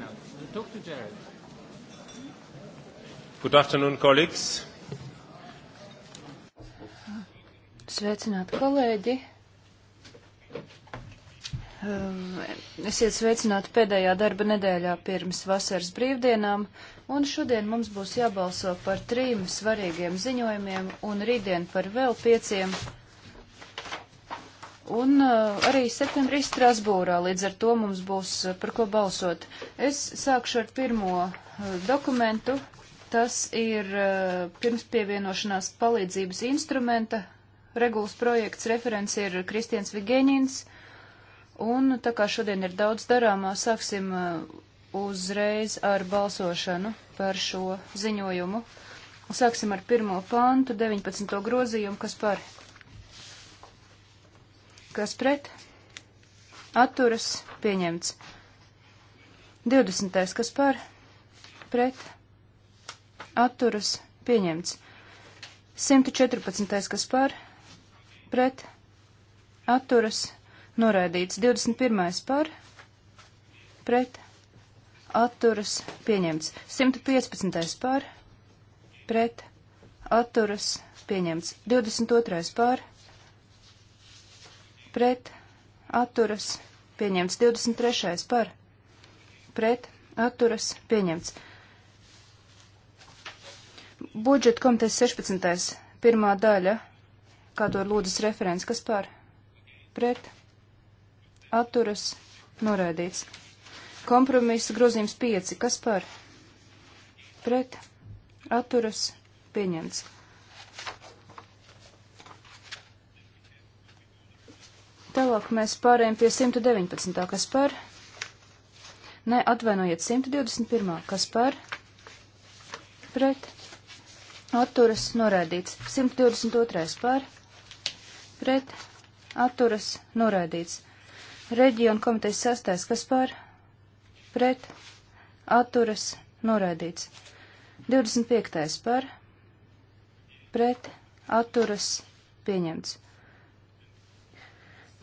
No. Talk to Jared. Good afternoon, colleagues. Sveicināti, kolēģi. Um, esiet sveicināti pēdējā darba nedēļā pirms vasaras brīvdienām, un šodien mums būs jābalso par trim svarīgiem ziņojumiem un rītdien par vēl pieciem un eh, arī septembrī Strasbūrā, līdz ar to mums būs eh, par ko balsot. Es sākšu ar pirmo eh, dokumentu, tas ir pirms pievienošanās palīdzības instrumenta, regulas projekts referents ir Kristians Vigēņins, un tā kā šodien ir daudz darāmā, sāksim uzreiz ar balsošanu par šo ziņojumu. Sāksim ar pirmo pantu, 19. grozījumu, kas par Kas pret? Atturas pieņemts. 20. Kas par? Pret? Atturas pieņemts. 114. Kas par? Pret? Atturas noraidīts. 21. par? Pret? Atturas pieņemts. 115. par? Pret? Atturas pieņemts. 22. par? pret atturas pieņemts. 23. par pret atturas pieņemts. Budžeta komitejas 16. pirmā daļa, kā to lūdzas referents, kas par pret atturas noraidīts. Kompromisa grozījums 5, kas par pret atturas pieņemts. Tālāk mēs pārējām pie 119. kas par? Nē, atvainojiet, 121. kas par? Pret. Atturas norādīts. 122. par? Pret. Atturas norādīts. Reģiona komitejas sastais kas par? Pret. Atturas norādīts. 25. par? Pret. Atturas pieņemts.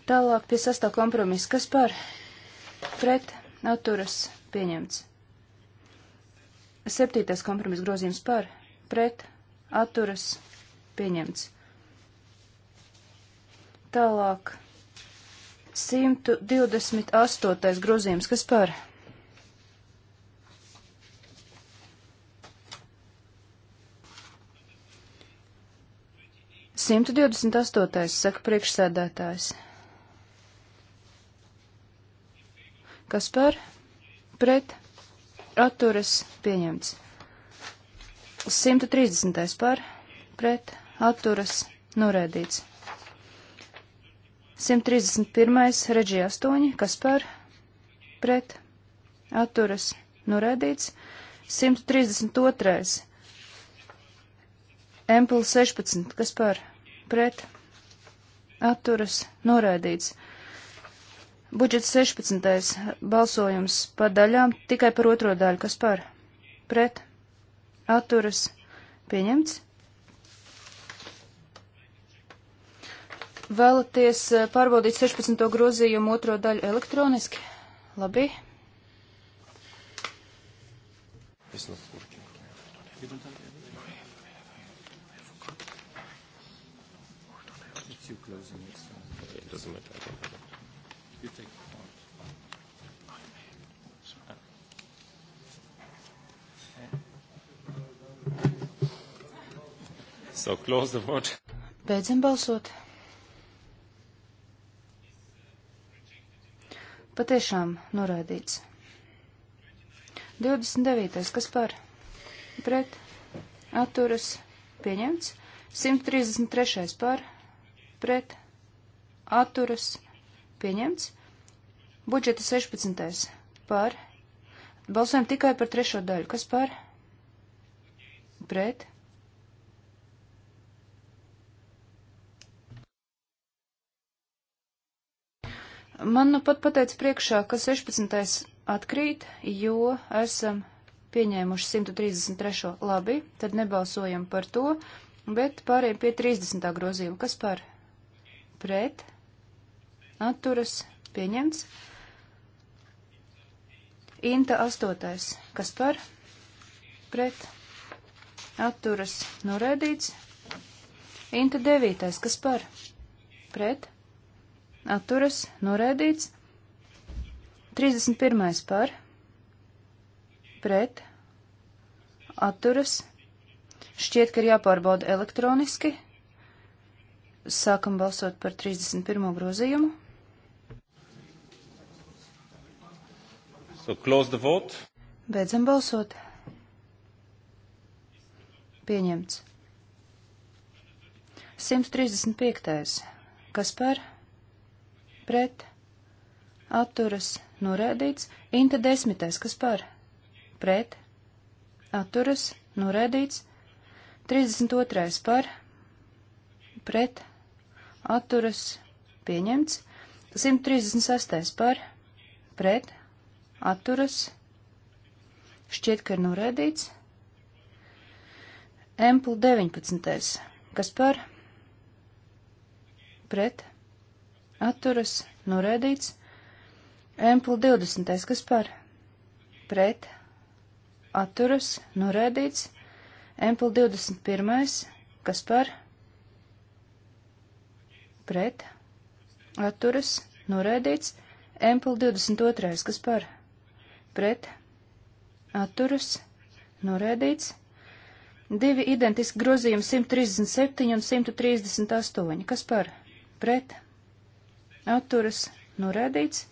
Tālāk pie sastā kompromisa. Kas par? Pret atturas pieņemts. Septītais kompromiss grozījums par? Pret atturas pieņemts. Tālāk 128. grozījums. Kas par? Simtu divdesmit astotais, saka priekšsēdētājs. kas par pret atturas pieņemts. 130. par pret atturas norēdīts. 131. reģija 8, kas par pret atturas norēdīts. 132. Empel 16, kas par pret atturas norēdīts. Budžets 16. balsojums par daļām tikai par otro daļu. Kas par? Pret? Atturas? Pieņemts? Vēlaties eh, pārbaudīt 16. grozījumu otro daļu elektroniski? Labi. Es nav kurķi. So close the vote. Beidzam balsot. Patiešām noraidīts. 29. kas par pret atturas pieņemts. 133. par pret atturas pieņemts. Budžeta 16. par. Balsojam tikai par trešo daļu. Kas par? Pret Man nu pat pateica priekšā, ka 16. atkrīt, jo esam pieņēmuši 133. labi, tad nebalsojam par to, bet pārējiem pie 30. grozījuma. Kas par? Pret? Atturas? Pieņemts? Inta 8. Kas par? Pret? Atturas? Norēdīts? Inta 9. Kas par? Pret? atturas, noraidīts. 31. par, pret, atturas. Šķiet, ka ir jāpārbauda elektroniski. Sākam balsot par 31. grozījumu. So close the vote. Beidzam balsot. Pieņemts. 135. Kas par? pret, atturas, norēdīts, inta desmitais, kas par, pret, atturas, norēdīts, 32. par, pret, atturas, pieņemts, 136. par, pret, atturas, šķiet, ka ir norēdīts, Empul 19. kas par, pret, atturas, atturas norēdīts. Emplu 20. kas par pret atturas norēdīts. Emplu 21. kas par pret atturas norēdīts. Emplu 22. kas par pret atturas norēdīts. Divi identiski grozījumi 137 un 138. Kas par? Pret atturas norēdīts.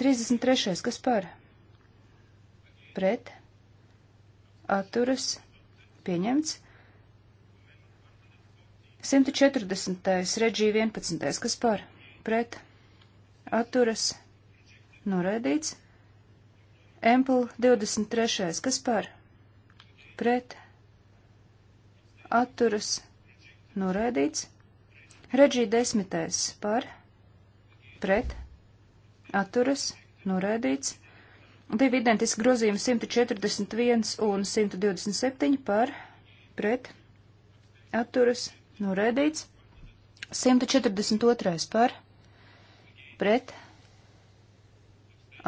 33. kas par pret atturas pieņemts. 140. reģī 11. kas par pret atturas norēdīts. Empul 23. kas par pret atturas norēdīts. Redžī desmitais par, pret, atturas, noraidīts. Divi identiski grozījumi 141 un 127 par, pret, atturas, noraidīts. 142 par, pret,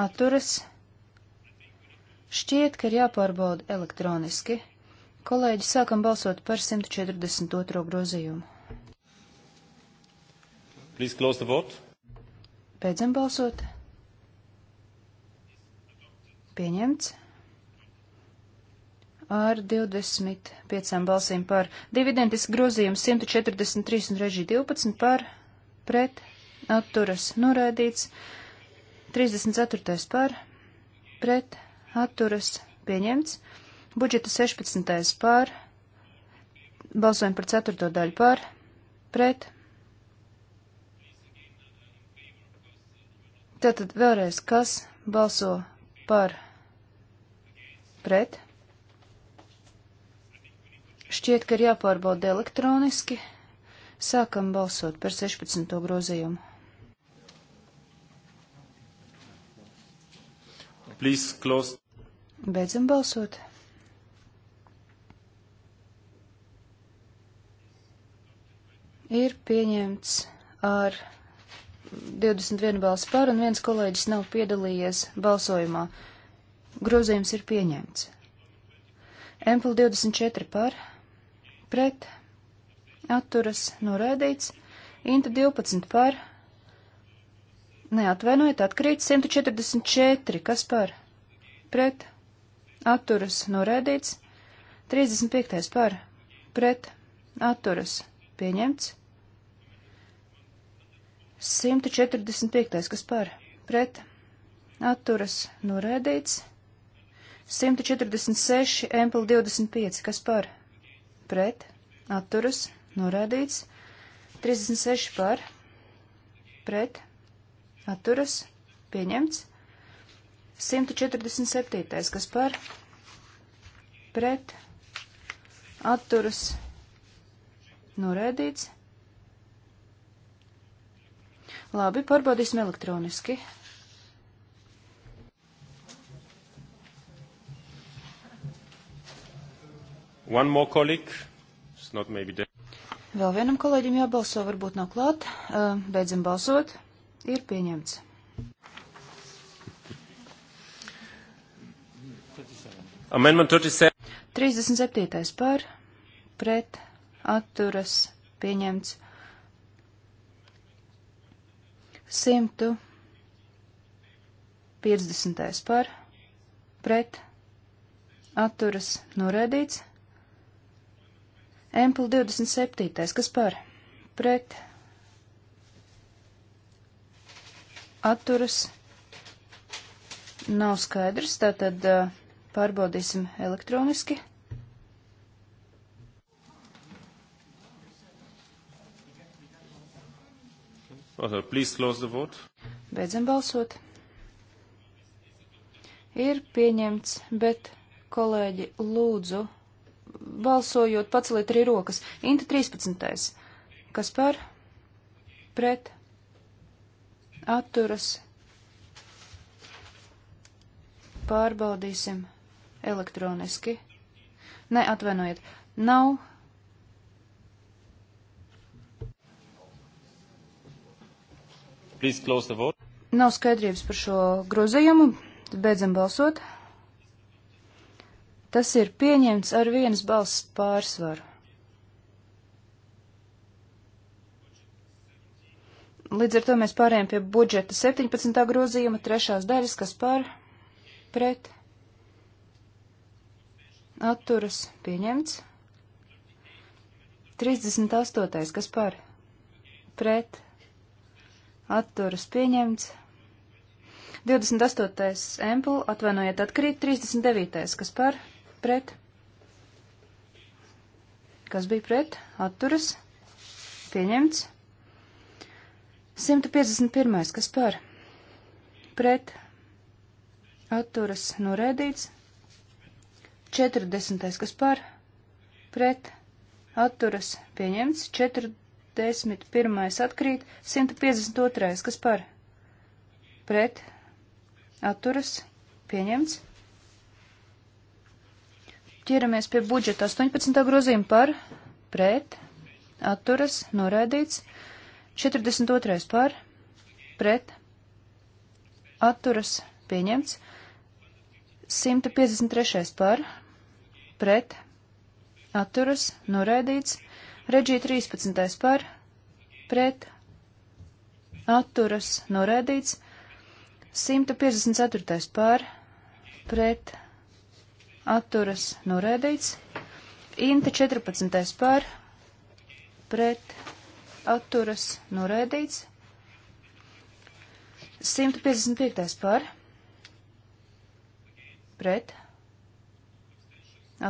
atturas. Šķiet, ka ir jāpārbauda elektroniski. Kolēģi, sākam balsot par 142. grozījumu. Please close the vote. Beidzam balsot. Pieņemts. Ar 25 balsīm par dividendes grozījumu 143 un režī 12 par pret atturas noraidīts. 34. par pret atturas pieņemts. Budžeta 16. par balsojumu par 4. daļu par pret Tātad vēlreiz, kas balso par pret? Šķiet, ka ir jāpārbauda elektroniski. Sākam balsot par 16. grozījumu. Please close. Beidzam balsot. Ir pieņemts ar 21 balss par un viens kolēģis nav piedalījies balsojumā. Grozījums ir pieņemts. Empel 24 par, pret, atturas, noraidīts, Inta 12 par, neatvainojiet, atkrīt 144, kas par, pret, atturas, noraidīts, 35 par, pret, atturas, pieņemts. 145. kas par pret atturas noraidīts. 146. empul 25. kas par pret atturas noraidīts. 36 par pret atturas pieņemts. 147. kas par pret atturas noraidīts. Labi, pārbaudīsim elektroniski. One more colleague. It's not maybe there. Vēl vienam kolēģim jābalso, varbūt nav klāt. Beidzam balsot. Ir pieņemts. Amendment 37. 37. par, pret, atturas, pieņemts. 150. par pret atturas norēdīts. Empel 27. kas par pret atturas nav skaidrs, tātad uh, pārbaudīsim elektroniski. 150. Beidzam balsot. Ir pieņemts, bet, kolēģi, lūdzu, balsojot, paceliet arī rokas. Inta 13. Kas par? Pret? Atturas? Pārbaudīsim elektroniski. Ne, atvainojiet, nav Nav skaidrības par šo grozījumu, tad beidzam balsot. Tas ir pieņemts ar vienas balss pārsvaru. Līdz ar to mēs pārējām pie budžeta 17. grozījuma trešās daļas, kas par pret atturas pieņemts. 38. kas par pret atturas pieņemts. 28. empul, atvainojiet, atkrīt 39. kas par pret. Kas bija pret? Atturas. Pieņemts. 151. kas par pret. Atturas norēdīts. 40. kas par pret. Atturas pieņemts. 40. 151. atkrīt, 152. kas par pret atturas pieņemts. Ķeramies pie budžeta 18. grozījuma par pret atturas noraidīts, 42. par pret atturas pieņemts, 153. par pret atturas noraidīts. Reģija 13. par, pret, atturas, noraidīts. 154. par, pret, atturas, noraidīts. Inta 14. par, pret, atturas, noraidīts. 155. par, pret,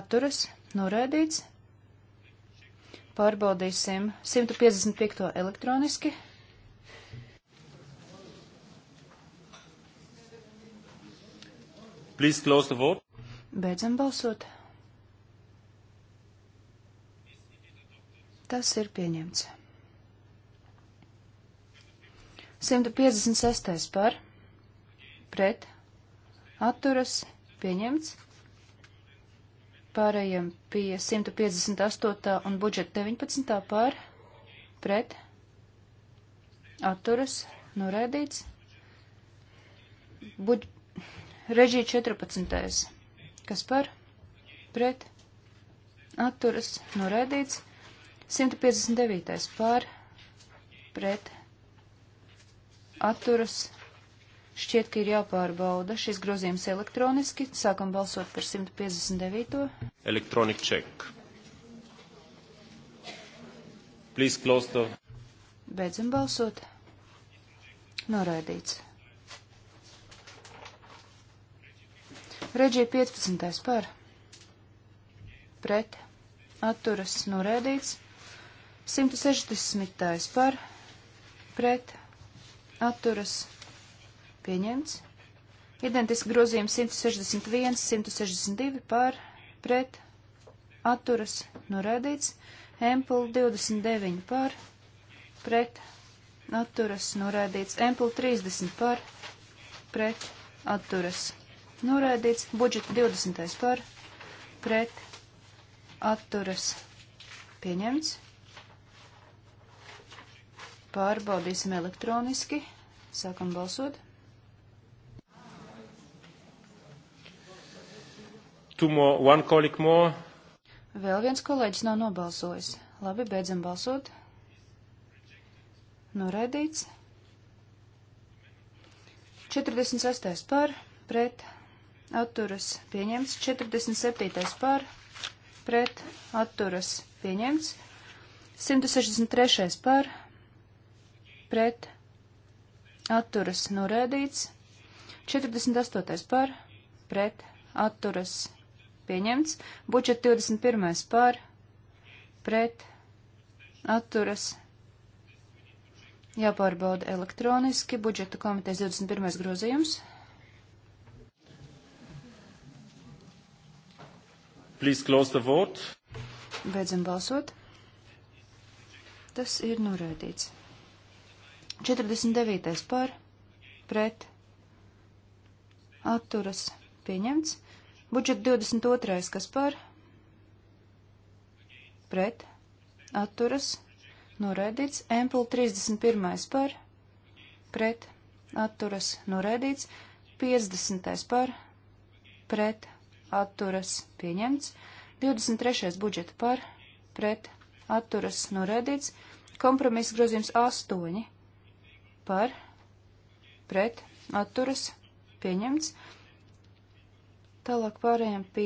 atturas, noraidīts. Pārbaudīsim 155. elektroniski. Please close the vote. Beidzam balsot. Tas ir pieņemts. 156. par, pret, atturas, pieņemts. Pārējiem pie 158. un budžeta 19. pār pret atturas norēdīts. Buģ... Režija 14. Kas par? Pret atturas norēdīts. 159. pār pret atturas norēdīts Šķiet, ka ir jāpārbauda šis grozījums elektroniski. Sākam balsot par 159. Elektronik check. Please close the... Beidzam balsot. Noraidīts. Reģija 15. par. Pret. Atturas. Noraidīts. 160. par. Pret. Atturas. Noraidīts pieņemts. Identiski grozījumi 161, 162 par pret atturas norādīts. Empul 29 par pret atturas norādīts. Empul 30 par pret atturas norādīts. Budžeta 20 par pret atturas pieņemts. Pārbaudīsim elektroniski. Sākam balsot. Two more, one colleague more. Vēl viens kolēģis nav nobalsojis. Labi, beidzam balsot. Noraidīts. 46. par, pret, atturas, pieņemts. 47. par, pret, atturas, pieņemts. 163. par, pret, atturas, noraidīts. 48. par, pret, atturas, pieņemts. Budžet 21. par, pret, atturas, jāpārbauda elektroniski. Budžeta komitejas 21. grozījums. Please close the vote. Beidzam balsot. Tas ir noraidīts. 49. par, pret, atturas, pieņemts. Budžet 22. kas par? Pret. Atturas. Noraidīts. Empul 31. par? Pret. Atturas. Noraidīts. 50. par? Pret. Atturas. Pieņemts. 23. budžeta par? Pret. Atturas. Noraidīts. Kompromiss grozījums 8. par? Pret. Atturas. Pieņemts. Tālāk pārējām pie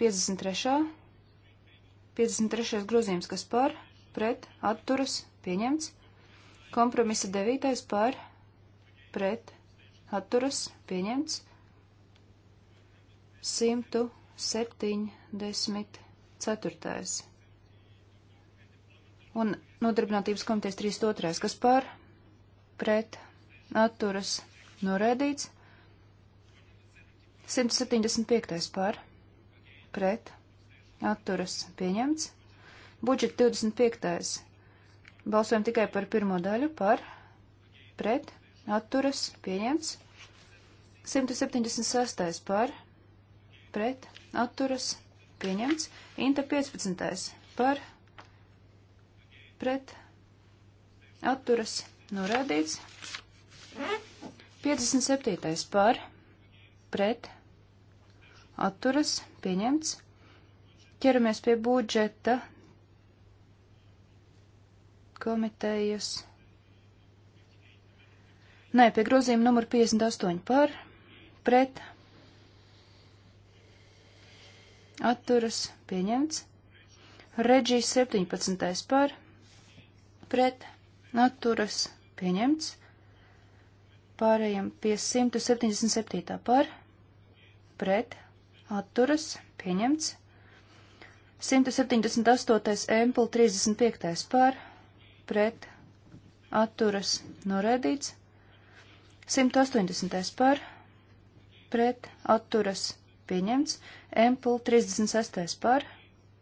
53. 53. grozījums, kas par, pret, atturas, pieņemts. Kompromisa 9. par, pret, atturas, pieņemts. 174. Un nodarbinātības komitejas 32. kas par, pret, atturas, norēdīts. 175. par, pret, atturas pieņemts. Budžet 25. Balsojam tikai par pirmo daļu, par, pret, atturas pieņemts. 176. par, pret, atturas pieņemts. Inta 15. par, pret, atturas norādīts. 57. par, pret pret, atturas, pieņemts. Ķeramies pie budžeta komitejas. Nē, pie grozījuma numur 58 par, pret, atturas, pieņemts. Reģijas 17 par, pret, atturas, pieņemts. Pārējiem pie 177 par pret, atturas, pieņemts. 178. empul 35. par, pret, atturas, noraidīts. 180. par, pret, atturas, pieņemts. Empul 36. par,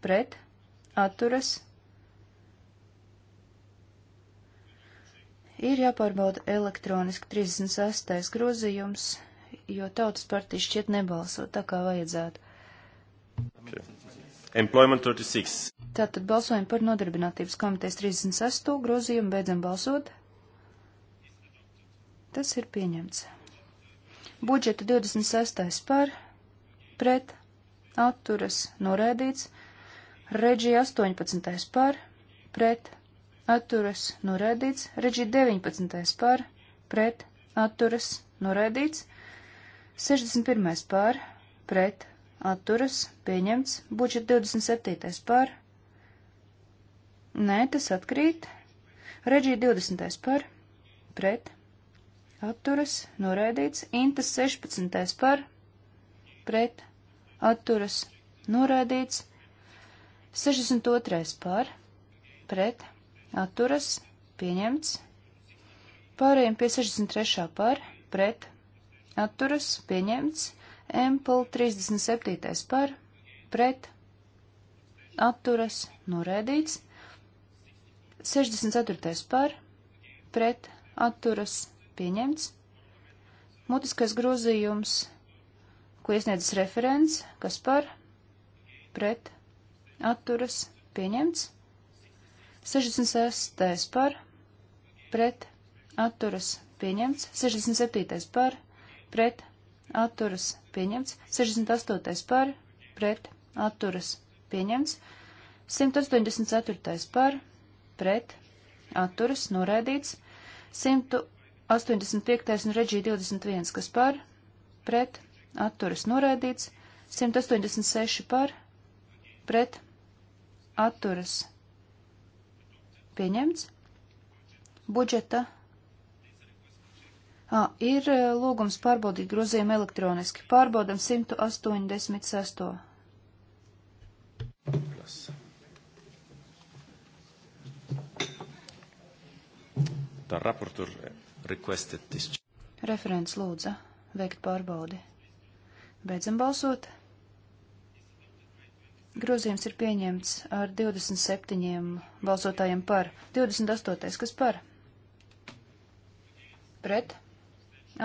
pret, atturas, ir jāpārbauda elektroniski 36. grozījums jo tautas partija šķiet nebalso tā, kā vajadzētu. Okay. Employment 36. Tātad balsojam par nodarbinātības komitejas 36. grozījumu, beidzam balsot. Tas ir pieņemts. Budžeta 26. par, pret, atturas, norēdīts. Reģija 18. par, pret, atturas, norēdīts. Reģija 19. par, pret, atturas, norēdīts. 61. pār, pret, atturas, pieņemts, budžet 27. pār, nē, tas atkrīt, reģija 20. pār, pret, atturas, noraidīts, intas 16. pār, pret, atturas, noraidīts, 62. pār, pret, atturas, pieņemts, pārējiem pie 63. pār, pret, atturas, atturas pieņemts. Empel 37. par pret atturas norēdīts. 64. par pret atturas pieņemts. Mutiskais grozījums, ko iesniedzis referents, kas par pret atturas pieņemts. 66. par pret atturas pieņemts. 67. par pret pret atturas pieņemts, 68. par pret atturas pieņemts, 184. par pret atturas noraidīts, 185. un reģija 21, kas par pret atturas noraidīts, 186 par pret atturas pieņemts, budžeta Ir lūgums pārbaudīt grozījumu elektroniski. Pārbaudam 186. Tā raportur requested this. Referents lūdza veikt pārbaudi. Beidzam balsot. Grozījums ir pieņemts ar 27 balsotājiem par. 28. kas par? Pret?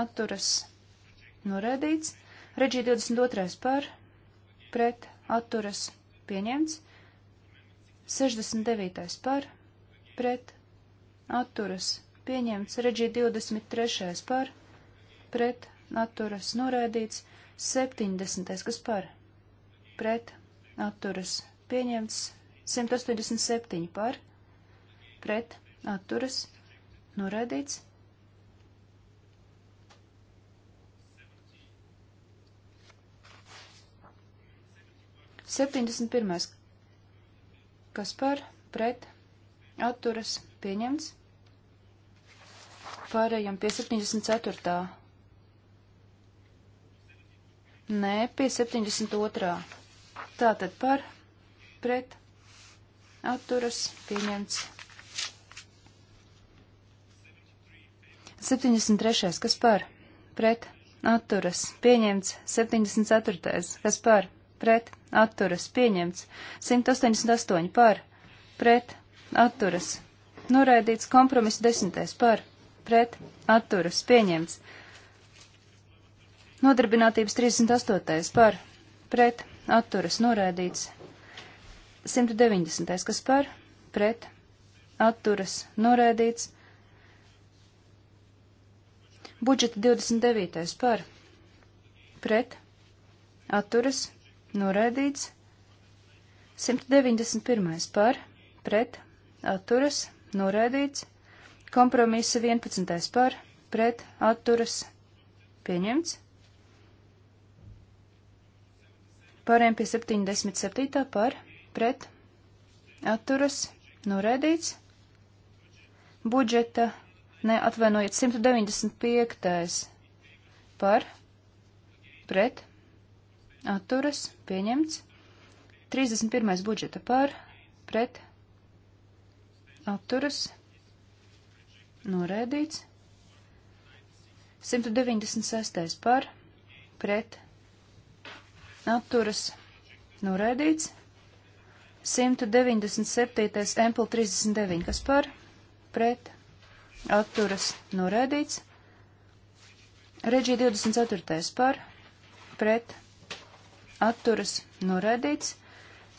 atturas noraidīts. Reģija 22. par pret atturas pieņemts. 69. par pret atturas pieņemts. Reģija 23. par pret atturas noraidīts. 70. kas par pret atturas pieņemts. 187 par pret atturas noraidīts. 71. Kas par, pret, atturas, pieņemts. Pārējām pie 74. Nē, pie 72. Tātad par, pret, atturas, pieņemts. 73. Kas par? Pret. Atturas. Pieņemts. 74. Kas par? pret, atturas, pieņemts. 188 par, pret, atturas, noraidīts. Kompromiss 10 par, pret, atturas, pieņemts. Nodarbinātības 38. par, pret, atturas, noraidīts. 190. kas par, pret, atturas, noraidīts. Budžeta 29. par, pret, atturas, noraidīts. 191. par, pret, atturas, noraidīts. Kompromisa 11. par, pret, atturas, pieņemts. Pārējiem pie 77. par, pret, atturas, noraidīts. Budžeta, ne, atvainojiet, 195. par, pret, atturas atturas, pieņemts. 31. budžeta par, pret, atturas, norēdīts. 196. par, pret, atturas, norēdīts. 197. empul 39. kas par, pret, atturas, norēdīts. Reģija 24. par, pret, atturas atturas noraidīts,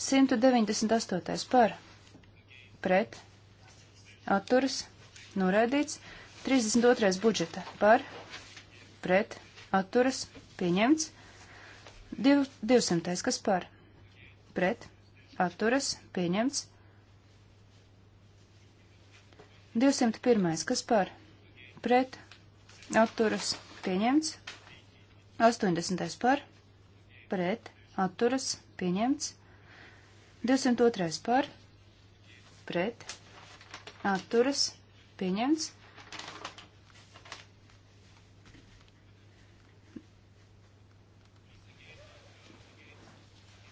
198. par, pret, atturas noraidīts, 32. budžeta par, pret, atturas pieņemts, 200. kas par, pret, atturas pieņemts, 201. kas par, pret, atturas pieņemts, 80. par, pret, pret, atturas, pieņemts. 202. par, pret, atturas, pieņemts. 200.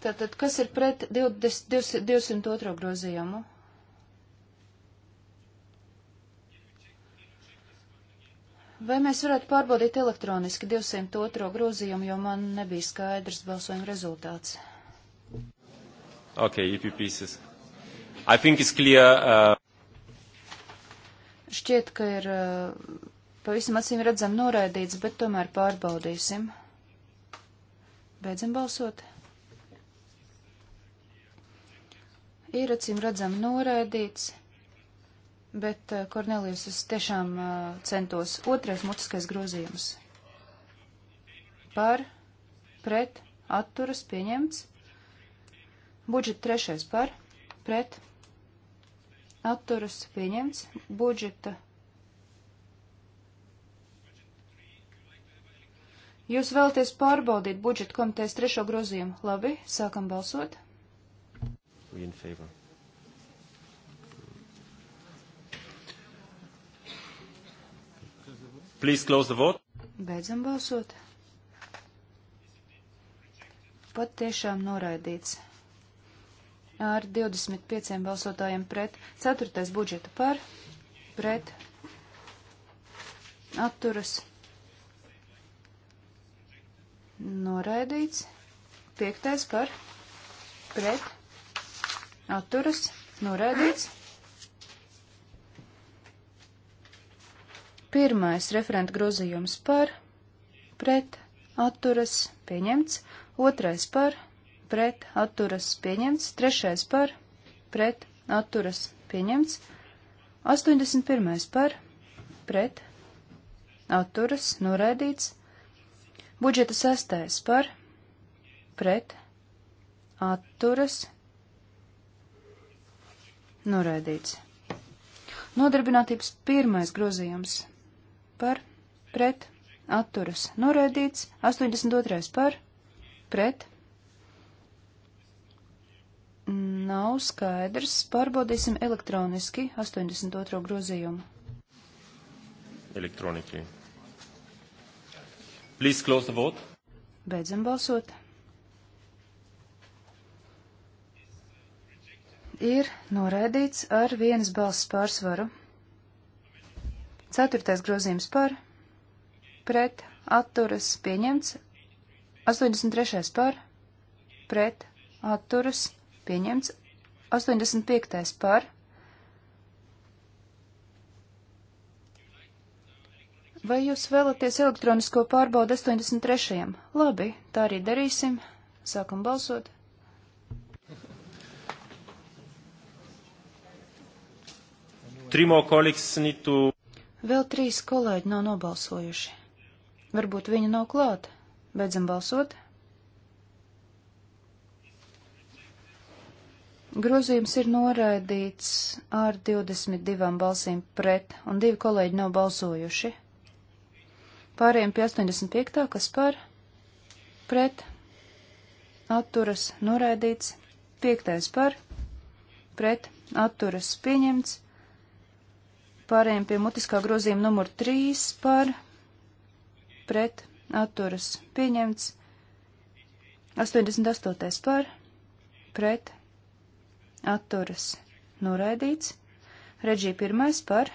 Tātad, kas ir pret 20, 202. grozījumu? Vai mēs varētu pārbaudīt elektroniski 202. grozījumu, jo man nebija skaidrs balsojuma rezultāts? Ok, EP pieces. I think it's clear. Uh... Šķiet, ka ir uh, pavisam acīm redzam noraidīts, bet tomēr pārbaudīsim. Beidzam balsot. Ir acīm redzam noraidīts bet eh, Kornelijas es tiešām eh, centos otrais mutiskais grozījums. Par, pret, atturas pieņemts. Budžet trešais par, pret, atturas pieņemts. Budžeta. Jūs vēlaties pārbaudīt budžeta komitejas trešo grozījumu? Labi, sākam balsot. We in favor. Please close the vote. Beidzam balsot. Pat tiešām noraidīts. Ar 25 balsotājiem pret, 4. budžeta par, pret, atturas, noraidīts, 5. par, pret, atturas, noraidīts. Pirmais referenta grozījums par, pret, atturas, pieņemts. Otrais par, pret, atturas, pieņemts. Trešais par, pret, atturas, pieņemts. 81. par, pret, atturas, noraidīts. Budžeta sestais par, pret, atturas, noraidīts. Nodarbinātības pirmais grozījums par pret atturas noraidīts, 82. par pret. Nav skaidrs, pārbaudīsim elektroniski 82. grozījumu. Elektroniski. Please close the vote. Beidzam balsot. Ir noraidīts ar vienas balss pārsvaru. Ceturtais grozījums par, pret, atturas, pieņemts. 83. par, pret, atturas, pieņemts. 85. par. Vai jūs vēlaties elektronisko pārbaudu 83. Labi, tā arī darīsim. Sākam balsot. Trimo kolēģis need to Vēl trīs kolēģi nav nobalsojuši. Varbūt viņi nav klāt. Beidzam balsot. Grozījums ir noraidīts ar 22 balsīm pret, un divi kolēģi nav balsojuši. Pārējiem pie 85. kas par pret atturas noraidīts, 5. par pret atturas pieņemts, Pārējiem pie mutiskā grozījuma numur 3 par pret atturas pieņemts. 88. par pret atturas noraidīts. Reģija 1. par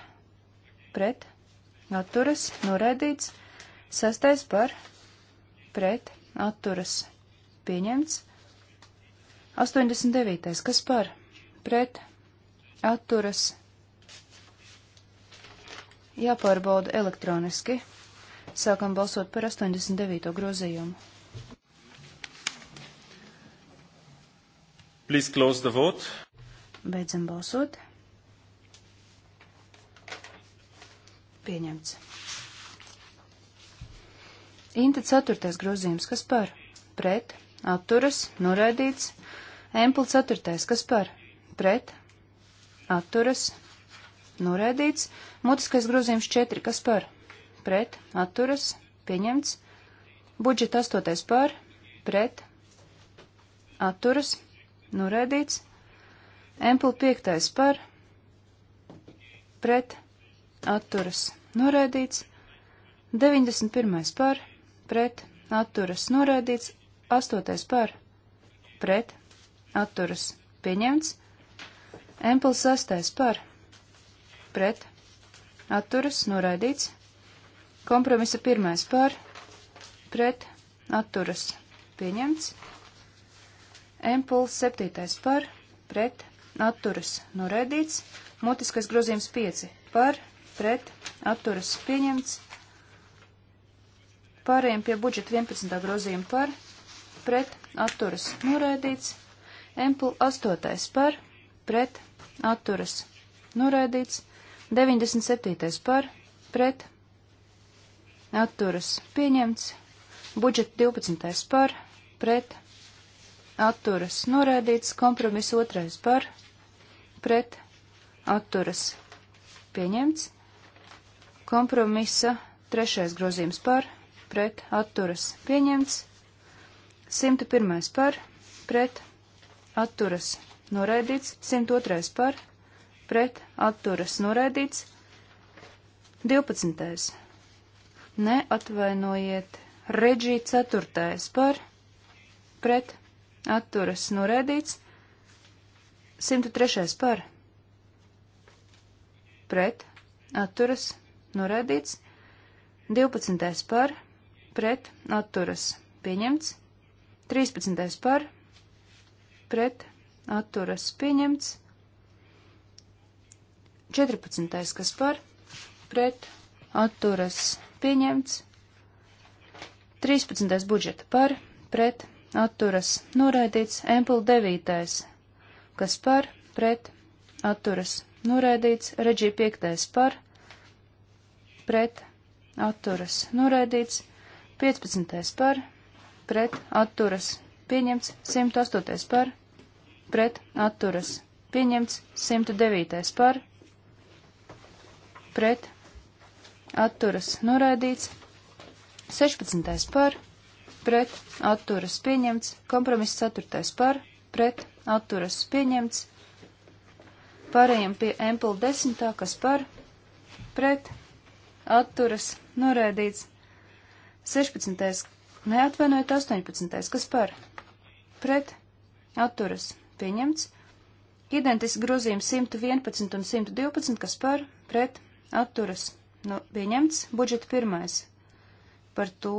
pret atturas noraidīts. 6. par pret atturas pieņemts. 89. kas par pret atturas Jāpārbauda elektroniski. Sākam balsot par 89. grozījumu. Please close the vote. Beidzam balsot. Pieņemts. Inta ceturtais grozījums, kas par? Pret, atturas, noraidīts. Empl ceturtais, kas par? Pret, atturas, Noraidīts. Mutiskais grozījums 4. Kas par? Pret. Atturas. Pieņemts. Budžeta 8. par. Pret. Atturas. Noraidīts. Empul 5. par. Pret. Atturas. Noraidīts. 91. par. Pret. Atturas. Noraidīts. 8. par. Pret. Atturas. Pieņemts. Empul 6. par pret, atturas, noraidīts. Kompromisa pirmais par, pret, atturas, pieņemts. Empuls septītais par, pret, atturas, noraidīts. Mutiskais grozījums pieci par, pret, atturas, pieņemts. Pārējiem pie budžeta 11. grozījuma par, pret, atturas, noraidīts. Empul 8. par, pret, atturas, noraidīts. 97. par, pret, atturas pieņemts. Budžeta 12. par, pret, atturas norēdīts. Kompromiss 2. par, pret, atturas pieņemts. Kompromisa 3. grozījums par, pret, atturas pieņemts. 101. par, pret, atturas noraidīts, 102. par, pret atturas noraidīts. 12. Neatvainojiet. Reģī 4. par pret atturas noraidīts. 103. par pret atturas noraidīts. 12. par pret atturas pieņemts. 13. par pret atturas pieņemts. 14. kas par pret atturas pieņemts. 13. budžeta par pret atturas noraidīts. Empul 9. kas par pret atturas noraidīts. Reģī 5. par pret atturas noraidīts. 15. par pret atturas pieņemts. 108. par pret atturas pieņemts. 109. par pret pret atturas noraidīts, 16. par pret atturas pieņemts, kompromiss 4. par pret atturas pieņemts, pārējiem pie Empel 10. kas par pret atturas noraidīts, 16. neatvainojiet 18. kas par pret atturas pieņemts, identiski grozījumi 111 un 112, kas par pret atturas nu, pieņemts. Budžeta pirmais. Par to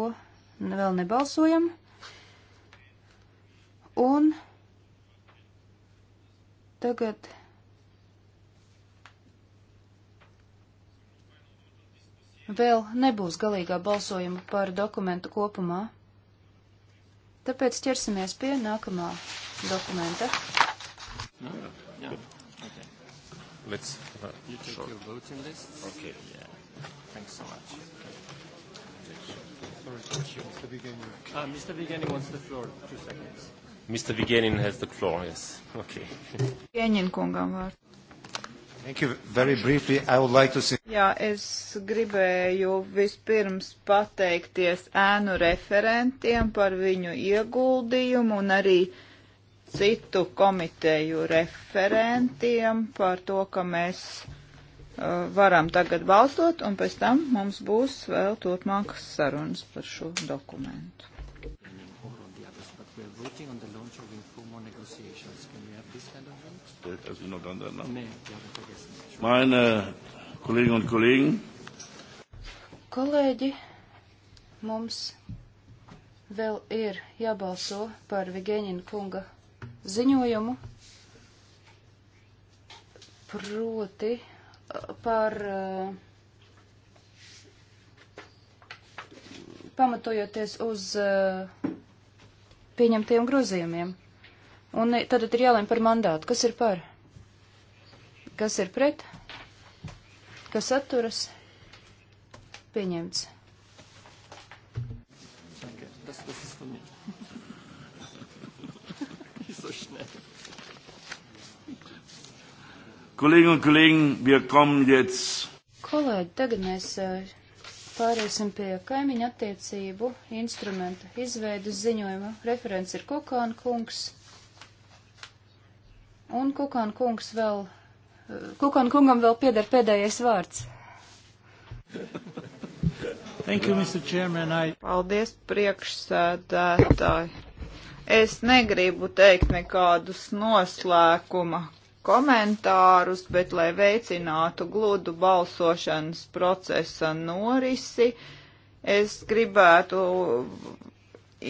vēl nebalsojam. Un tagad. Vēl nebūs galīgā balsojuma par dokumentu kopumā. Tāpēc ķersimies pie nākamā dokumenta. No, nu, no let's. Uh, you take sure. your voting list. Okay. Yeah. Thanks so much. Sorry, Mr. Vigenin. Uh, Mr. Vigenin wants the floor. Two seconds. Mr. Vigenin has the floor. Yes. Okay. Vigenin kungam vārds. Thank you. Very briefly, I would like to say. Jā, es gribēju vispirms pateikties ēnu referentiem par viņu ieguldījumu un arī uh, citu komiteju referentiem par to, ka mēs uh, varam tagad balsot, un pēc tam mums būs vēl turpmākas sarunas par šo dokumentu. Meine Kolleginnen und Kollegen, kolēģi, mums vēl ir jābalso par Vigēņina kunga ziņojumu, proti uh, par uh, pamatojoties uz uh, pieņemtajiem grozījumiem. Un eh, tad ir jālēm par mandātu. Kas ir par? Kas ir pret? Kas atturas? Pieņemts. Tas, tas ir Kolēģi un kolēģi, Kolēģi, tagad mēs eh, pāriesim pie kaimiņa attiecību instrumenta izveidas ziņojuma. Referents ir Kukāna kungs. Un Kukāna kungs vēl, eh, Kukāna kungam vēl pieder pēdējais vārds. Thank you, Mr. Chairman. I... Paldies, priekšsēdētāji. Es negribu teikt nekādus noslēkuma komentārus, bet lai veicinātu gludu balsošanas procesa norisi, es gribētu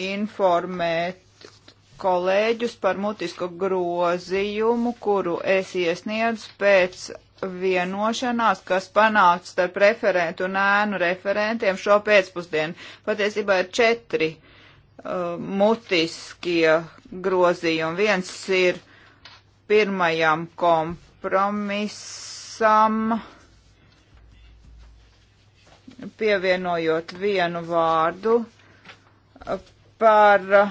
informēt kolēģus par mutisku grozījumu, kuru es iesniedzu pēc vienošanās, kas panāca starp referentu un ēnu referentiem šo pēcpusdienu. Patiesībā ir četri uh, mutiskie grozījumi. Viens ir pirmajam kompromisam, pievienojot vienu vārdu par eh,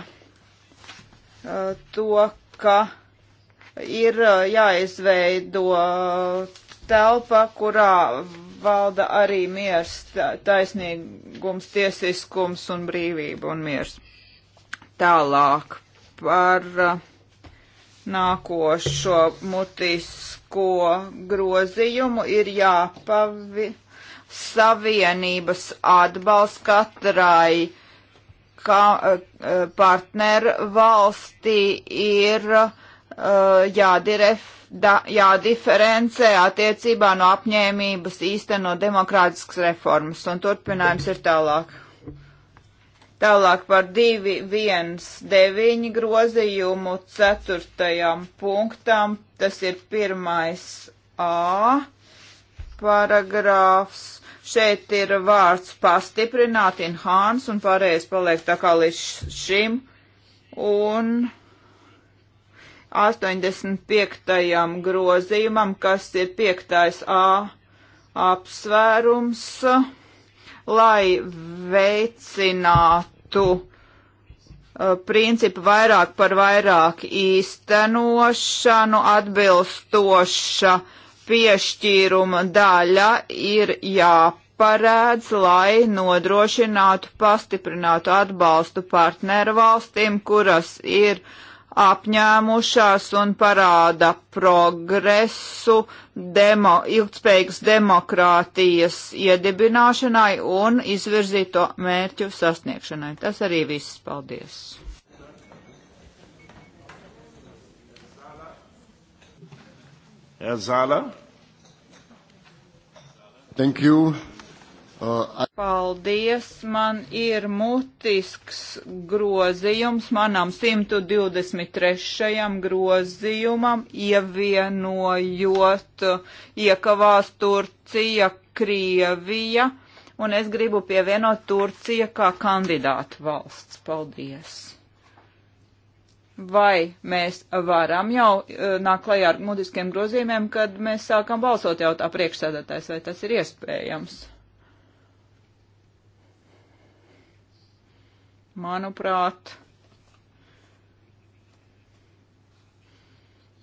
to, ka ir eh, jāizveido telpa, kurā valda arī miers, taisnīgums, tiesiskums un brīvība un miers. Tālāk par uh, nākošo mutisko grozījumu ir jāpavi savienības atbalsts katrai ka, eh, partneru valstī ir uh, jādiref, da, jādiferencē attiecībā no apņēmības īstenot demokrātiskas reformas. Un turpinājums ir tālāk. Tālāk par 219 grozījumu 4. punktam, tas ir pirmais A paragrāfs. Šeit ir vārds pastiprināt, enhance, un pārējais paliek tā kā līdz šim. Un 85. grozījumam, kas ir 5. A apsvērums lai veicinātu uh, principu vairāk par vairāk īstenošanu, atbilstoša piešķīruma daļa ir jāparēdz, lai nodrošinātu pastiprinātu atbalstu partneru valstīm, kuras ir uh, apņēmušās un parāda progresu demo, ilgspējīgas demokrātijas iedibināšanai un izvirzīto mērķu sasniegšanai. Tas arī viss. Paldies! Herr Sala. Thank you. Uh, Paldies, man ir mutisks grozījums manam 123. grozījumam, ievienojot iekavās Turcija, Krievija, un es gribu pievienot Turcija kā kandidātu valsts. Paldies! Vai mēs varam jau uh, nākt klajā ar mutiskiem grozījumiem, kad mēs sākam balsot jautā priekšsēdētājs, vai tas ir iespējams? Manuprāt,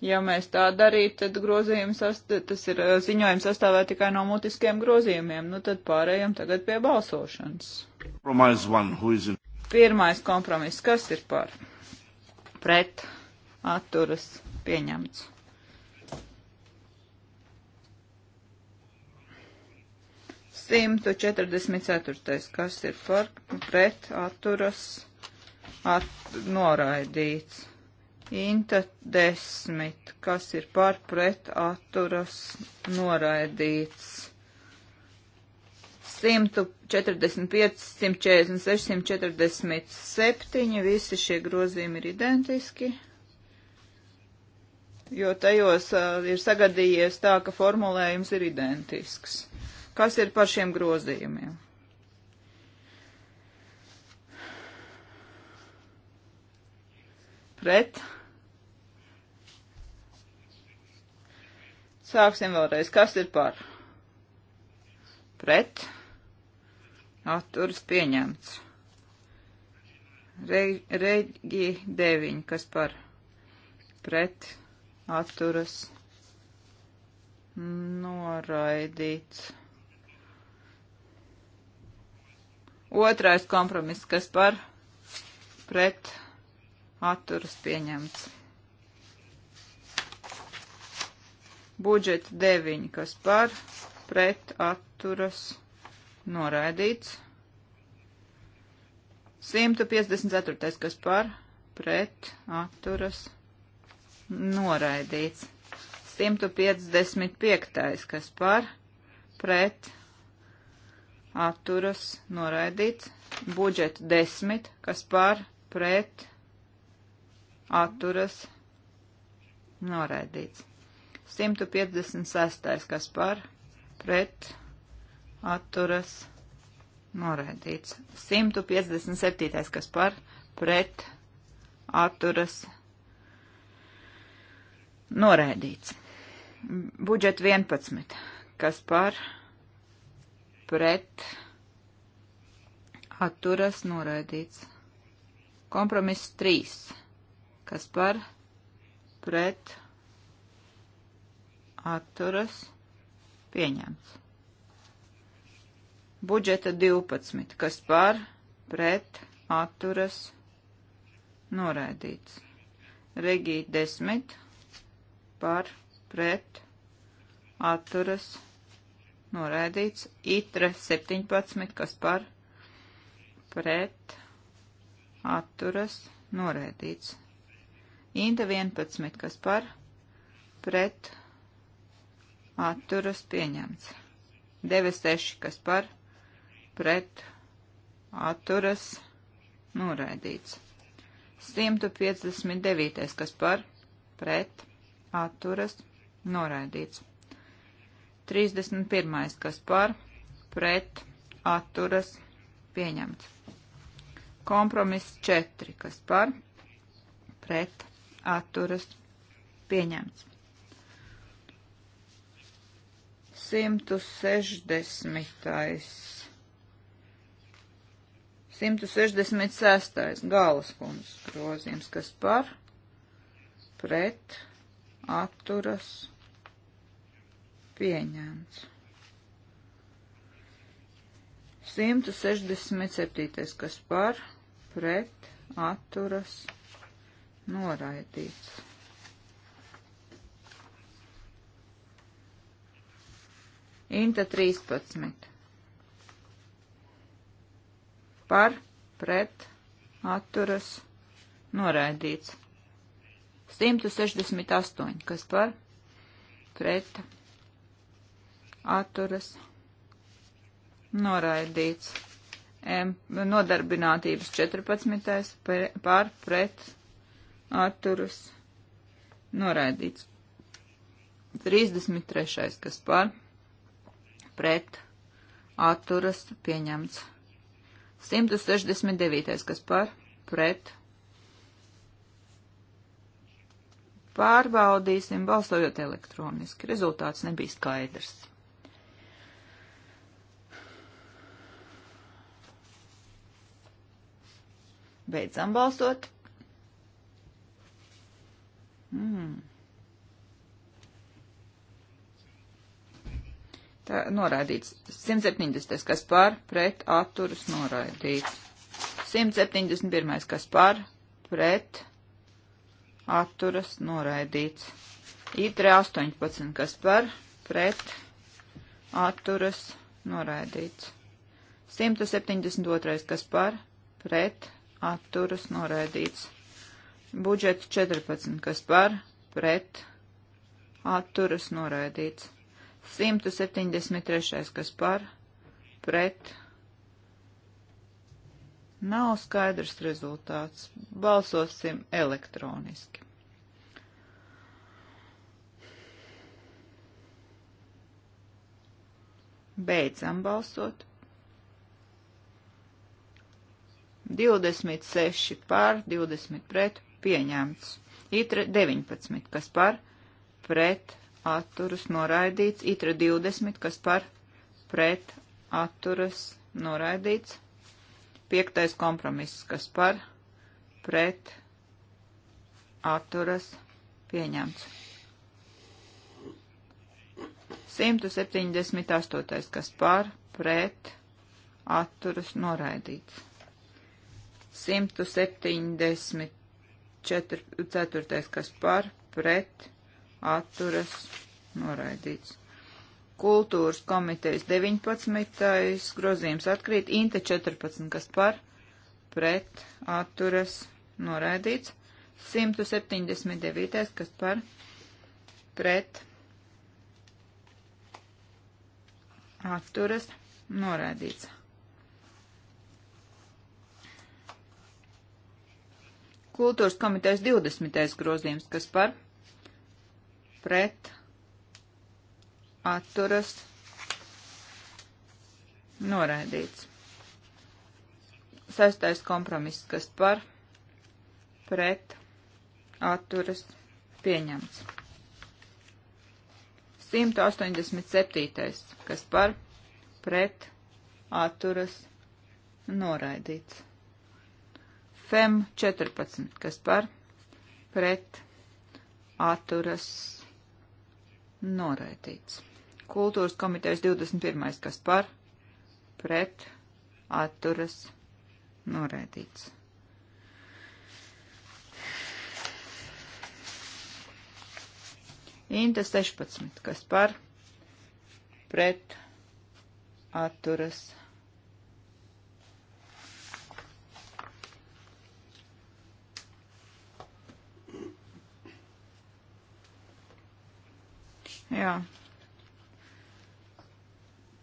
ja mēs tā darītu, tad grozījums, tas ir eh, ziņojums sastāvē tikai no mutiskiem grozījumiem. Nu tad pārējām tagad pie balsošanas. Pirmais kompromiss, kas ir par? Pret atturas pieņemts. 144. kas ir par pret atturas at, noraidīts. Inta 10. kas ir par pret atturas noraidīts. 145, 146, 147, visi šie grozījumi ir identiski, jo tajos uh, ir sagadījies tā, ka formulējums ir identisks. Kas ir par šiem grozījumiem? Pret. Sāksim vēlreiz. Kas ir par? Pret. Atturs pieņemts. Re, reģi 9, kas par pret atturas noraidīts. Otrais kompromiss, kas par pret atturas pieņemts. Budžets 9, kas par pret atturas noraidīts. 154, kas par pret atturas noraidīts. 155, kas par pret atturas noraidīts. Budžeta 10, kas par pret atturas noraidīts. 156. kas par pret atturas noraidīts. 157. kas par pret atturas noraidīts. Budžet 11. kas par pret pret atturas noraidīts. Kompromiss 3, kas par pret atturas pieņemts. Budžeta 12, kas par pret atturas noraidīts. Regī 10 par pret atturas pieņemts noraidīts. Itre 17, kas par pret atturas noraidīts. Inta 11, kas par pret atturas pieņemts. 96, kas par pret atturas noraidīts. 159, kas par pret atturas noraidīts. 31. kas par pret atturas pieņemts. Kompromiss 4. kas par pret atturas pieņemts. 160. 166. galaskundas grozījums, kas par pret atturas pieņemts pieņemts. 167. kas par, pret, atturas, noraidīts. Inta 13. Par, pret, atturas, noraidīts. 168. kas par, pret, atturas atturas noraidīts. M, nodarbinātības 14. pār pret atturas noraidīts. 33. kas pār pret atturas pieņemts. 169. kas pār pret. Pārbaudīsim balsojot elektroniski. Rezultāts nebija skaidrs. Beidzam balsot. Mm. Tā noraidīts. 170. kas par, pret, atturas noraidīts. 171. kas par, pret, atturas noraidīts. Itre 18. kas par, pret, atturas noraidīts. 172. kas par, pret, atturas noraidīts. Budžets 14, kas par, pret, atturas noraidīts. 173, kas par, pret. Nav skaidrs rezultāts. Balsosim elektroniski. Beidzam balsot. 26 par, 20 pret, pieņemts. Itre 19, kas par, pret, atturas, noraidīts. Itre 20, kas par, pret, atturas, noraidīts. Piektais kompromiss, kas par, pret, atturas, pieņemts. 178, kas par, pret, atturas, noraidīts. 174. kas par pret atturas noraidīts. Kultūras komitejas 19. grozījums atkrīt, Inte 14. kas par pret atturas noraidīts. 179. kas par pret atturas noraidīts. Kultūras komitejas 20. grozījums, kas par pret atturas noraidīts. Sestais kompromiss, kas par pret atturas pieņemts. 187. kas par pret atturas noraidīts. FEM 14, kas par pret atturas noraidīts. Kultūras komitejas 21, kas par pret atturas noraidīts. Inta 16, kas par pret atturas noraidīts Jā.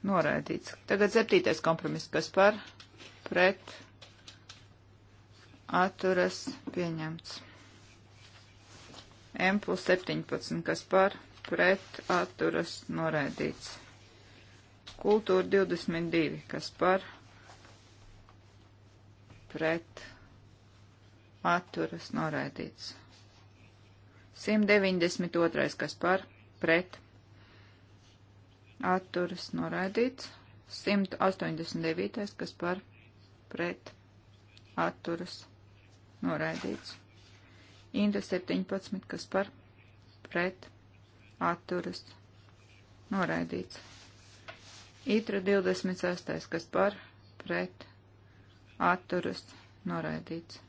Noraidīts. Tagad septītais kompromiss, kas par pret atturas pieņemts. M plus 17, kas par pret atturas noraidīts. Kultūra 22, kas par pret atturas noraidīts. 192, kas par pret atturas noraidīts. 189. kas par pret atturas noraidīts. Inda 17. kas par pret atturas noraidīts. Itra 26. kas par pret atturas noraidīts.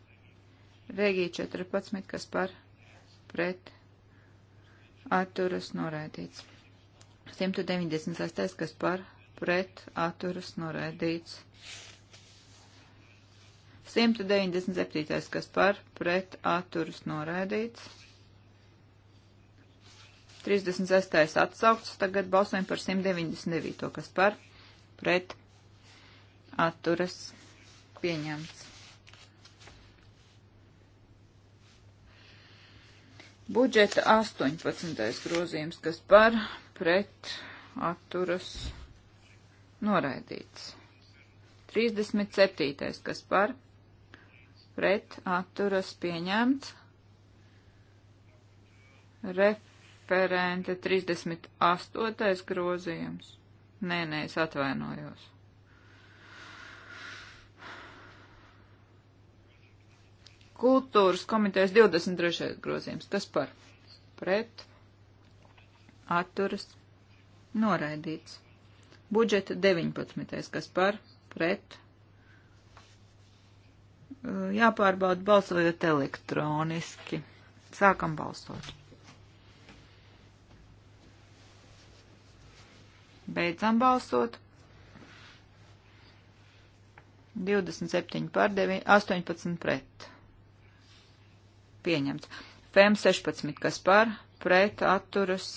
Regija 14. kas par pret atturas noraidīts atturas noraidīts. 196. kas par pret atturas noraidīts. 197. kas par pret atturas noraidīts. 36. atsaukts, tagad balsojam par 199. kas par pret atturas pieņemts. Budžeta 18. grozījums, kas par pret atturas noraidīts. 37. kas par pret atturas pieņemts. Referente 38. grozījums. Nē, nē, es atvainojos. Kultūras komitejas 23. grozījums. Kas par? Pret. Atturas. Noraidīts. Budžeta 19. Kas par? Pret. Jāpārbauda balsojot elektroniski. Sākam balsot. Beidzam balsot. 27 pār 9, 18 pret pieņemts. FEM 16, kas par, pret, atturas,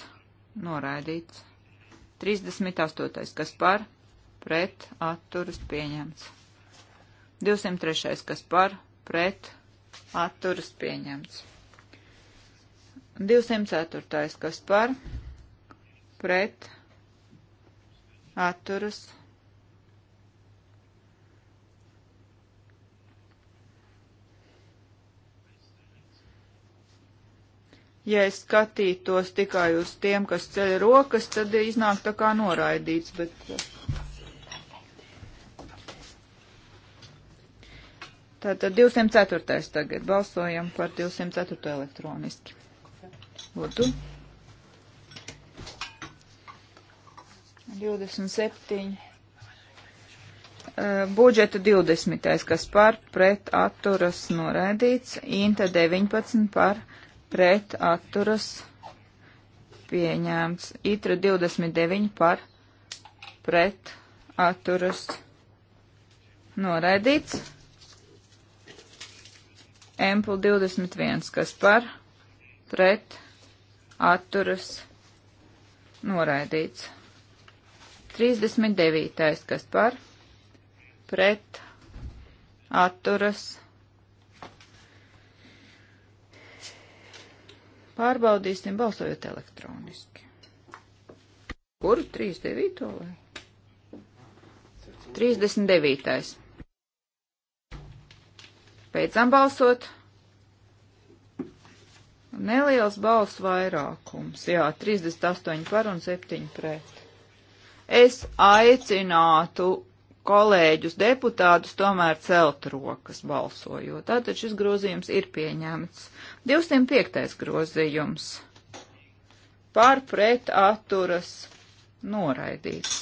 noraidīts. 38, kas par, pret, atturas, pieņemts. 203, kas par, pret, atturas, pieņemts. 204, kas par, pret, atturas, pieņemts Ja es skatītos tikai uz tiem, kas ceļ rokas, tad iznāk tā kā noraidīts, bet. Tātad 204. tagad balsojam par 204. elektroniski. Lūdzu. 27 eh, budžeta 20. kas par pret atturas noraidīts, Inta 19 par pret atturas pieņēmts. Itra 29 par pret atturas noraidīts. Empul 21, kas par pret atturas noraidīts. 39, kas par pret atturas noraidīts Pārbaudīsim balsojot elektroniski. Kur? 39. vai? 39. Beidzam balsot. Neliels balss vairākums. Jā, 38 par un 7 pret. Es aicinātu kolēģus deputātus tomēr celt rokas balsojot. Tātad šis grozījums ir pieņemts. 205. grozījums par pret atturas noraidīts.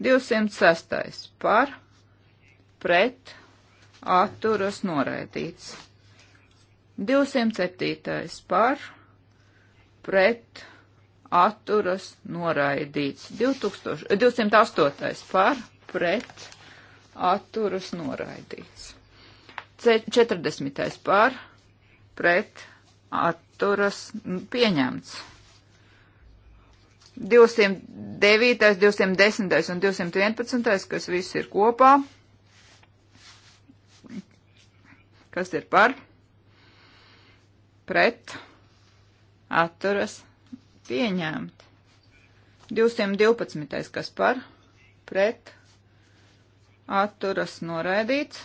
206. par pret atturas noraidīts. 207. par pret atturas noraidīts. 2000, 208. par pret atturas noraidīts. 40. par pret atturas pieņemts. 209, 210 un 211, kas viss ir kopā. Kas ir par? Pret. Atturas. Pieņemt. 212. kas par? Pret atturas noraidīts.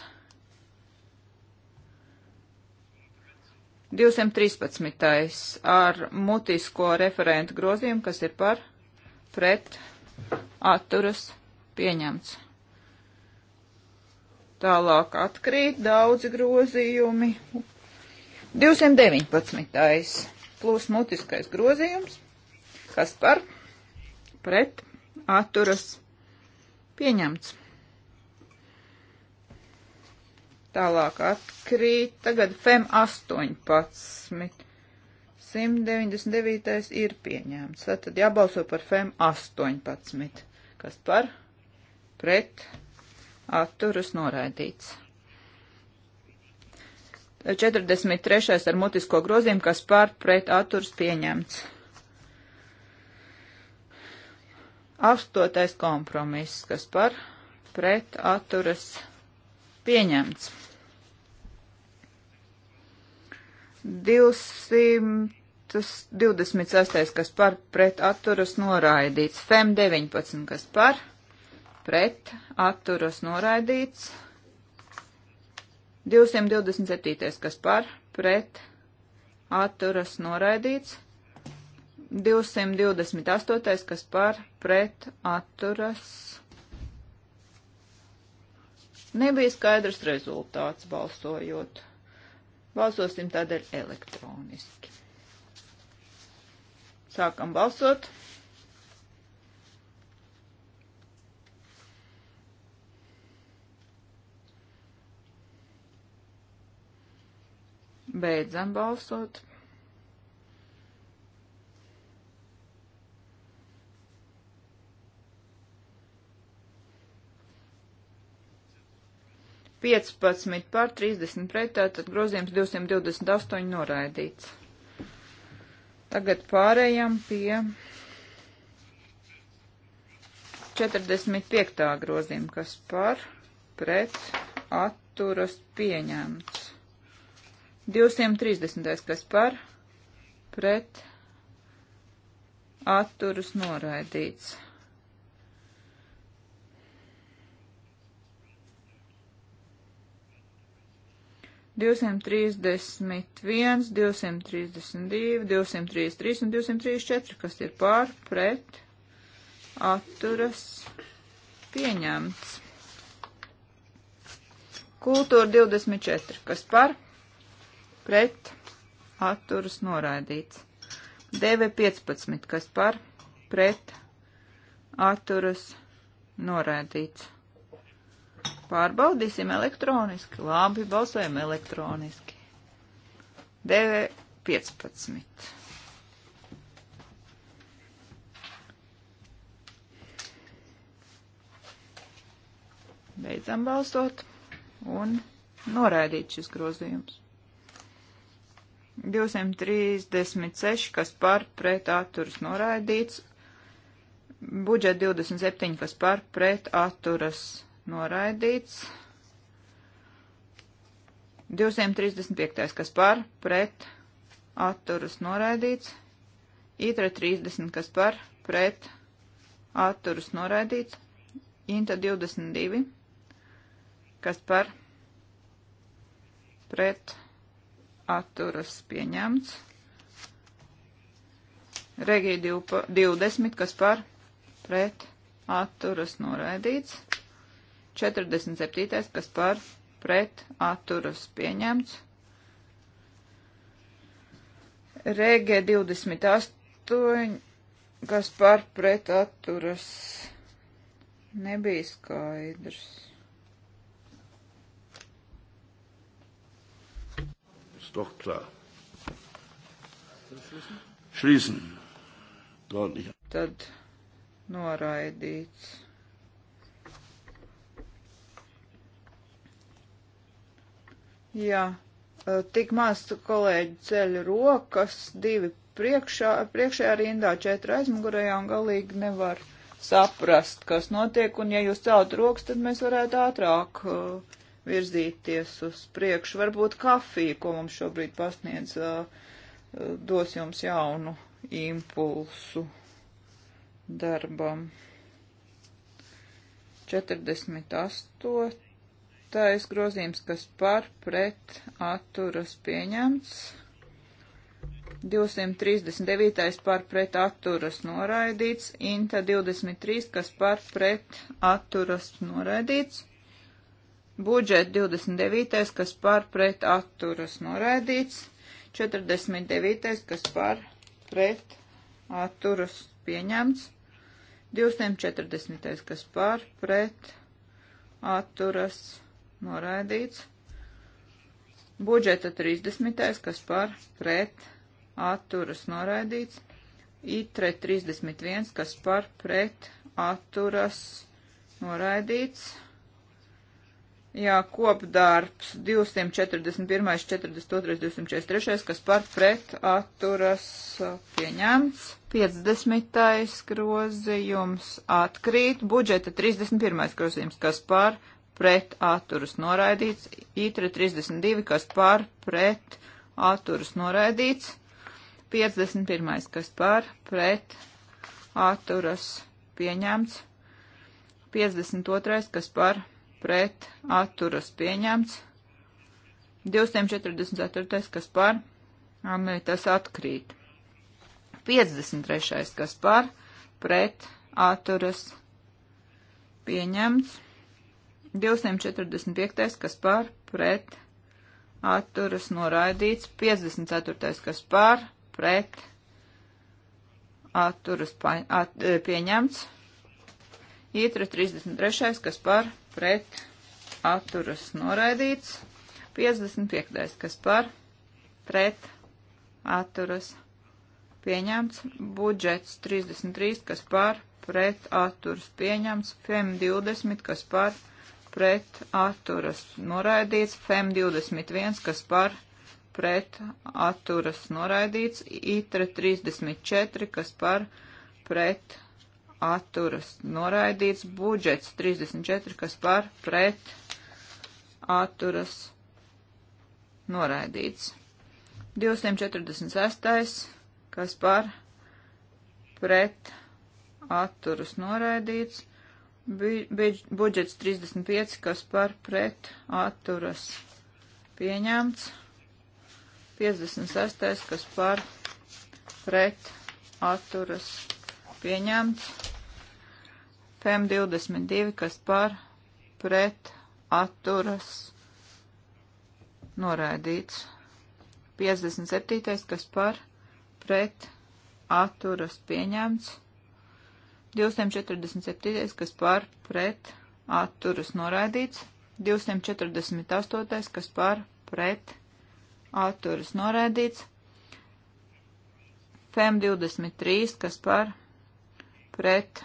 213. ar mutisko referentu grozījumu, kas ir par pret atturas pieņemts. Tālāk atkrīt daudzi grozījumi. 219. plus mutiskais grozījums, kas par pret atturas pieņemts. tālāk atkrīt. Tagad FEM 18. 199. ir pieņēmts. Tad jābalso par FEM 18. Kas par? Pret. Atturas noraidīts. 43. ar mutisko grozījumu, kas pār pret atturs pieņemts. 8. kompromiss, kas par pret atturas pieņemts. 226, kas par pret atturas noraidīts. FEM 19, kas par pret atturas noraidīts. 227, kas par pret atturas noraidīts. 228, kas par pret atturas. Nebija skaidrs rezultāts balsojot. Balsosim tādēļ elektroniski. Sākam balsot. Beidzam balsot. 15 par 30 pretā, tad grozījums 228 noraidīts. Tagad pārējām pie 45. grozījuma, kas par pret atturas pieņemts. 230. kas par pret atturas noraidīts. 231, 232, 233 un 234, kas ir pār, pret, atturas, pieņemts. Kultūra 24, kas par, pret, atturas, noraidīts. DV 15, kas par, pret, atturas, noraidīts. Pārbaudīsim elektroniski. Labi, balsojam elektroniski. DV15. Beidzam balsot un noraidīt šis grozījums. 236, kas par pret atturas noraidīts, budžeta 27, kas par pret atturas noraidīts noraidīts. 235. kas par, pret, atturas noraidīts. Itra 30. kas par, pret, atturas noraidīts. Inta 22. kas par, pret, atturas pieņemts. Regija 20, kas par, pret, atturas noraidīts. 47. kas par pret atturas pieņemts. Rēgē 28, kas par pret atturas nebija skaidrs. Doch klar. Schließen. Dort nicht. Tad noraidīts. Jā, e, tik maz kolēģi ceļ rokas, divi priekšā, priekšējā rindā, četri aizmugurējā un galīgi nevar saprast, kas notiek, un ja jūs celt rokas, tad mēs varētu ātrāk uh, virzīties uz priekšu. Varbūt kafija, ko mums šobrīd pasniedz, uh, dos jums jaunu impulsu darbam. 48. Ceturtais grozījums, kas par pret atturas pieņemts. 239. par pret atturas noraidīts, Inta 23, kas par pret atturas noraidīts, Budžet 29, kas par pret atturas noraidīts, 49, kas par pret atturas pieņemts, 240, kas par pret atturas noraidīts noraidīts. Budžeta 30. kas par pret atturas noraidīts. Itre 31. kas par pret atturas noraidīts. Jā, kopdarbs 241, 42, 243, kas par pret atturas pieņemts. 50. grozījums atkrīt. Budžeta 31. grozījums, kas par pret atturas noraidīts, itre 32, kas par pret atturas noraidīts, 51, kas par pret atturas pieņemts, 52, kas par pret atturas pieņemts, 244, kas par, nē, tas atkrīt. 53. kas par, pret, atturas, pieņemts. 245. kas par pret atturas noraidīts, 54. kas par pret atturas pa, at, e, pieņemts, ītra 33. kas par pret atturas noraidīts, 55. kas par pret atturas pieņemts, budžets 33. kas par pret atturas pieņemts, FEM 20. kas par pret pret atturas noraidīts, FEM 21, kas par pret atturas noraidīts, ITRE 34, kas par pret atturas noraidīts, budžets 34, kas par pret atturas noraidīts. 246, kas par pret atturas noraidīts, budžets 35, kas par pret atturas pieņemts. 56, kas par pret atturas pieņemts. FEM 22, kas par pret atturas noraidīts. 57, kas par pret atturas pieņemts. 247. kas par pret atturas noraidīts. 248. kas par pret atturas noraidīts. FEM 23, kas par pret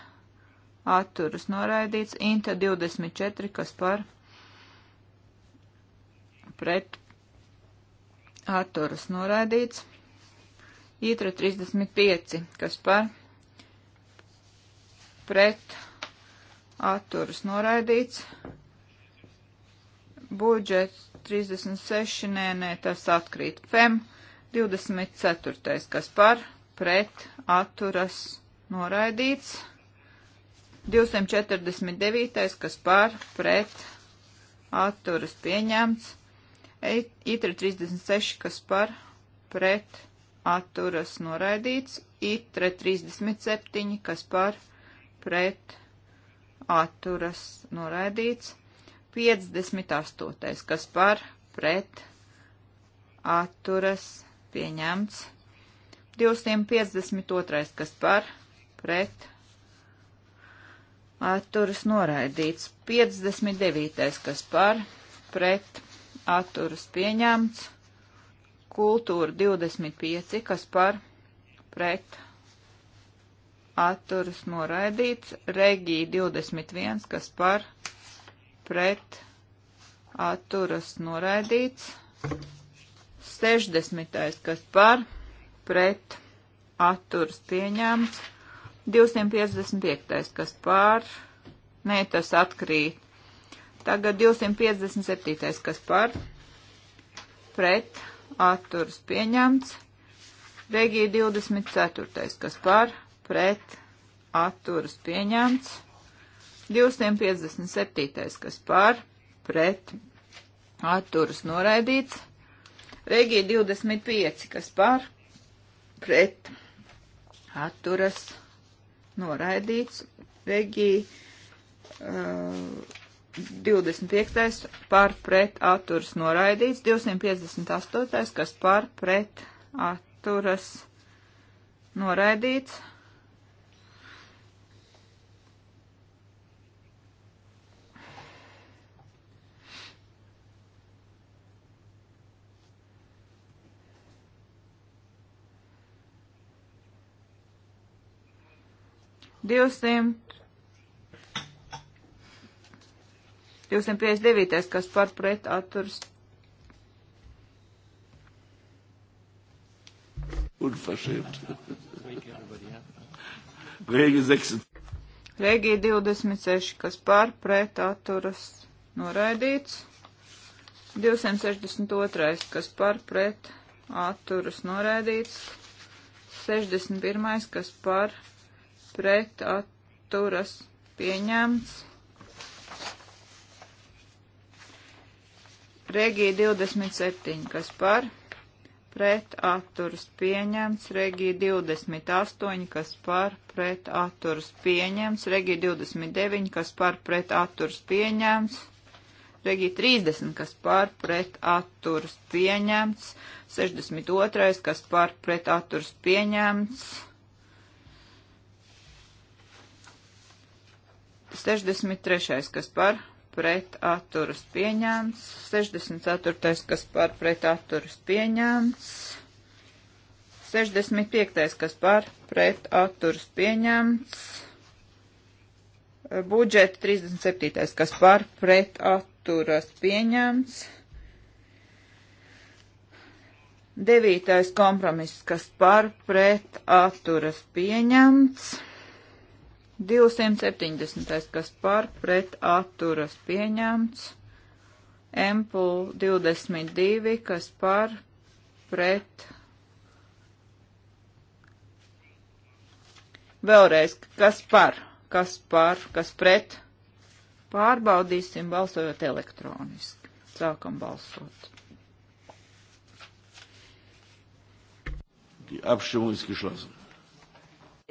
atturas noraidīts. INTA 24, kas par pret atturas noraidīts. ITRA 35, kas par pret pret atturas noraidīts. Budžets 36, nē, nē, tas atkrīt. FEM 24, kas par pret atturas noraidīts. 249, kas par pret atturas pieņemts. E, Itra 36, kas par pret atturas noraidīts. Itra 37, kas par pret pret atturas noraidīts. 58. kas par pret atturas pieņemts. 252. kas par pret atturas noraidīts. 59. kas par pret atturas pieņemts. Kultūra 25. kas par pret atturas atturas noraidīts, regī 21, kas par pret atturas noraidīts, 60, kas par pret atturas pieņemts, 255, kas par, nē, tas atkrīt. Tagad 257, kas par pret atturas pieņemts, regī 24, kas par pret pret atturas pieņemts. 257. kas par pret atturas noraidīts. Regija 25. kas par pret atturas noraidīts. Regija uh, 25. par pret atturas noraidīts, 258. kas par pret atturas noraidīts, 200. 259. kas par pret atturs. Unverschämt. Regi 26. Regi 26, kas par pret atturas noraidīts. 262, kas par pret atturas noraidīts. 61, kas par pret pret atturas pieņemts. Regija 27, kas par pret atturas pieņemts, Regija 28, kas par pret atturas pieņemts, Regija 29, kas par pret atturas pieņemts, Regija 30, kas par pret atturas pieņemts, 62, kas par pret atturas pieņemts. 63. kas par pret atturas pieņēmts, 64. kas par pret atturas pieņēmts, 65. kas par pret atturas pieņēmts, budžeta 37. kas par pret atturas pieņēmts, 9. kompromiss, kas par pret atturas pieņēmts, 270. kas par pret atturas pieņemts. Empul 22, kas par pret. Vēlreiz, kas par, kas par, kas pret. Pārbaudīsim balsojot elektroniski. Sākam balsot. Die Abstimmung ist geschlossen.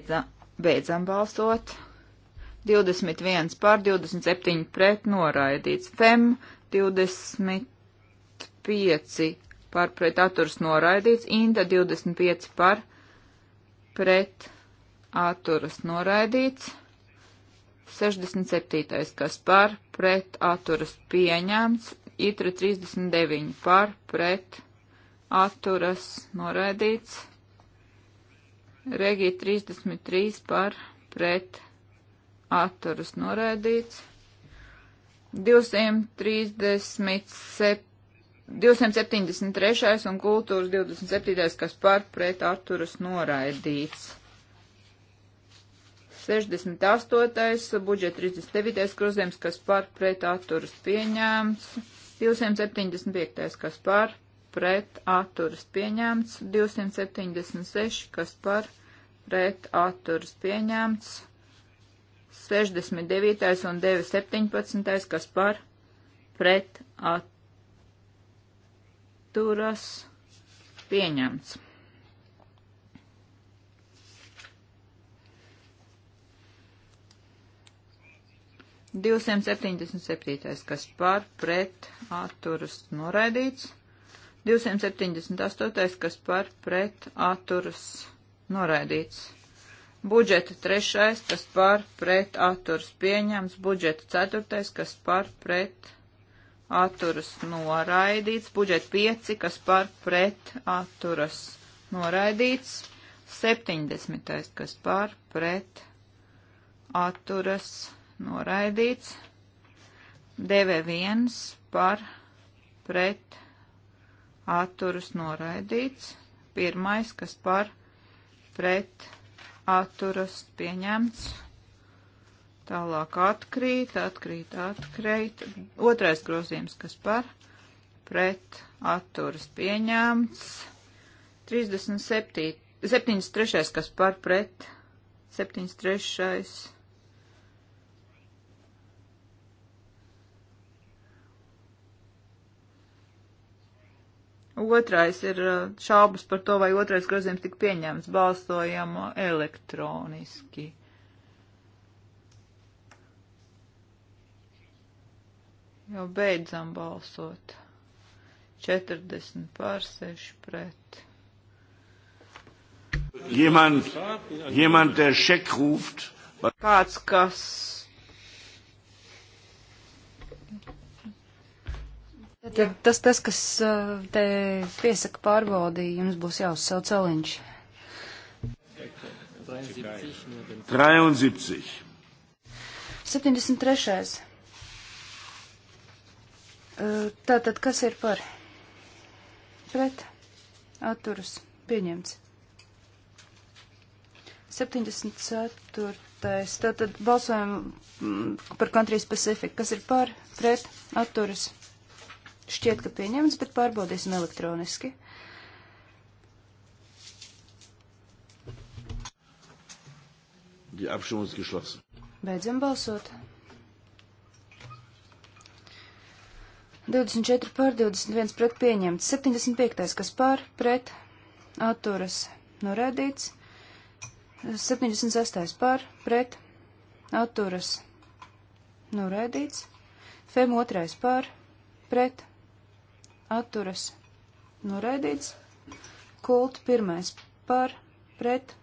Ja. Beidzam balsot. 21 pār 27 pret noraidīts. FEM 25 pār pret atturs noraidīts. INTA 25 pār pret atturas noraidīts. 67. kas par pret atturas pieņemts. ITRA 39 par pret atturas noraidīts. Regija 33 par pret atturas noraidīts. 237, 273 un kultūras 27, kas par pret atturas noraidīts. 68. budžeta 39. grozījums, kas par pret atturas pieņēmts. 275. kas par pret pret atturas pieņemts, 276, kas par pret atturas pieņemts, 69. un 917, kas par pret atturas pieņemts. Divsimt septiņdesmit septītais, kas par pret atturas noraidīts. 278. kas par pret atturas noraidīts. Budžeta trešais, kas par pret atturas pieņems. Budžeta ceturtais, kas par pret atturas noraidīts. Budžeta pieci, kas par pret atturas noraidīts. Septiņdesmitais, kas par pret atturas noraidīts. DV1 par pret atturas atturas noraidīts, pirmais, kas par pret atturas pieņemts, tālāk atkrīt, atkrīt, atkrīt, otrais grozījums, kas par pret atturas pieņemts, 37, 73, kas par pret 73. Otrais ir uh, šaubas par to, vai otrais grozījums tika pieņemts. Balsojam elektroniski. Jau beidzam balsot. 40 pār 6 pret. Jemand, jemand, der šek ruft. Kāds, kas Tad tas, tas, kas uh, te piesaka pārbaudī, jums būs jāuzsauc celiņš. 73. 73. Uh, tātad, kas ir par? Pret. Atturas. Pieņemts. 74. Tātad balsojam mm, par Country Specific. Kas ir par? Pret. Atturas. Šķiet, ka pieņemts, bet pārbaudīsim elektroniski. Beidzam balsot. 24 pār 21 pret pieņemts, 75. kas pār pret atturas norēdīts, 76. pār pret atturas norēdīts, FEM 2. pār pret atturas noraidīts. Kult pirmais par pret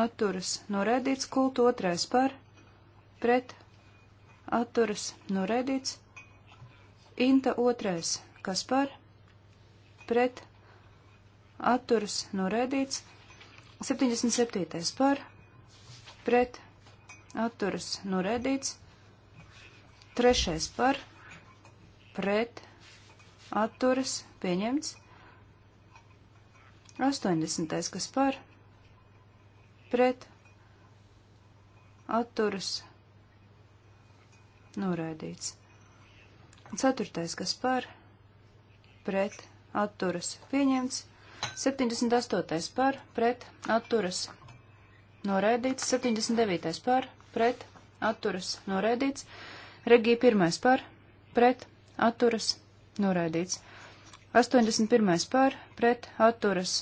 atturas noraidīts. Kult otrais par pret atturas noraidīts. Inta otrais kas par pret atturas noraidīts. 77. par pret atturas noraidīts. Trešais par pret atturas, pieņemts. 80. kas par, pret, atturas, noraidīts. 4. kas par, pret, atturas, pieņemts. 78. par, pret, atturas, noraidīts. 79. par, pret, atturas, noraidīts. Regija 1. par, pret, atturas, noraidīts noraidīts. 81. par, pret, atturas,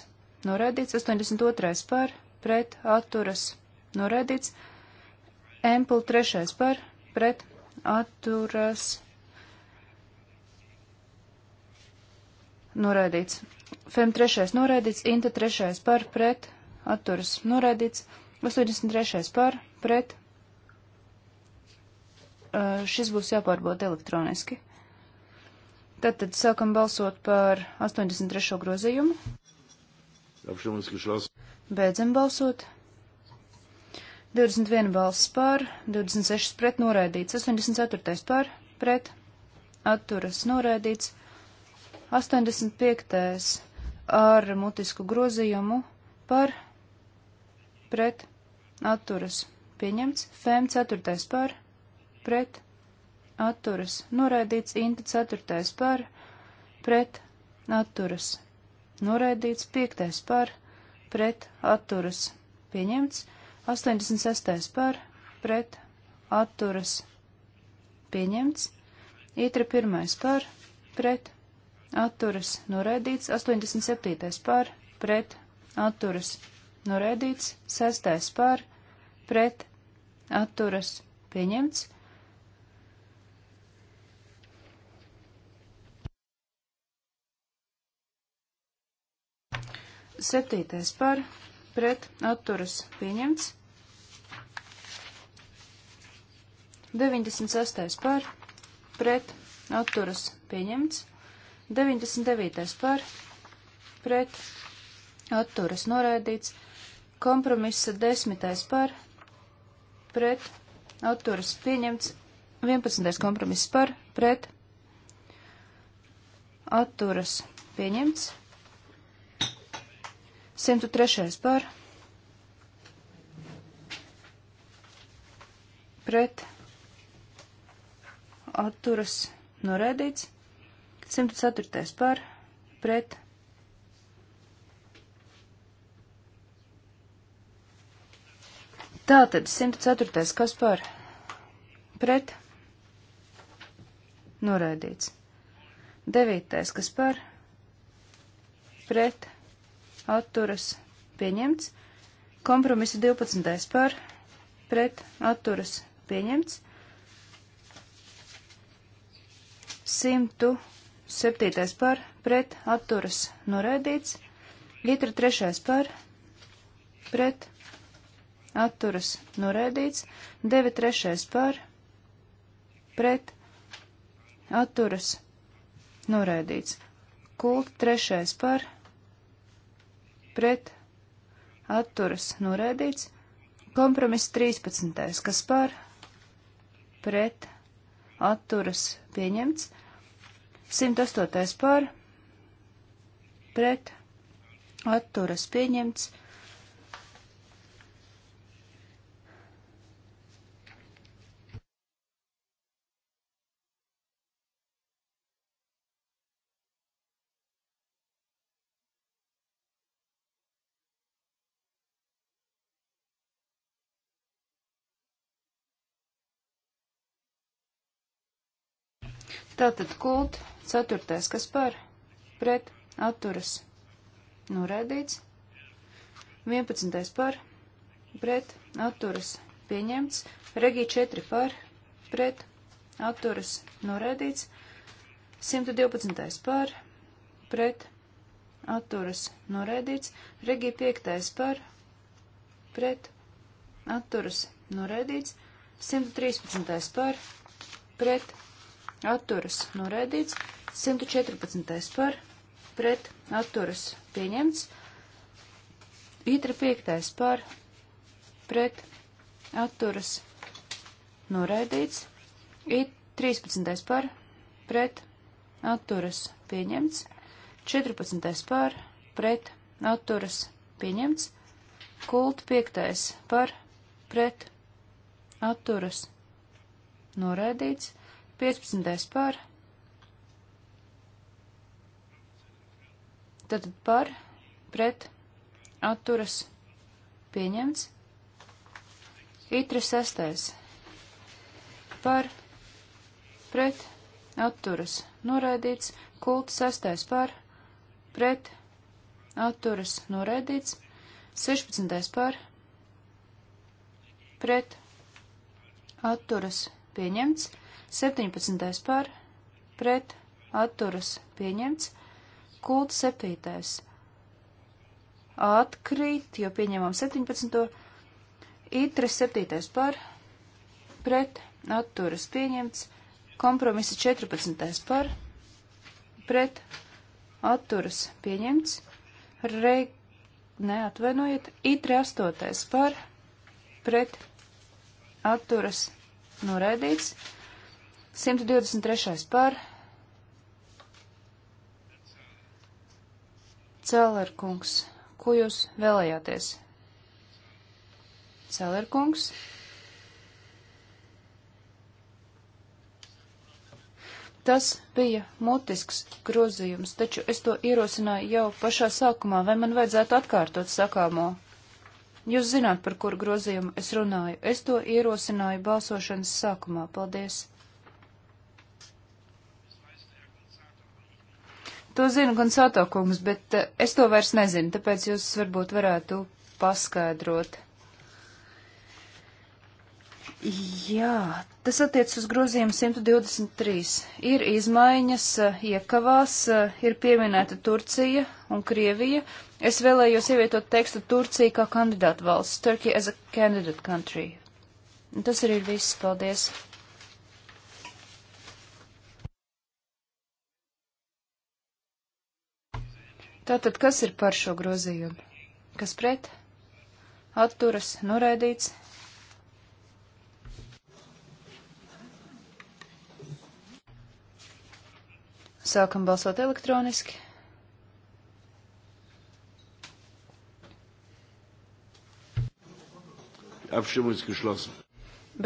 noraidīts. 82. par, pret, atturas, noraidīts. Empul 3. par, pret, atturas, noraidīts. Fem 3. noraidīts. Inta 3. par, pret, atturas, noraidīts. 83. par, pret. Uh, šis būs jāpārbauda elektroniski. Tātad sākam balsot par 83. grozījumu. Beidzam balsot. 21 balss par, 26 pret noraidīts, 84 par, pret, atturas noraidīts, 85 ar mutisku grozījumu par, pret, atturas pieņemts, FEM 4 par, pret, atturas, noraidīts Inta 4. par, pret, atturas, noraidīts 5. par, pret, atturas, pieņemts 86. par, pret, atturas, pieņemts Itra 1. par, pret, atturas, noraidīts 87. par, pret, atturas, noraidīts 6. par, pret, atturas, pieņemts 88. Septītais par pret atturas pieņemts. 96. par pret atturas pieņemts. 99. par pret atturas noraidīts. Kompromisa 10. par pret atturas pieņemts. 11. kompromiss par pret atturas pieņemts. 103. par pret atturas norēdīts. 104. par pret Tātad 104. kas par pret norēdīts. 9. kas par pret atturas pieņemts. Kompromisa 12. par pret atturas pieņemts. 107. par pret atturas noraidīts. Litra 3. par pret atturas noraidīts. 9. 3. par pret atturas noraidīts. Kult 3. par pret pret atturas noraidīts. Kompromiss 13. kas par pret atturas pieņemts. 108. par pret atturas pieņemts. Tātad kult ceturtais, kas par pret atturas noraidīts. 11. par pret atturas pieņemts. Regī 4 par pret atturas noraidīts. 112. par pret atturas noraidīts. Regī 5. par pret atturas noraidīts. 113. par pret atturas noraidīts atturas noraidīts, 114. par pret atturas pieņemts, itra 5. par pret atturas noraidīts, it 13. par pret atturas pieņemts, 14. par pret atturas pieņemts, kult 5. par pret atturas noraidīts, 15. par. Tātad par, pret, atturas, pieņemts. Itra 6. par, pret, atturas, noraidīts. Kulta 6. par, pret, atturas, noraidīts. 16. par, pret, atturas, pieņemts. 17. par pret atturas pieņemts. Kult 7. Atkrīt, jo pieņemam 17. Itre 7. par pret atturas pieņemts. Kompromisa 14. par pret atturas pieņemts. Rei, neatvainojiet, itre 8. par pret atturas noraidīts. 123. par Celerkungs. Ko jūs vēlējāties? Celerkungs. Tas bija mutisks grozījums, taču es to ierosināju jau pašā sākumā, vai man vajadzētu atkārtot sakāmo. Jūs zināt, par kuru grozījumu es runāju. Es to ierosināju balsošanas sākumā. Paldies! To zinu, gan Satokungs, bet eh, es to vairs nezinu, tāpēc jūs varbūt varētu paskaidrot. Jā, tas attiec uz grozījumu 123. Ir izmaiņas, eh, iekavās, eh, ir pieminēta Turcija un Krievija. Es vēlējos ievietot tekstu Turcija kā kandidātu valsts, Turkey as a candidate country. Un tas arī ir viss, paldies. Tātad, kas ir par šo grozījumu? Kas pret? Atturas, noraidīts. Sākam balsot elektroniski. Abstimmung ist geschlossen.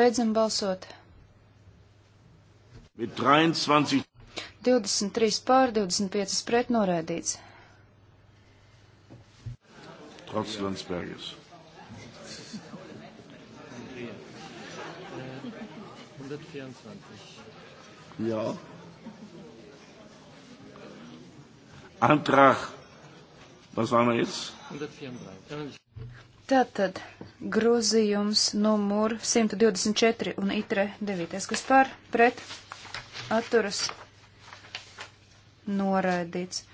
Beidzam balsot. Mit 23. 23 pār 25 pret norēdīts. Trotz Landsbergis. 124. Ja. Antrag, was waren wir jetzt? 134. Tātad grozījums numur 124 un itre 9, kas par pret atturas noraidīts.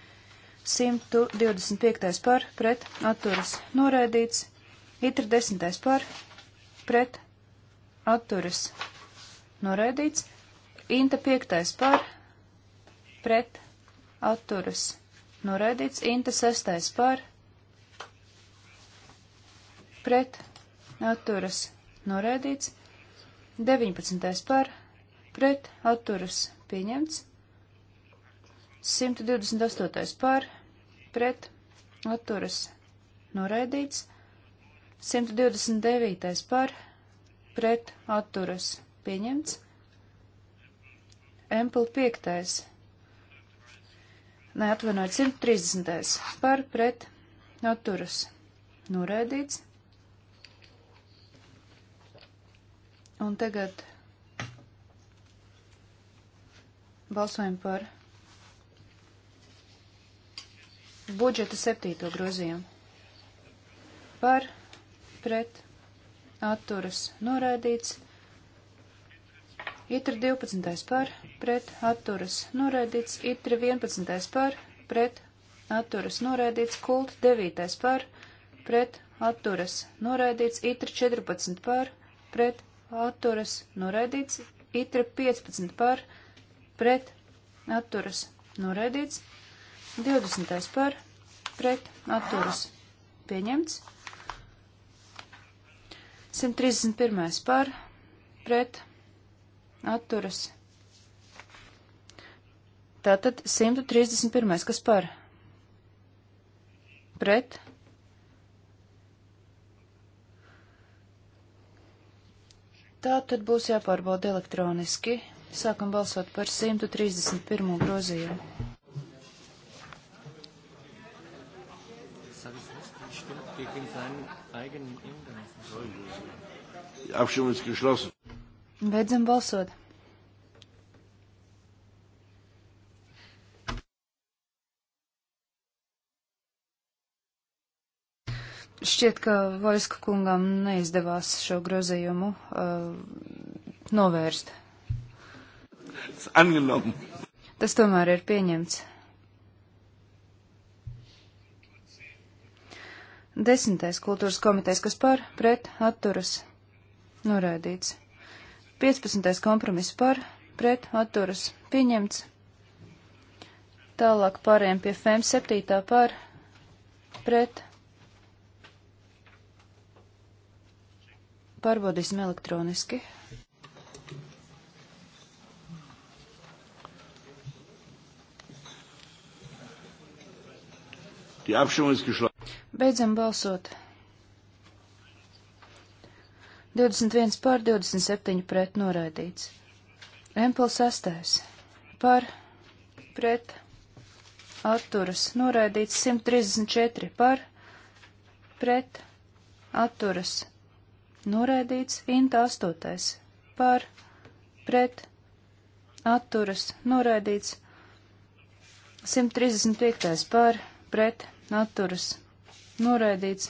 125. par pret atturas noraidīts, itra 10. par pret atturas noraidīts, inta 5. par pret atturas noraidīts, inta 6. par pret atturas noraidīts, 19. par pret atturas pieņemts, 128. par pret pret atturas noraidīts. 129. par pret atturas pieņemts. Empel 5. Nē, atvainojiet, 130. par pret atturas noraidīts. Un tagad balsojam par budžeta septīto grozījumu. Par, pret, atturas, noraidīts. Itra 12. par, pret, atturas, noraidīts. Itra 11. par, pret, atturas, noraidīts. Kult 9. par, pret, atturas, noraidīts. Itra 14. par, pret, atturas, noraidīts. Itra 15. par, pret, atturas, noraidīts. 20. par pret atturas pieņemts. 131. par pret atturas. Tātad 131. kas par pret Tā tad būs jāpārbauda elektroniski. Sākam balsot par 131. grozījumu. Abstimmung ist geschlossen. Beidzam balsot. Šķiet, ka Vojska kungam neizdevās šo grozījumu uh, novērst. Tas tomēr ir pieņemts. Desmitais kultūras komitejas, kas par, pret, atturas, noraidīts. 15. kompromiss par, pret, atturas, pieņemts. Tālāk pārējiem pie FEM 7. par, pret. Pārbaudīsim elektroniski. Die Abstimmung ist geschlossen. Beidzam balsot. 21 pār 27 pret noraidīts. Empels 6. Par pret atturas noraidīts 134 par pret atturas noraidīts Inta 8. Par pret atturas noraidīts 135 par pret atturas noraidīts.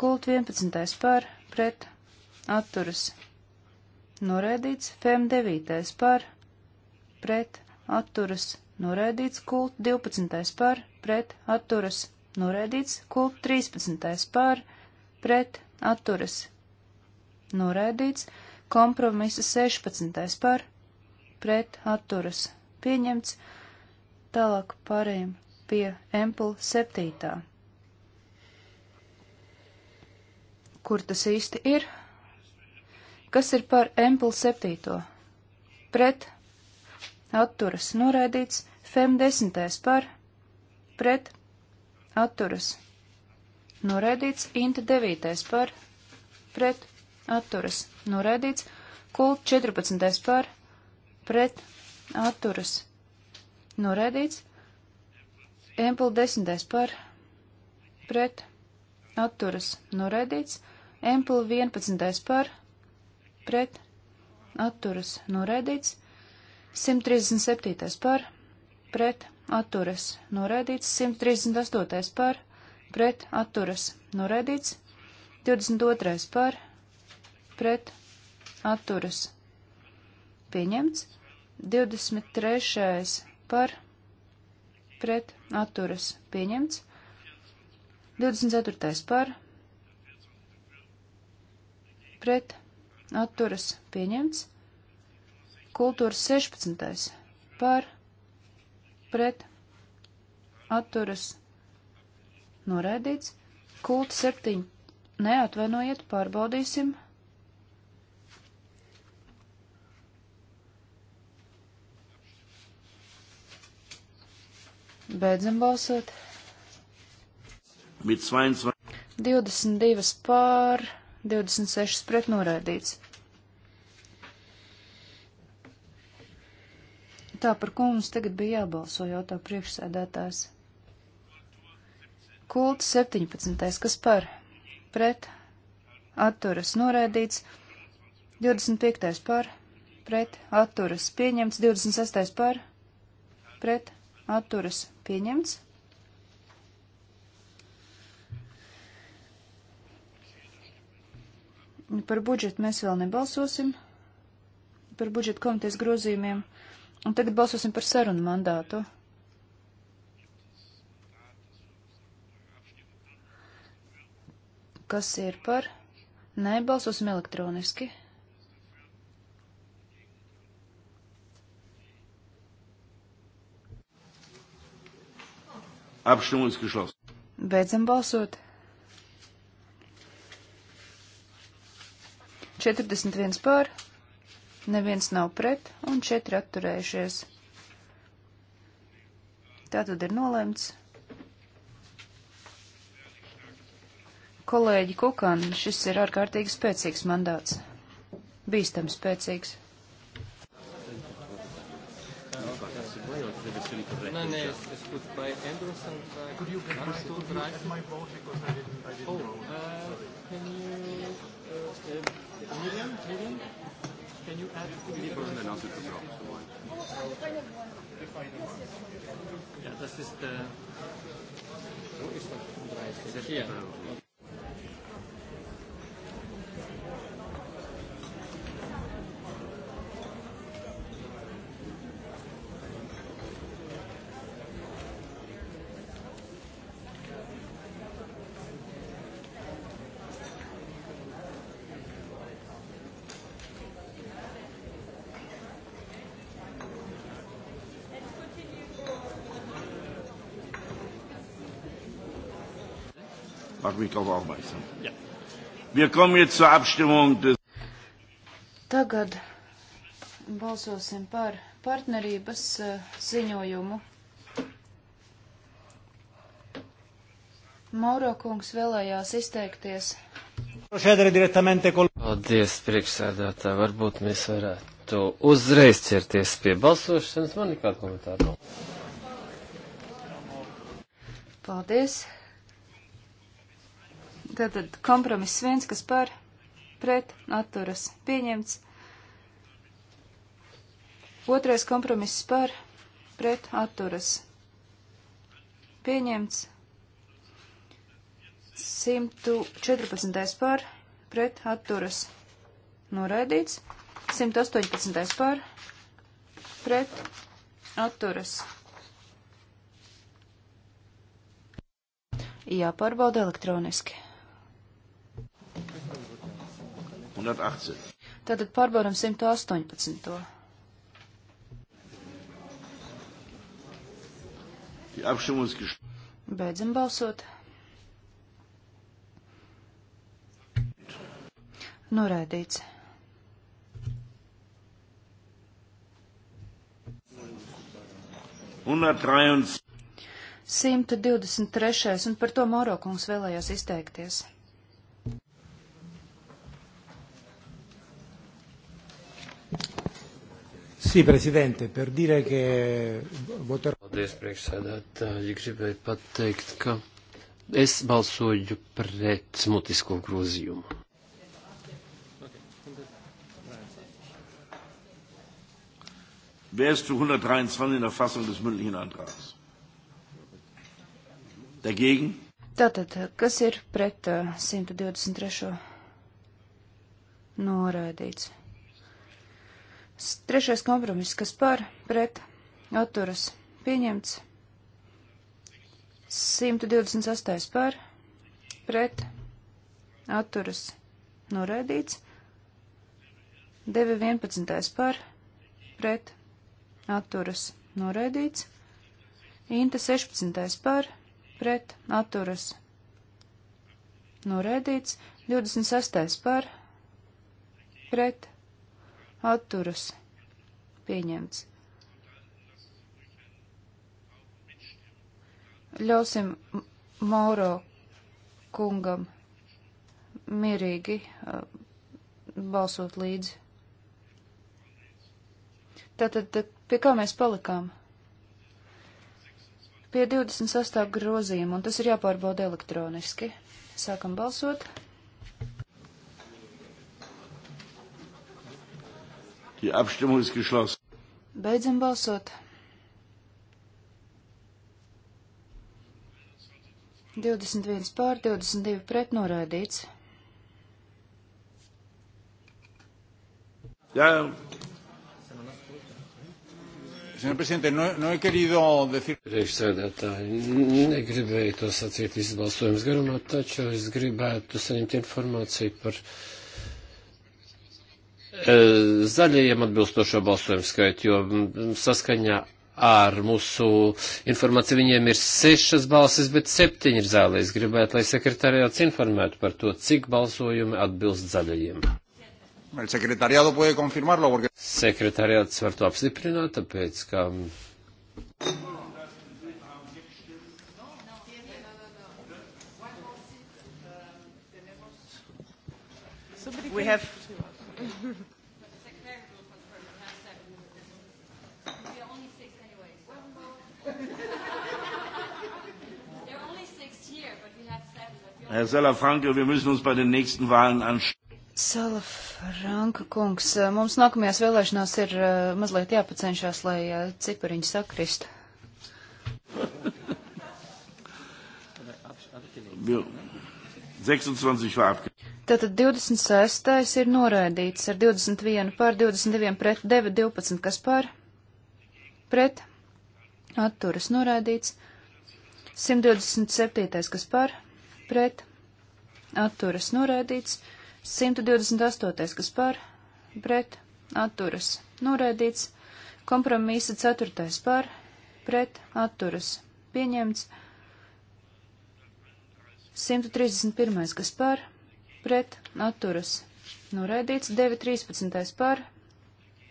Kult 11. par pret atturas noraidīts. Fem 9. par pret atturas noraidīts. Kult 12. par pret atturas noraidīts. Kult 13. par pret atturas noraidīts. Kompromisa 16. par pret atturas pieņemts. Tālāk pārējiem pie Empula 7 kur tas īsti ir. Kas ir par Empel 7? Pret. Atturas noraidīts. Fem 10. par. Pret. Atturas. Noraidīts. Inta 9. par. Pret. Atturas. Noraidīts. Kult 14. par. Pret. Atturas. Noraidīts. Empel 10. par. Pret. Atturas. Noraidīts. Empel 11. par pret atturas noraidīts. 137. par pret atturas noraidīts. 138. par pret atturas noraidīts. 22. par pret atturas pieņemts. 23. par pret atturas pieņemts. 24. par pret pret atturas pieņemts. Kultūras 16. par pret atturas noraidīts. Kult 7. Neatvainojiet, pārbaudīsim. Beidzam balsot. 22 pār 26 pret noraidīts. Tā par ko mums tagad bija jābalso, jautā priekšsēdētājs. Kults 17. kas par? Pret. Atturas noraidīts. 25. par. Pret. Atturas pieņemts. 26. par. Pret. Atturas pieņemts. Par budžetu mēs vēl nebalsosim, par budžetu komitejas grozījumiem, un tagad balsosim par sarunu mandātu. Kas ir par? Nē, balsosim elektroniski. Abstimmung ist geschlossen. Beidzam balsot. 41 pār, neviens nav pret un 4 atturējušies. Tā tad ir nolēmts. Kolēģi Kukan, šis ir ārkārtīgi spēcīgs mandāts. Bīstami spēcīgs. actually correct. No, no, it's, it's good by Andrews and by Could you get my, could you get my vote because I didn't, I didn't oh, know. Uh, can you, uh, uh, Miriam, Miriam, can you add? People in the Nazi program. The final one. Yeah, this is the. Wo ist das? Ist das hier? Oh. Machen mich darauf aufmerksam. Ja. Wir kommen jetzt zur Abstimmung des. Tagad balsosim par partnerības eh, ziņojumu. Mauro kungs vēlējās izteikties. Paldies, priekšsēdētā. Varbūt mēs varētu uzreiz ķerties pie balsošanas. Man nekāda komentāra nav. Paldies. Tātad kompromiss viens, kas par pret atturas pieņemts. Otrais kompromiss par pret atturas pieņemts. 114. par pret atturas noraidīts. 118. par pret atturas. Jāpārbauda elektroniski. 118. Tātad pārbaudam 118. Beidzam balsot. Noraidīts. Simt divdesmit trešais, un par to Maurokungs vēlējās izteikties. Sī, prezidente, per dire, ka voter... Paldies, priekšsēdētāji. Gribēju pateikt, ka es balsoju pret mutisko grozījumu. Wer ist zu 123 in der Fassung des mündlichen Antrags? Dagegen? Tātad, kas ir pret uh, 123. noraidīts? Trešais kompromiss, kas par pret atturas pieņemts. 128 par pret atturas noraidīts. 911 par pret atturas noraidīts. Inta 16 par pret atturas noraidīts. 26 par pret atturas pieņemts. Ļausim Mauro kungam mierīgi uh, balsot līdzi. Tātad, pie kā mēs palikām? Pie 26. grozījuma, un tas ir jāpārbauda elektroniski. Sākam balsot. Die Abstimmung ist geschlossen. Beidzam balsot. 21 pār, 22 pret noraidīts. Jā. Señor presidente, no, no he querido decir. Priekšsēdētāji, negribēju to sacīt visbalsojums garumā, taču es gribētu saņemt informāciju par E, zaļajiem atbilstošo balsojumu skaitu, jo saskaņā ar mūsu informāciju viņiem ir sešas balsis, bet septiņi ir zālē. Es gribētu, lai sekretariāts informētu par to, cik balsojumi atbilst zaļajiem. Porque... Sekretariāts var to apstiprināt, tāpēc, ka. We have Herr Salafranke, wir müssen uns bei den nächsten Wahlen anstrengen. Salafranka kungs, eh, mums nākamajās vēlēšanās ir uh, mazliet jāpacenšas, lai uh, eh, cipariņš sakrist. Tātad 26. ir noraidīts ar 21 pār 22 pret 9, 12, kas pār pret atturas noraidīts. 127. kas pār pret, atturas noraidīts, 128. kas par, pret, atturas noraidīts, kompromisa 4. par, pret, atturas pieņemts, 131. kas par, pret, atturas noraidīts, 913. par,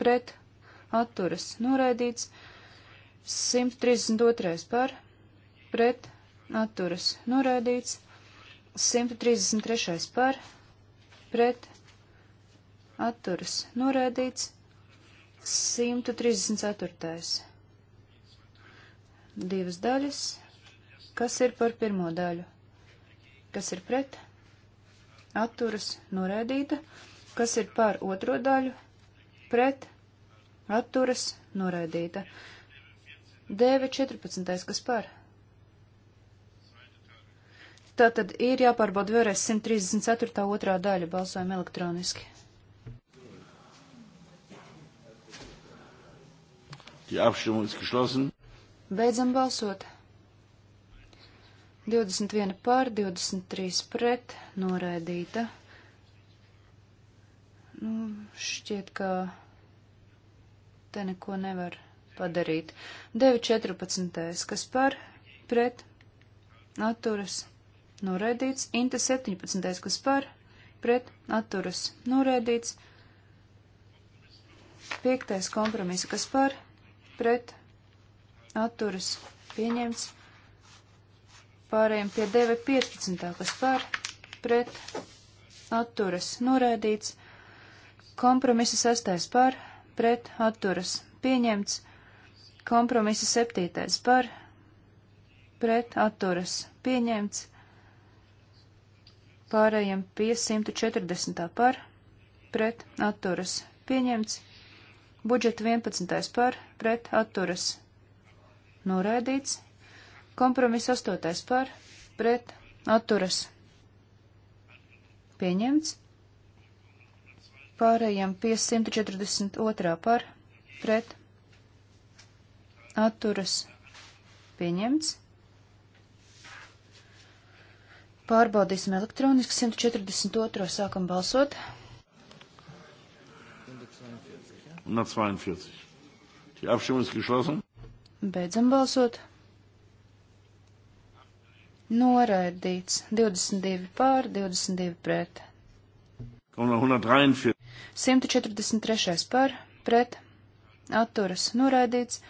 pret, atturas noraidīts, 132. par, pret, atturas noraidīts, 133. par pret atturas noraidīts 134. Divas daļas. Kas ir par pirmo daļu? Kas ir pret? Atturas noraidīta. Kas ir par otro daļu? Pret? Atturas noraidīta. DV 14. kas par? Tātad ir jāpārbauda vēlreiz 134. otrā daļa balsojam elektroniski. Die Abstimmung ist geschlossen. Beidzam balsot. 21 pār, 23 pret, noraidīta. Nu, šķiet, ka te neko nevar padarīt. 9.14. kas par, pret, atturas, noraidīts, Inta 17. kas par, pret, atturas, noraidīts, 5. kompromisa kas par, pret, atturas, pieņemts, pārējiem pie 9.15. kas par, pret, atturas, noraidīts, kompromisa 6. par, pret, atturas, pieņemts, kompromisa 7. par, pret, atturas, pieņemts, Pārējiem pie 140. par pret atturas pieņemts. Budžeta 11. par pret atturas noraidīts. Kompromiss 8. par pret atturas pieņemts. Pārējiem pie 142. par pret atturas pieņemts. Pārbaudīsim elektroniski 142. sākam balsot. 142. Die Abstimmung ist geschlossen. Beidzam balsot. Noraidīts 22 pār, 22 pret. 143. 143 pār, pret. Atturas noraidīts.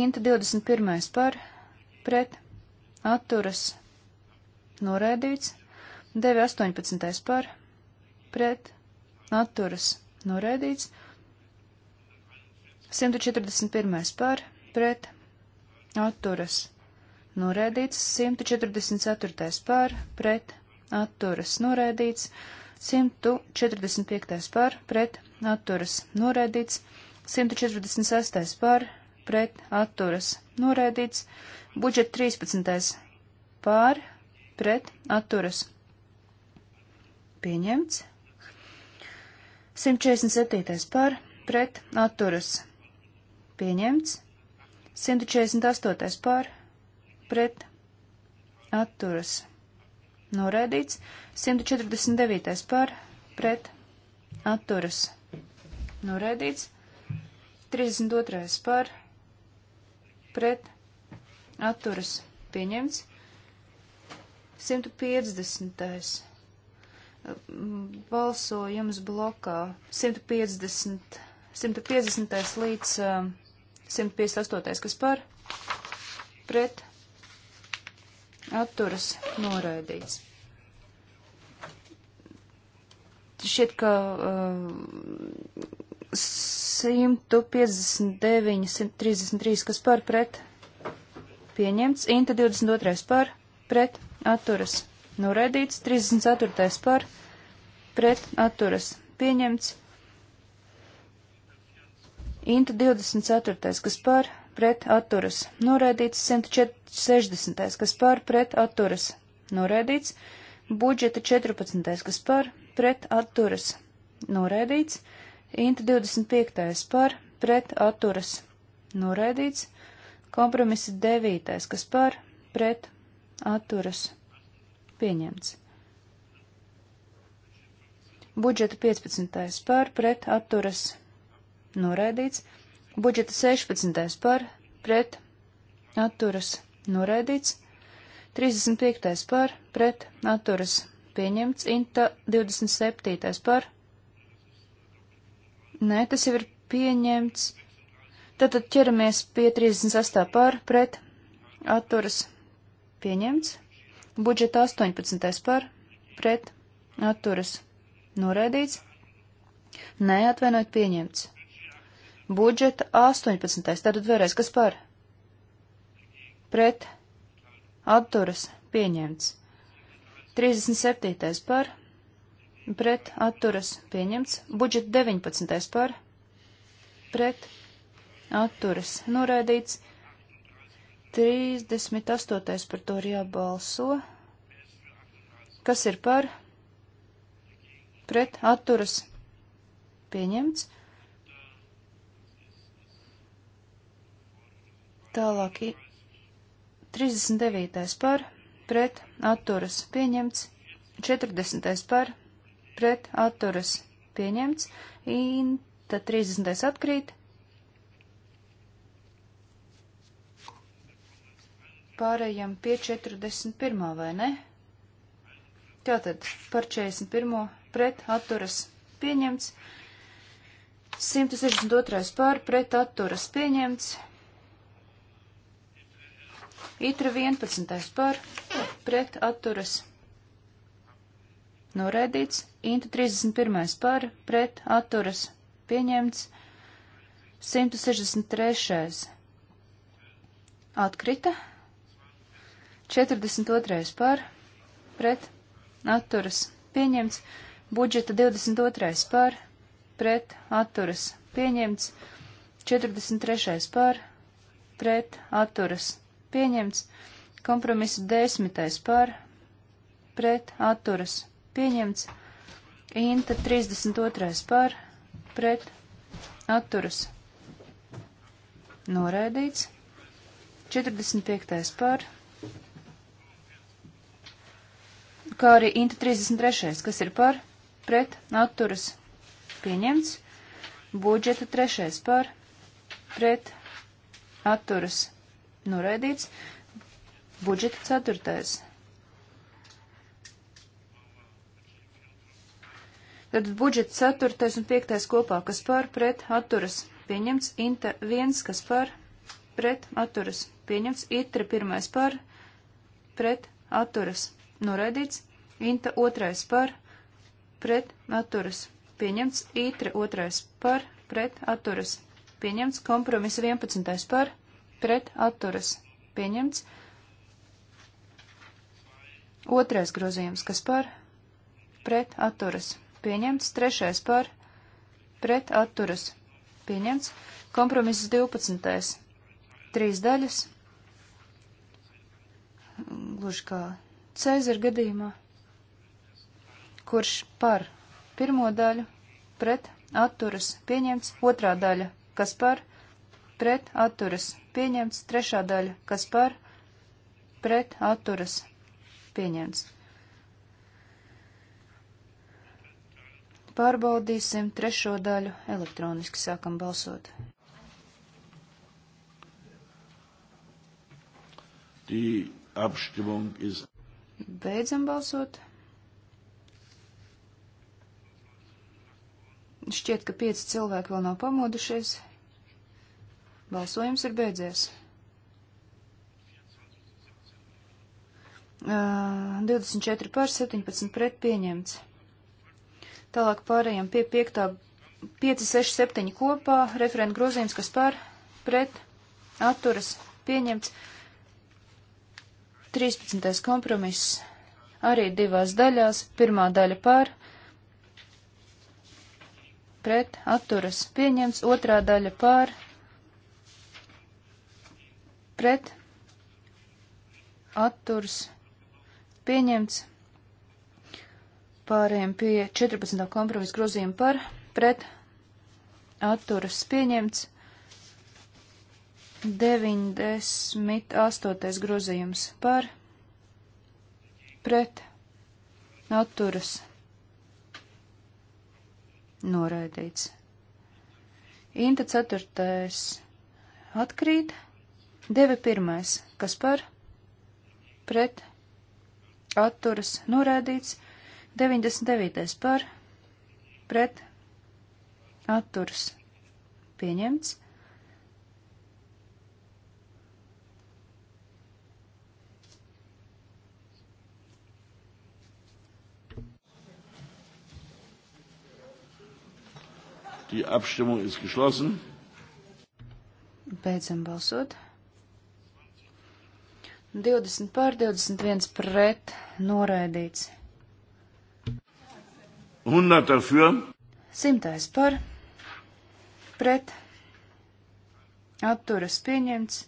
Inta 21 pār, pret. Atturas noraidīts, 9.18. par, pret, atturas, noraidīts, 141. par, pret, atturas, noraidīts, 144. par, pret, atturas, noraidīts, 145. par, pret, atturas, noraidīts, 146. par, pret, atturas, noraidīts, budžet 13. par, pret atturas pieņemts. 147. par pret atturas pieņemts. 148. par pret atturas noraidīts. 149. par pret atturas noraidīts. 32. par pret atturas pieņemts. 150. Balsojums blokā 150. 150. līdz um, eh, 158. kas par pret atturas noraidīts. Šķiet, ka uh, 159, 133, kas par pret pieņemts, Inta 22 par pret atturas noraidīts, 34. par pret atturas pieņemts, Inta 24. kas par pret atturas noraidīts, 160. kas par pret atturas noraidīts, budžeta 14. kas par pret atturas noraidīts, Inta 25. par pret atturas noraidīts, kompromisi 9. kas par pret atturas noraidīts Pieņemts. Budžeta 15. par pret atturas noraidīts. Budžeta 16. par pret atturas noraidīts. 35. par pret atturas pieņemts. Inta 27. par. Nē, tas jau ir pieņemts. Tātad ķeramies pie 38. par pret atturas pieņemts. Budžeta 18. par pret atturas noraidīts. Nē, atvainojiet, pieņemts. Budžeta 18. Tātad vēlreiz, kas par? Pret. Atturas. Pieņemts. 37. par. Pret. Atturas. Pieņemts. Budžeta 19. par. Pret. Atturas. Noraidīts. 38. par to ir jābalso. Kas ir par? Pret atturas pieņemts. Tālāk 39. par pret atturas pieņemts. 40. par pret atturas pieņemts. Inta 30. atkrīt. pārējām pie 41. vai ne? Tātad par 41. pret atturas pieņemts. 162. pār pret atturas pieņemts. Itra 11. pār pret atturas noraidīts. Inta 31. pār pret atturas pieņemts. 163. atkrita. 42. par, pret, atturas, pieņemts. Budžeta 22. par, pret, atturas, pieņemts. 43. par, pret, atturas, pieņemts. Kompromisa 10. par, pret, atturas, pieņemts. Inta 32. par, pret, atturas, noraidīts. 45. par, pret, atturas kā arī Inta 33, kas ir par, pret, atturas, pieņemts, budžeta 3 par, pret, atturas, noraidīts, budžeta 4. Tad budžets 4. un 5. kopā, kas par, pret, atturas, pieņemts, Inta 1, kas par, pret, atturas, pieņemts, Itra 1 par, pret, atturas, noraidīts, Inta otrais par pret atturas pieņemts. Ītre otrais par pret atturas pieņemts. Kompromisa 11. par pret atturas pieņemts. Otrais grozījums, kas par pret atturas pieņemts. Trešais par pret atturas pieņemts. Kompromiss 12. Trīs daļas. Gluži kā Cēzara gadījumā kurš par pirmo daļu pret atturas pieņemts, otrā daļa, kas par pret atturas pieņemts, trešā daļa, kas par pret atturas pieņemts. Pārbaudīsim trešo daļu elektroniski sākam balsot. Die Abstimmung ist. Beidzam balsot. Šķiet, ka pieci cilvēki vēl nav pamodušies. Balsojums ir beidzies. Uh, 24 pār 17 pret pieņemts. Tālāk pārējām pie 5, 5, 6, 7 kopā. Referenta grozījums, kas pār, pret, atturas, pieņemts. 13. kompromiss arī divās daļās. Pirmā daļa pār, pret atturas pieņemts, otrā daļa par pret atturas pieņemts. Pārējiem pie 14. kompromisa grozījuma par pret atturas pieņemts. 98. grozījums par pret atturas noraidīts. Inta ceturtais atkrīt, deve pirmais, kas par, pret, atturas, noraidīts, 99. par, pret, atturas, pieņemts. Die Abstimmung ist geschlossen. Beidzam balsot. 20 pār 21 pret noraidīts. 100 dafür. Simtais par. Pret. Atturas pieņemts.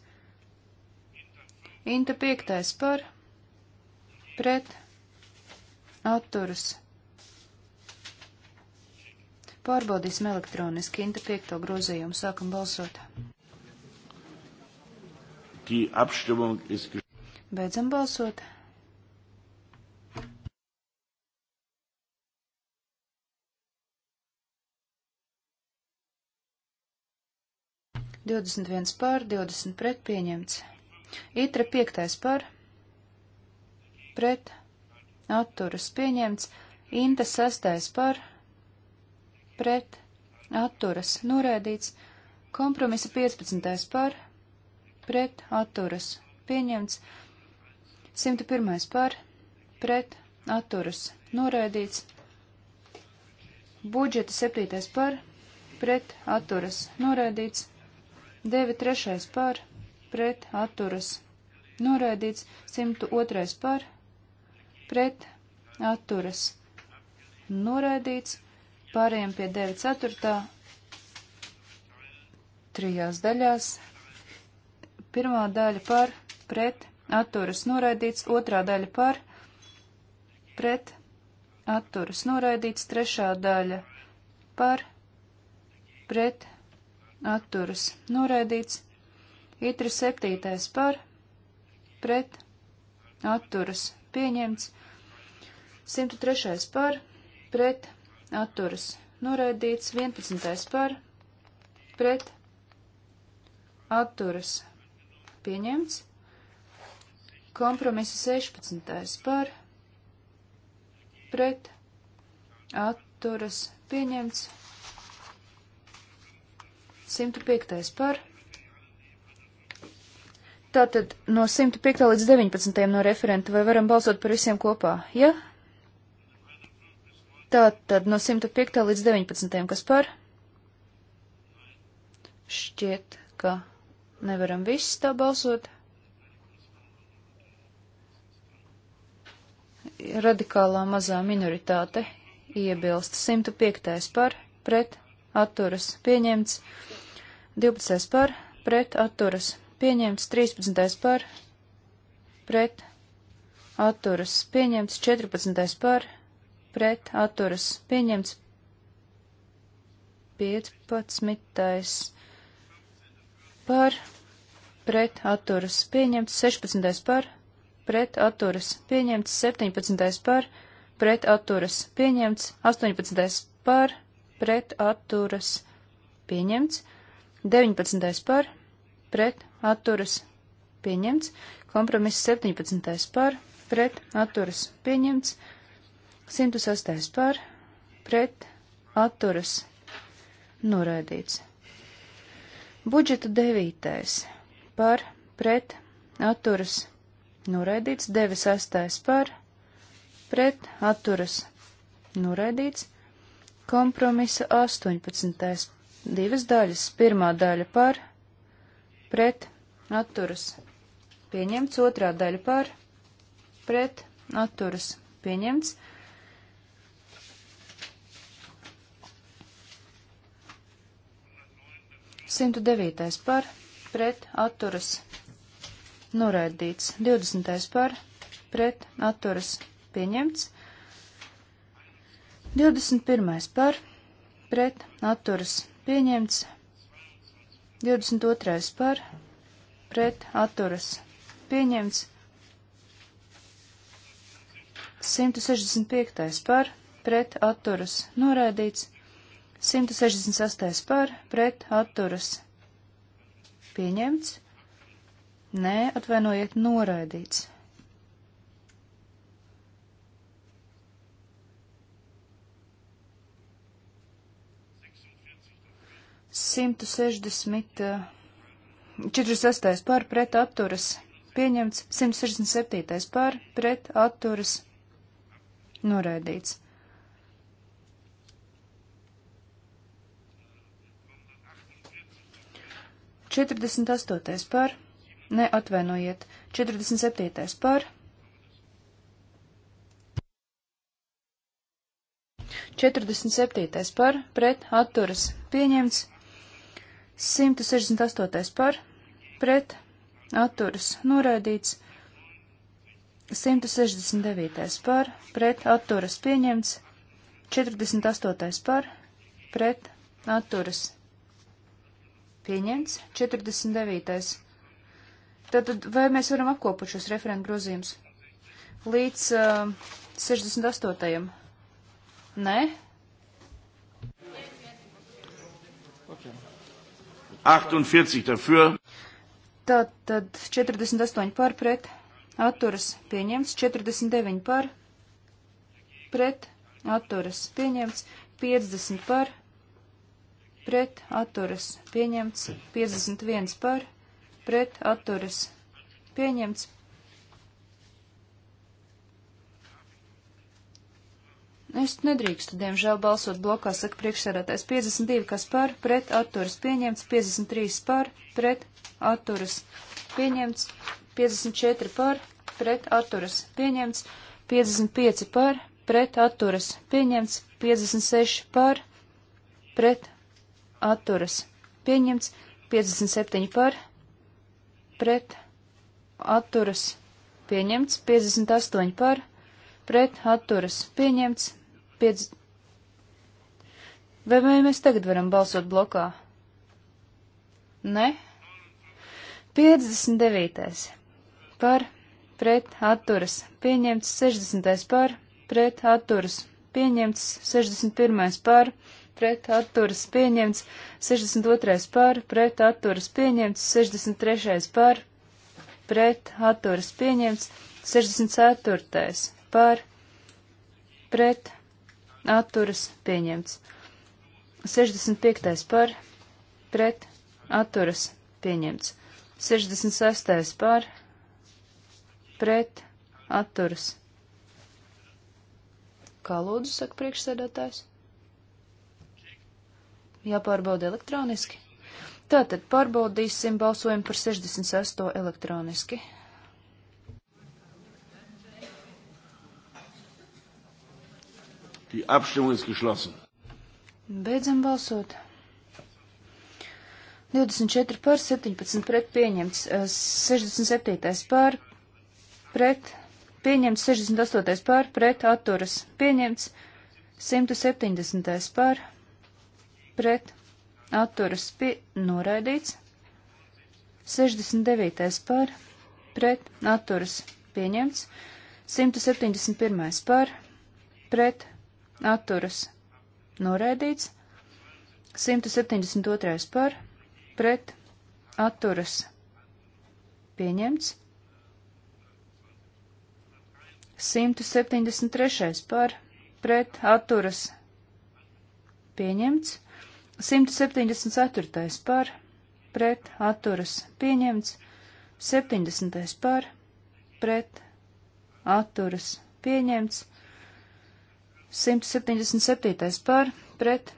Inta piektais par. Pret. Atturas pieņemts Pārbaudīsim elektroniski Inta 5. grozījumu. Sākam balsot. Beidzam balsot. Divdesmit viens pār, divdesmit pret pieņemts. Itra piektais par, pret, atturas pieņemts. Inta sastais par, pret pret, atturas, noraidīts. Kompromisa 15. par, pret, atturas, pieņemts. 101. par, pret, atturas, noraidīts. Budžeta 7. par, pret, atturas, noraidīts. 9. 3. par, pret, atturas, noraidīts. 102. par, pret, atturas, noraidīts. Pārējiem pie 9.4. trijās daļās. Pirmā daļa par, pret, atturas noraidīts, otrā daļa par, pret, atturas noraidīts, trešā daļa par, pret, atturas noraidīts, itri septītais par, pret, atturas pieņemts, 103. par, pret, atturas atturas noraidīts, 11. par pret atturas pieņemts, kompromisa 16. par pret atturas pieņemts, 105. par Tātad no 105. līdz 19. no referenta vai varam balsot par visiem kopā? Ja? Tātad no 105. līdz 19. kas par? Šķiet, ka nevaram viss tā balsot. Radikālā mazā minoritāte iebilst 105. par, pret, atturas, pieņemts, 12. par, pret, atturas, pieņemts, 13. par, pret, atturas, pieņemts, 14. par, pret atturas pieņemts 15. par pret atturas pieņemts 16. par pret atturas pieņemts 17. par pret atturas pieņemts 18. par pret atturas pieņemts 19. par pret atturas pieņemts kompromiss 17. par pret atturas pieņemts 106. par, pret, atturas, noraidīts. Budžeta 9. par, pret, atturas, noraidīts. 96. par, pret, atturas, noraidīts. Kompromisa 18. divas daļas. Pirmā daļa par, pret, atturas, pieņemts. Otrā daļa par, pret, atturas, pieņemts. 109. par pret atturas noraidīts. 20. par pret atturas pieņemts. 21. par pret atturas pieņemts. 22. par pret atturas pieņemts. 165. par pret atturas noraidīts. 168. par pret atturas pieņemts. Nē, atvainojiet, noraidīts. Simtu sešdesmit, eh, četrdesmitais pār pret atturas, pieņemts, simt sešdesmit septītais pār pret atturas, noraidīts. 48. par, neatvainojiet, 47. par, 47. par, pret, atturas, pieņemts, 168. par, pret, atturas, noraidīts, 169. par, pret, atturas, pieņemts, 48. par, pret, atturas, Pieņemts. 49. Tātad vai mēs varam apkopot šos referentu grozījumus? Līdz uh, 68. Nē? Okay. 48 dafür. Tātad 48 par pret, atturas pieņemts, 49 par pret, atturas pieņemts, 50 par pret atturas pieņemts 51 par, pret atturas pieņemts. Es nedrīkstu, diemžēl, balsot blokā, saka priekšsēdētājs 52, kas par, pret atturas pieņemts, 53 par, pret atturas pieņemts, 54 par, pret atturas pieņemts, 55 par, pret atturas pieņemts, 56 par, pret atturas pieņemts, 57 par, pret, atturas pieņemts, 58 par, pret, atturas pieņemts, 5. Vai, vai mēs tagad varam balsot blokā? Nē? 59. par, pret, atturas pieņemts, 60. par, pret, atturas pieņemts, 61. par, pret, pret atturas pieņemts, 62. par pret atturas pieņemts, 63. par pret atturas pieņemts, 64. par pret atturas pieņemts, 65. par pret atturas pieņemts, 66. par pret atturas. Kā lūdzu, saka priekšsēdētājs? Jāpārbauda elektroniski. Tātad pārbaudīsim balsojumu par 66. elektroniski. Die Abstimmung ist geschlossen. Beidzam balsot. 24 par 17 pret pieņemts, 67 eh, par pret pieņemts, 68 par pret atturas pieņemts, 170 par pret pret atturas pie noraidīts, 69. par pret atturas pieņemts, 171. par pret atturas noraidīts, 172. par pret atturas pieņemts, 173. par pret atturas pieņemts, 174. par pret atturas pieņemts, 70. par pret atturas pieņemts, 177. par pret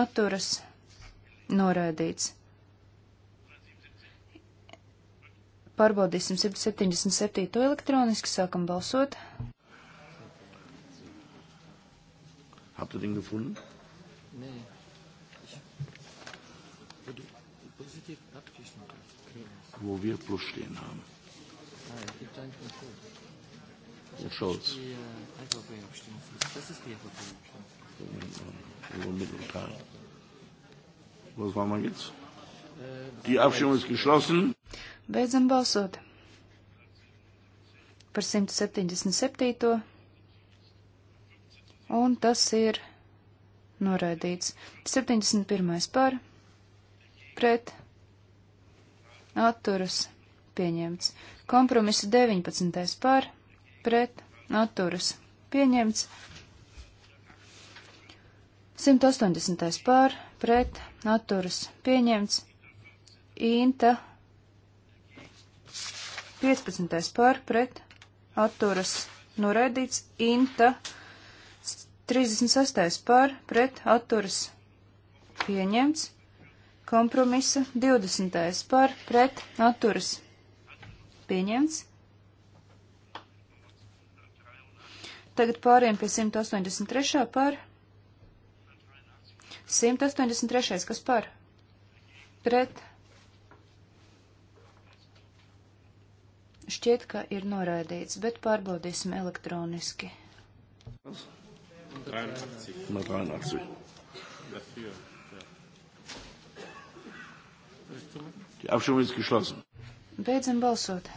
atturas noraidīts. Pārbaudīsim 177. elektroniski, sākam balsot. Habt ihr den gefunden? Nee. Wo wir Plus stehen haben. Und Scholz. Das ist die EVP. mitteilen. Was machen wir jetzt? Die Abstimmung ist geschlossen. Beidzam balsot. Par 177. Un tas ir noraidīts. 71. par. Pret atturas pieņemts. Kompromisa 19. par pret atturas pieņemts. 180. pār pret atturas pieņemts. Inta 15. pār pret atturas noraidīts. Inta 36. pār pret atturas pieņemts kompromisa 20. par pret atturas pieņemts. Tagad pāriem pie 183. par 183. kas par pret. Šķiet, ka ir noraidīts, bet pārbaudīsim elektroniski. 183. 183. Dafür. Die Abstimmung ist geschlossen. Beidzam balsot.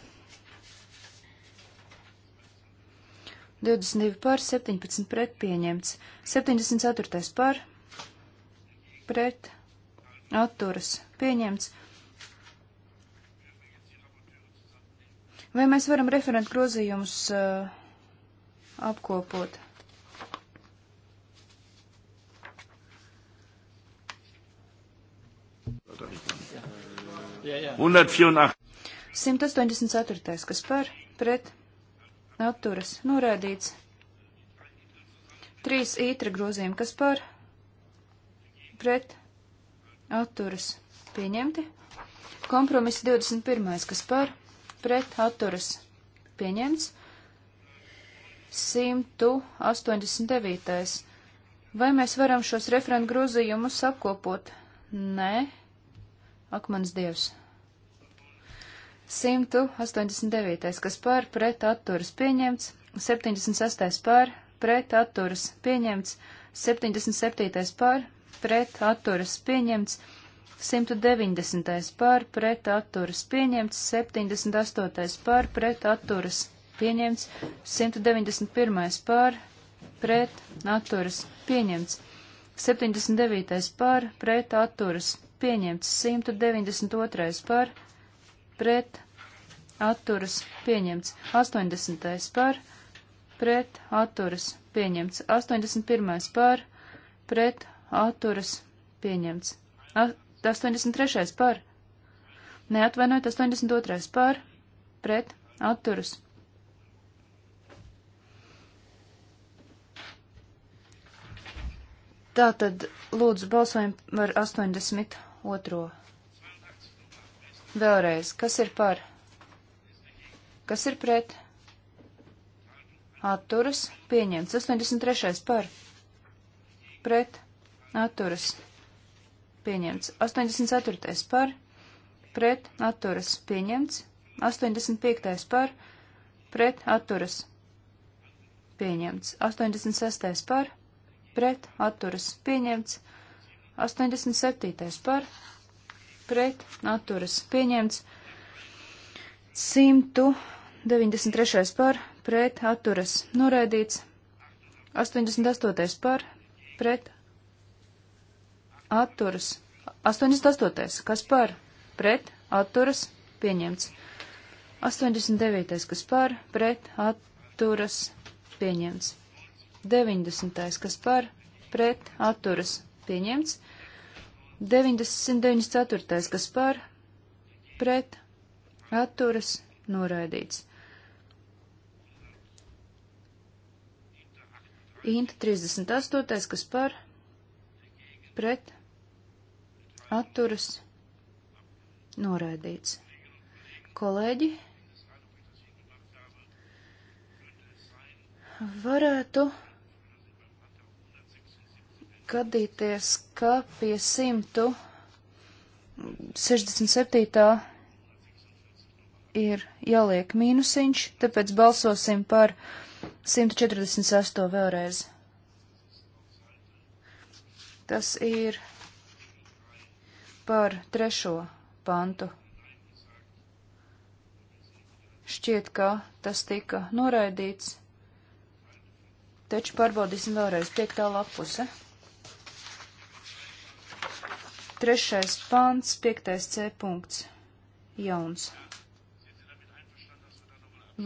22 par, 17 pret pieņemts. 74 par, pret, atturas pieņemts. Vai mēs varam referentu grozījumus uh, apkopot? Tātad. 184. kas par, pret, atturas, norēdīts. 3 ītra grozījumi, kas par, pret, atturas, pieņemti. Kompromiss 21. kas par, pret, atturas, pieņemts. 189. Vai mēs varam šos referentu grozījumus apkopot? Nē, Ak, mans dievs! 189. kas par pret atturas pieņemts, 76. par pret atturas pieņemts, 77. par pret atturas pieņemts, 190. par pret atturas pieņemts, 78. par pret atturas pieņemts, 191. par pret atturas pieņemts, 79. par pret atturas pieņemts 192. par, pret, atturas, pieņemts 80. par, pret, atturas, pieņemts 81. par, pret, atturas, pieņemts 83. par, neatvainojiet 82. par, pret, atturas, Tātad, lūdzu, balsojam par 82. Vēlreiz, kas ir par? Kas ir pret? Atturas, pieņemts. 83. par? Pret, atturas, pieņemts. 84. par? Pret, atturas, pieņemts. 85. par? Pret, atturas, pieņemts. 86. par? pret atturas pieņemts. 87. par pret atturas pieņemts. 193. par pret atturas noraidīts. 88. par pret atturas. 88. kas par pret atturas pieņemts. 89. kas par pret atturas pieņemts. 90. kas par pret atturas pieņemts. 994. kas par pret atturas noraidīts. Inta 38. kas par pret atturas noraidīts. Kolēģi, varētu gadīties, ka pie 167. ir jāliek mīnusiņš, tāpēc balsosim par 148. vēlreiz. Tas ir par trešo pantu. Šķiet, ka tas tika noraidīts, taču pārbaudīsim vēlreiz piektā lapuse. Eh? Trešais pants, piektais C punkts. Jauns.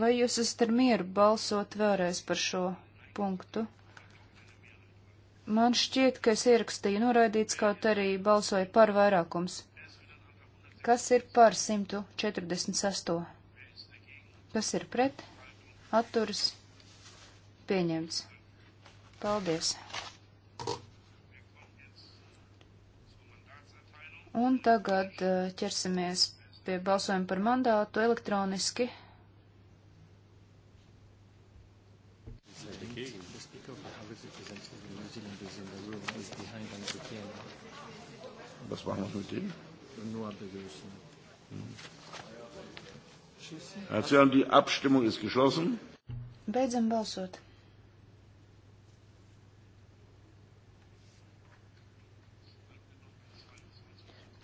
Vai jūs esat ar mieru balsot vēlreiz par šo punktu? Man šķiet, ka es ierakstīju noraidīts, kaut arī balsoja par vairākums. Kas ir par 148? Kas ir pret? Atturas? Pieņemts. Paldies! Un tagad eh, ķersimies pie balsojuma par mandātu elektroniski. Was war noch mit dem? Also die Abstimmung ist geschlossen. Beidzam balsot.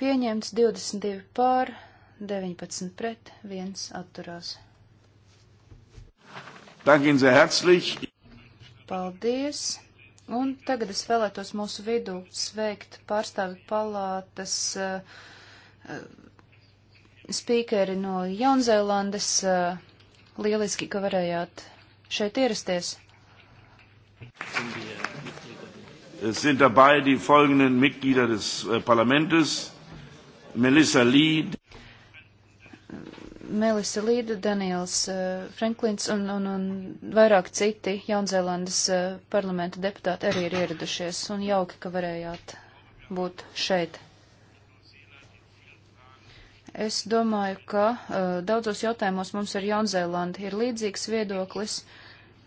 Pieņemts 22 pār, 19 pret, 1 atturās. Dankin sehr herzlich. Paldies. Un tagad es vēlētos mūsu vidū sveikt pārstāvi palātas uh, uh, spīkeri no Jaunzēlandes. Uh, lieliski, ka varējāt šeit ierasties. Es sind dabei die folgenden Mitglieder des äh, Parlamentes. Melissa Līd. Melisa Līda, Daniels uh, Franklins un, un, un vairāk citi Jaunzēlandes uh, parlamenta deputāti arī ir ieradušies un jauki, ka varējāt būt šeit. Es domāju, ka uh, daudzos jautājumos mums ar Jaunzēlandi ir līdzīgs viedoklis,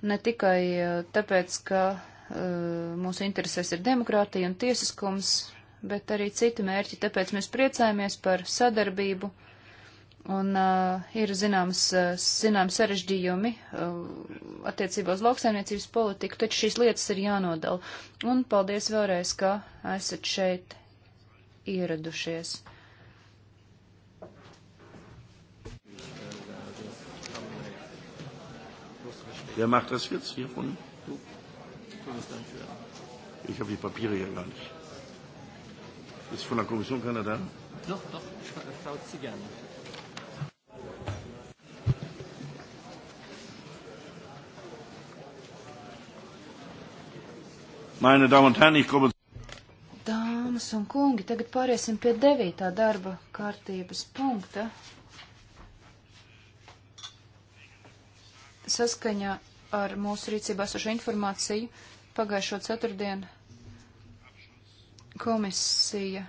ne tikai uh, tāpēc, ka uh, mūsu interesēs ir demokrātija un tiesiskums, bet arī citi mērķi, tāpēc mēs priecājamies par sadarbību un uh, ir zināms, uh, zināms sarežģījumi uh, attiecībā uz lauksaimniecības politiku, taču šīs lietas ir jānodala. Un paldies vēlreiz, ka esat šeit ieradušies. Wer ja, macht das jetzt hier von? Ich habe die Papiere hier gar nicht. Ist von der Kommission keiner da? Doch, doch, Frau Zigan. Meine Damen und Herren, ich komme. Dāmas un kungi, tagad pāriesim pie devītā darba kārtības punkta. Saskaņā ar mūsu rīcībā esošo informāciju pagājušo ceturtdienu Komisija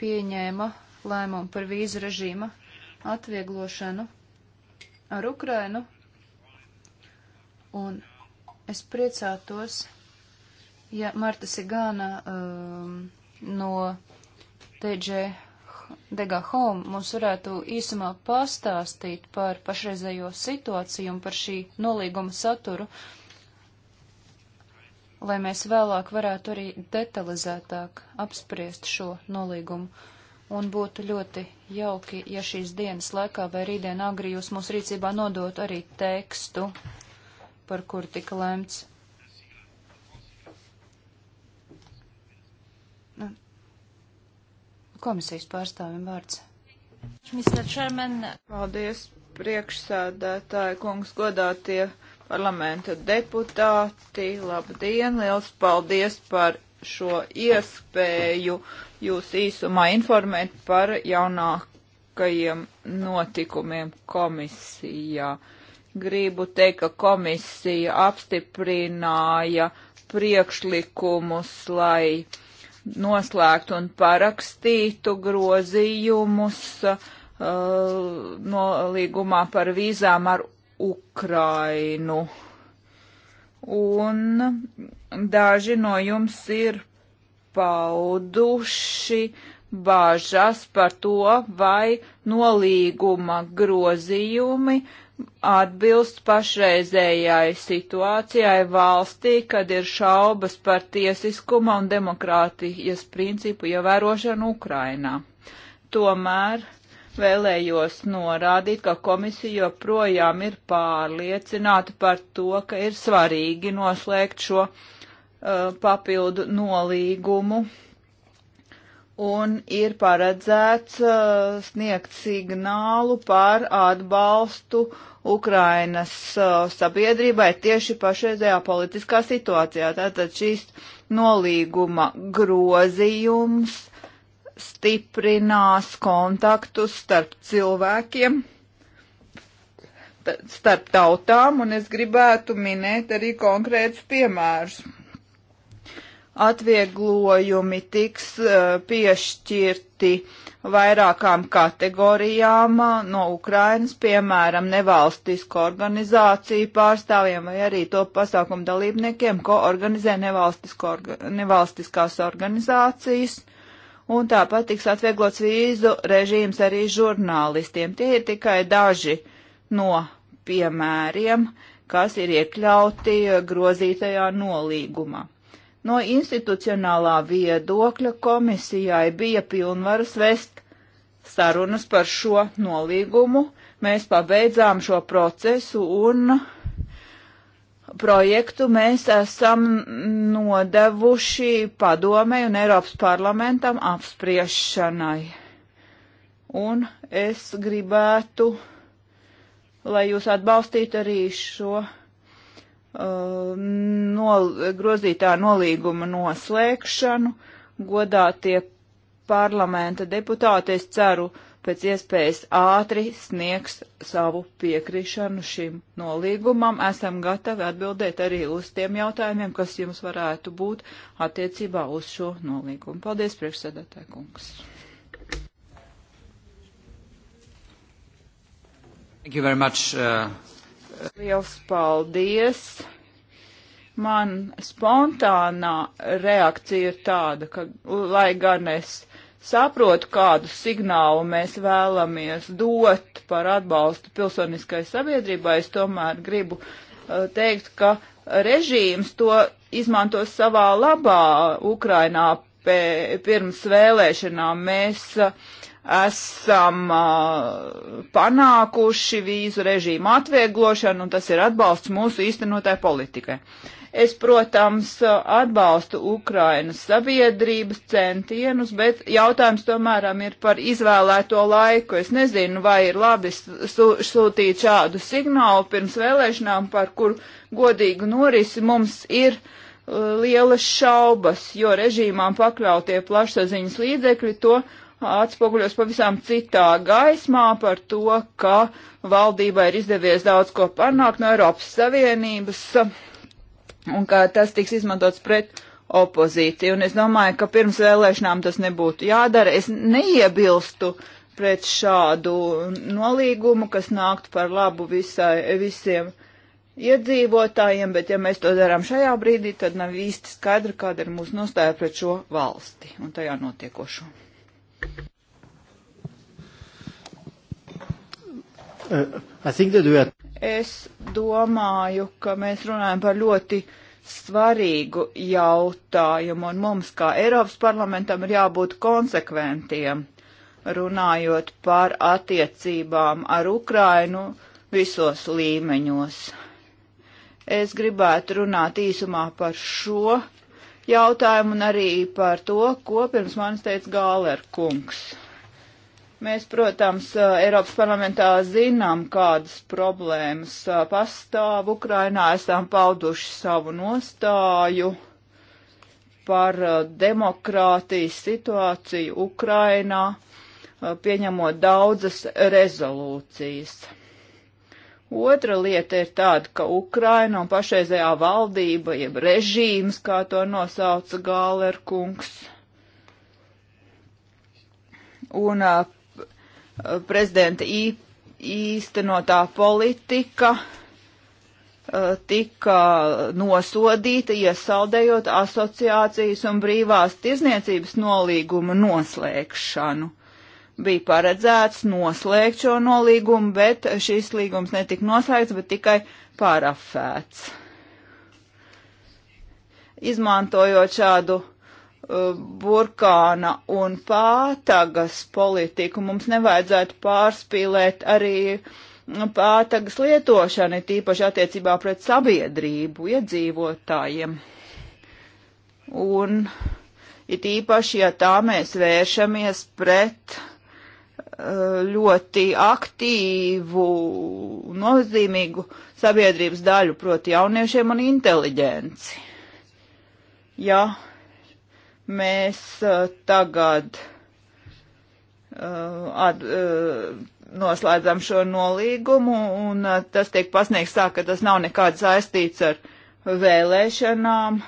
pieņēma lēmumu par vīzu režīma atvieglošanu ar Ukrainu, un es priecātos, ja Marta Sigāna um, no TG Degā Home mums varētu īsumā pastāstīt par pašreizējo situāciju un par šī nolīguma saturu. Uh, lai mēs vēlāk varētu arī detalizētāk apspriest šo nolīgumu. Un būtu ļoti jauki, ja šīs dienas laikā vai rītdien agri jūs mūsu rīcībā nodot arī tekstu, par kur tika lēmts. Nu, komisijas pārstāvim vārds. Paldies, priekšsēdētāji, kungs, godātie parlamenta deputāti, labdien, liels paldies par šo iespēju jūs īsumā informēt par jaunākajiem notikumiem komisijā. Gribu teikt, ka komisija apstiprināja priekšlikumus, lai noslēgtu un parakstītu grozījumus uh, no līgumā par vīzām ar Ukrainu. Un daži no jums ir pauduši bāžas par to, vai nolīguma grozījumi atbilst pašreizējai situācijai valstī, kad ir šaubas par tiesiskuma un demokrātijas principu ievērošanu Ukrainā. Tomēr vēlējos norādīt, ka komisija joprojām ir pārliecināta par to, ka ir svarīgi noslēgt šo uh, papildu nolīgumu un ir paredzēts uh, sniegt signālu par atbalstu Ukrainas uh, sabiedrībai tieši pašreizējā politiskā situācijā. Tātad šīs nolīguma grozījums stiprinās kontaktus starp cilvēkiem, starp tautām, un es gribētu minēt arī konkrētus piemērus. Atvieglojumi tiks eh, piešķirti vairākām kategorijām eh, no Ukrainas, piemēram, nevalstisko organizāciju pārstāvjiem vai arī to pasākumu dalībniekiem, ko organizē nevalstiskās organizācijas un tāpat tiks atvieglots vīzu režīms arī žurnālistiem. Tie ir tikai daži no piemēriem, kas ir iekļauti grozītajā nolīgumā. No institucionālā viedokļa komisijai bija pilnvaras vest sarunas par šo nolīgumu. Mēs pabeidzām šo procesu un uh, projektu mēs esam nodevuši padomei un Eiropas parlamentam apspriešanai. Un es gribētu, lai jūs atbalstītu arī šo uh, nol, grozītā nolīguma noslēgšanu, godā tie parlamenta deputāti, es ceru, uh, pēc iespējas ātri sniegs savu piekrišanu šim nolīgumam. Esam gatavi atbildēt arī uz tiem jautājumiem, kas jums varētu būt attiecībā uz šo nolīgumu. Paldies, priekšsēdētāj kungs! Thank you very much. Uh... Liels paldies! Man spontānā reakcija ir tāda, ka, lai gan es saprotu, kādu signālu mēs vēlamies dot par atbalstu pilsoniskai sabiedrībai. Es tomēr gribu uh, teikt, ka režīms to izmantos savā labā Ukrainā pē, pirms vēlēšanām. Mēs uh, esam uh, panākuši vīzu režīmu atvieglošanu, un tas ir atbalsts mūsu īstenotāju politikai. Uh, Es, protams, atbalstu Ukrainas sabiedrības centienus, bet jautājums tomēr ir par izvēlēto laiku. Es nezinu, vai ir labi sūtīt šādu signālu pirms vēlēšanām, par kur godīgu norisi mums ir uh, lielas šaubas, jo režīmām pakļautie plašsaziņas līdzekļi to atspoguļos pavisam citā gaismā par to, ka valdībai ir izdevies daudz ko panākt no Eiropas Savienības un ka tas tiks izmantots pret opozīciju. Un es domāju, ka pirms vēlēšanām tas nebūtu jādara. Es neiebilstu pret šādu nolīgumu, kas nāktu par labu visai, visiem iedzīvotājiem, bet ja mēs to darām šajā brīdī, tad nav īsti skaidra, kāda ir mūsu nostāja pret šo valsti un tajā notiekošo. Uh, I think that we are... Es domāju, ka mēs runājam par ļoti svarīgu jautājumu, un mums, kā Eiropas parlamentam, ir jābūt konsekventiem, runājot par attiecībām ar Ukrainu visos līmeņos. Es gribētu runāt īsumā par šo jautājumu un arī par to, ko pirms manis teica Gāler kungs. Mēs, protams, Eiropas parlamentā zinām, kādas problēmas pastāv Ukrainā, esam pauduši savu nostāju par demokrātijas situāciju Ukrainā, pieņemot daudzas rezolūcijas. Otra lieta ir tāda, ka Ukraina un pašreizējā valdība, jeb režīms, kā to nosauca Gālerkungs, un Eh, prezidenta īstenotā politika eh, tika nosodīta, iesaldējot asociācijas un brīvās tirzniecības nolīgumu noslēgšanu. Bija paredzēts noslēgt šo nolīgumu, bet šis līgums netika noslēgts, bet tikai parafēts. Izmantojot šādu Uh, burkāna un pātagas politiku. Mums nevajadzētu pārspīlēt arī mm, pātagas lietošanu, tīpaši attiecībā pret sabiedrību, iedzīvotājiem. Un it īpaši, ja tā mēs vēršamies pret uh, ļoti aktīvu, nozīmīgu sabiedrības daļu, proti jauniešiem un inteliģenci. Ja Mēs uh, tagad uh, at, uh, noslēdzam šo nolīgumu, un tas tiek pasniegts tā, ka tas nav nekāds saistīts ar vēlēšanām.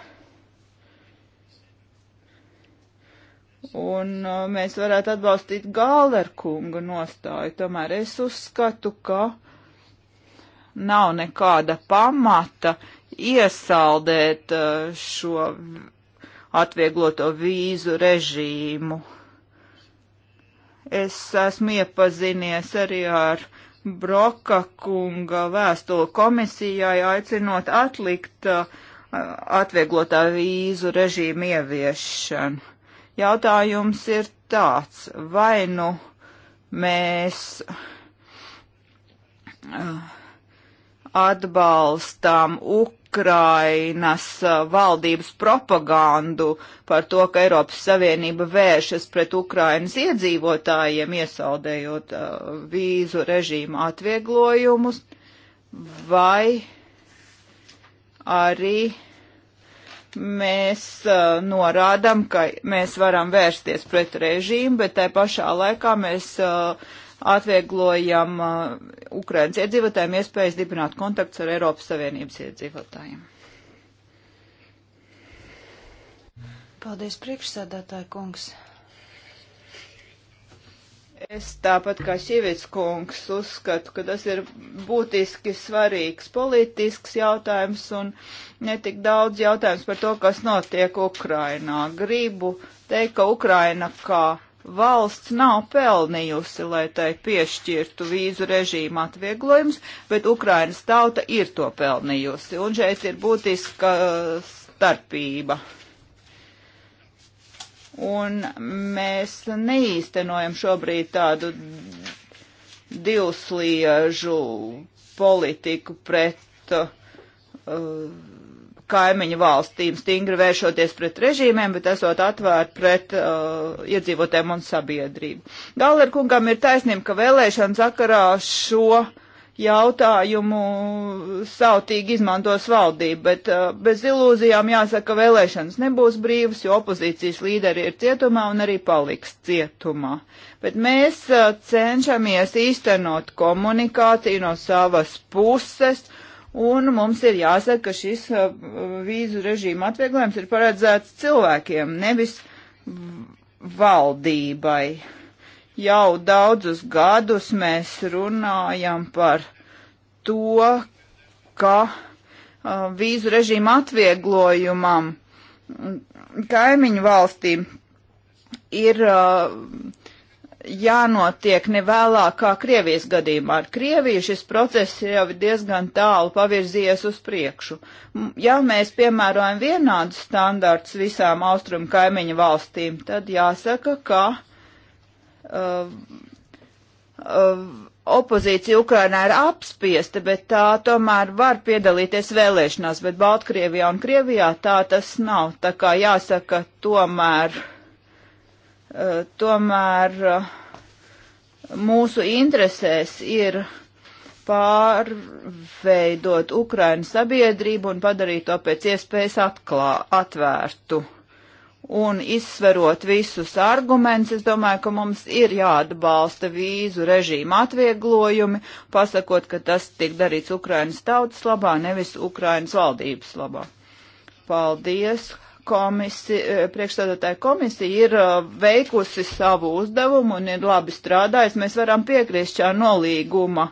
Un mēs varētu atbalstīt Gālerkunga nostāju. Tomēr es uzskatu, ka nav nekāda pamata iesaldēt šo atviegloto vīzu režīmu. Es esmu iepazinies arī ar Broka kunga vēstuli komisijai, aicinot atlikt uh, atvieglotā vīzu režīmu ieviešanu. Jautājums ir tāds, vai nu mēs uh, atbalstām UK Ukrainas uh, valdības propagandu par to, ka Eiropas Savienība vēršas pret Ukrainas iedzīvotājiem, iesaldējot uh, vīzu režīmu atvieglojumus, vai arī mēs uh, norādam, ka mēs varam vērsties pret režīmu, bet tai pašā laikā mēs uh, atvieglojam uh, Ukrainas iedzīvotājiem iespējas dibināt kontakts ar Eiropas Savienības iedzīvotājiem. Paldies, priekšsēdētāji kungs. Es tāpat kā Šīvits kungs uzskatu, ka tas ir būtiski svarīgs politisks jautājums un netik daudz jautājums par to, kas notiek Ukrainā. Gribu teikt, ka Ukraina kā valsts nav pelnījusi, lai tai piešķirtu vīzu režīmu atvieglojums, bet Ukrainas tauta ir to pelnījusi. Un šeit ir būtiska uh, starpība. Un mēs neīstenojam šobrīd tādu divsliežu politiku pret uh, kaimiņu valstīm, stingri vēršoties pret režīmiem, bet esot atvērti pret uh, iedzīvotēm un sabiedrību. Galerkungam ir taisnība, ka vēlēšana sakarā šo jautājumu sautīgi izmantos valdība, bet uh, bez ilūzijām jāsaka, vēlēšanas nebūs brīvas, jo opozīcijas līderi ir cietumā un arī paliks cietumā. Bet mēs uh, cenšamies īstenot komunikāciju no savas puses, uh, Un mums ir jāsaka, ka šis uh, vīzu režīma atvieglojums ir paredzēts cilvēkiem, nevis valdībai. Jau daudzus gadus mēs runājam par to, ka uh, vīzu režīmu atvieglojumam kaimiņu valstīm ir uh, jānotiek nevēlāk kā Krievijas gadījumā. Ar Krieviju šis process jau ir diezgan tālu pavirzījies uz priekšu. Ja mēs piemērojam vienādus standārts visām austrumu kaimiņu valstīm, tad jāsaka, ka uh, uh, opozīcija Ukrainā ir apspiesta, bet tā tomēr var piedalīties vēlēšanās, bet Baltkrievijā un Krievijā tā tas nav. Tā kā jāsaka tomēr. Uh, Eh, tomēr eh, mūsu interesēs ir pārveidot Ukrainu sabiedrību un padarīt to pēc iespējas atklā, atvērtu. Un izsverot visus argumentus, es domāju, ka mums ir jāatbalsta vīzu režīma atvieglojumi, pasakot, ka tas tiek darīts Ukrainas tautas labā, nevis Ukrainas valdības labā. Paldies, komisi, e, priekšstādātāja komisija ir e, veikusi savu uzdevumu un ir labi strādājusi. Mēs varam piekrist šā nolīguma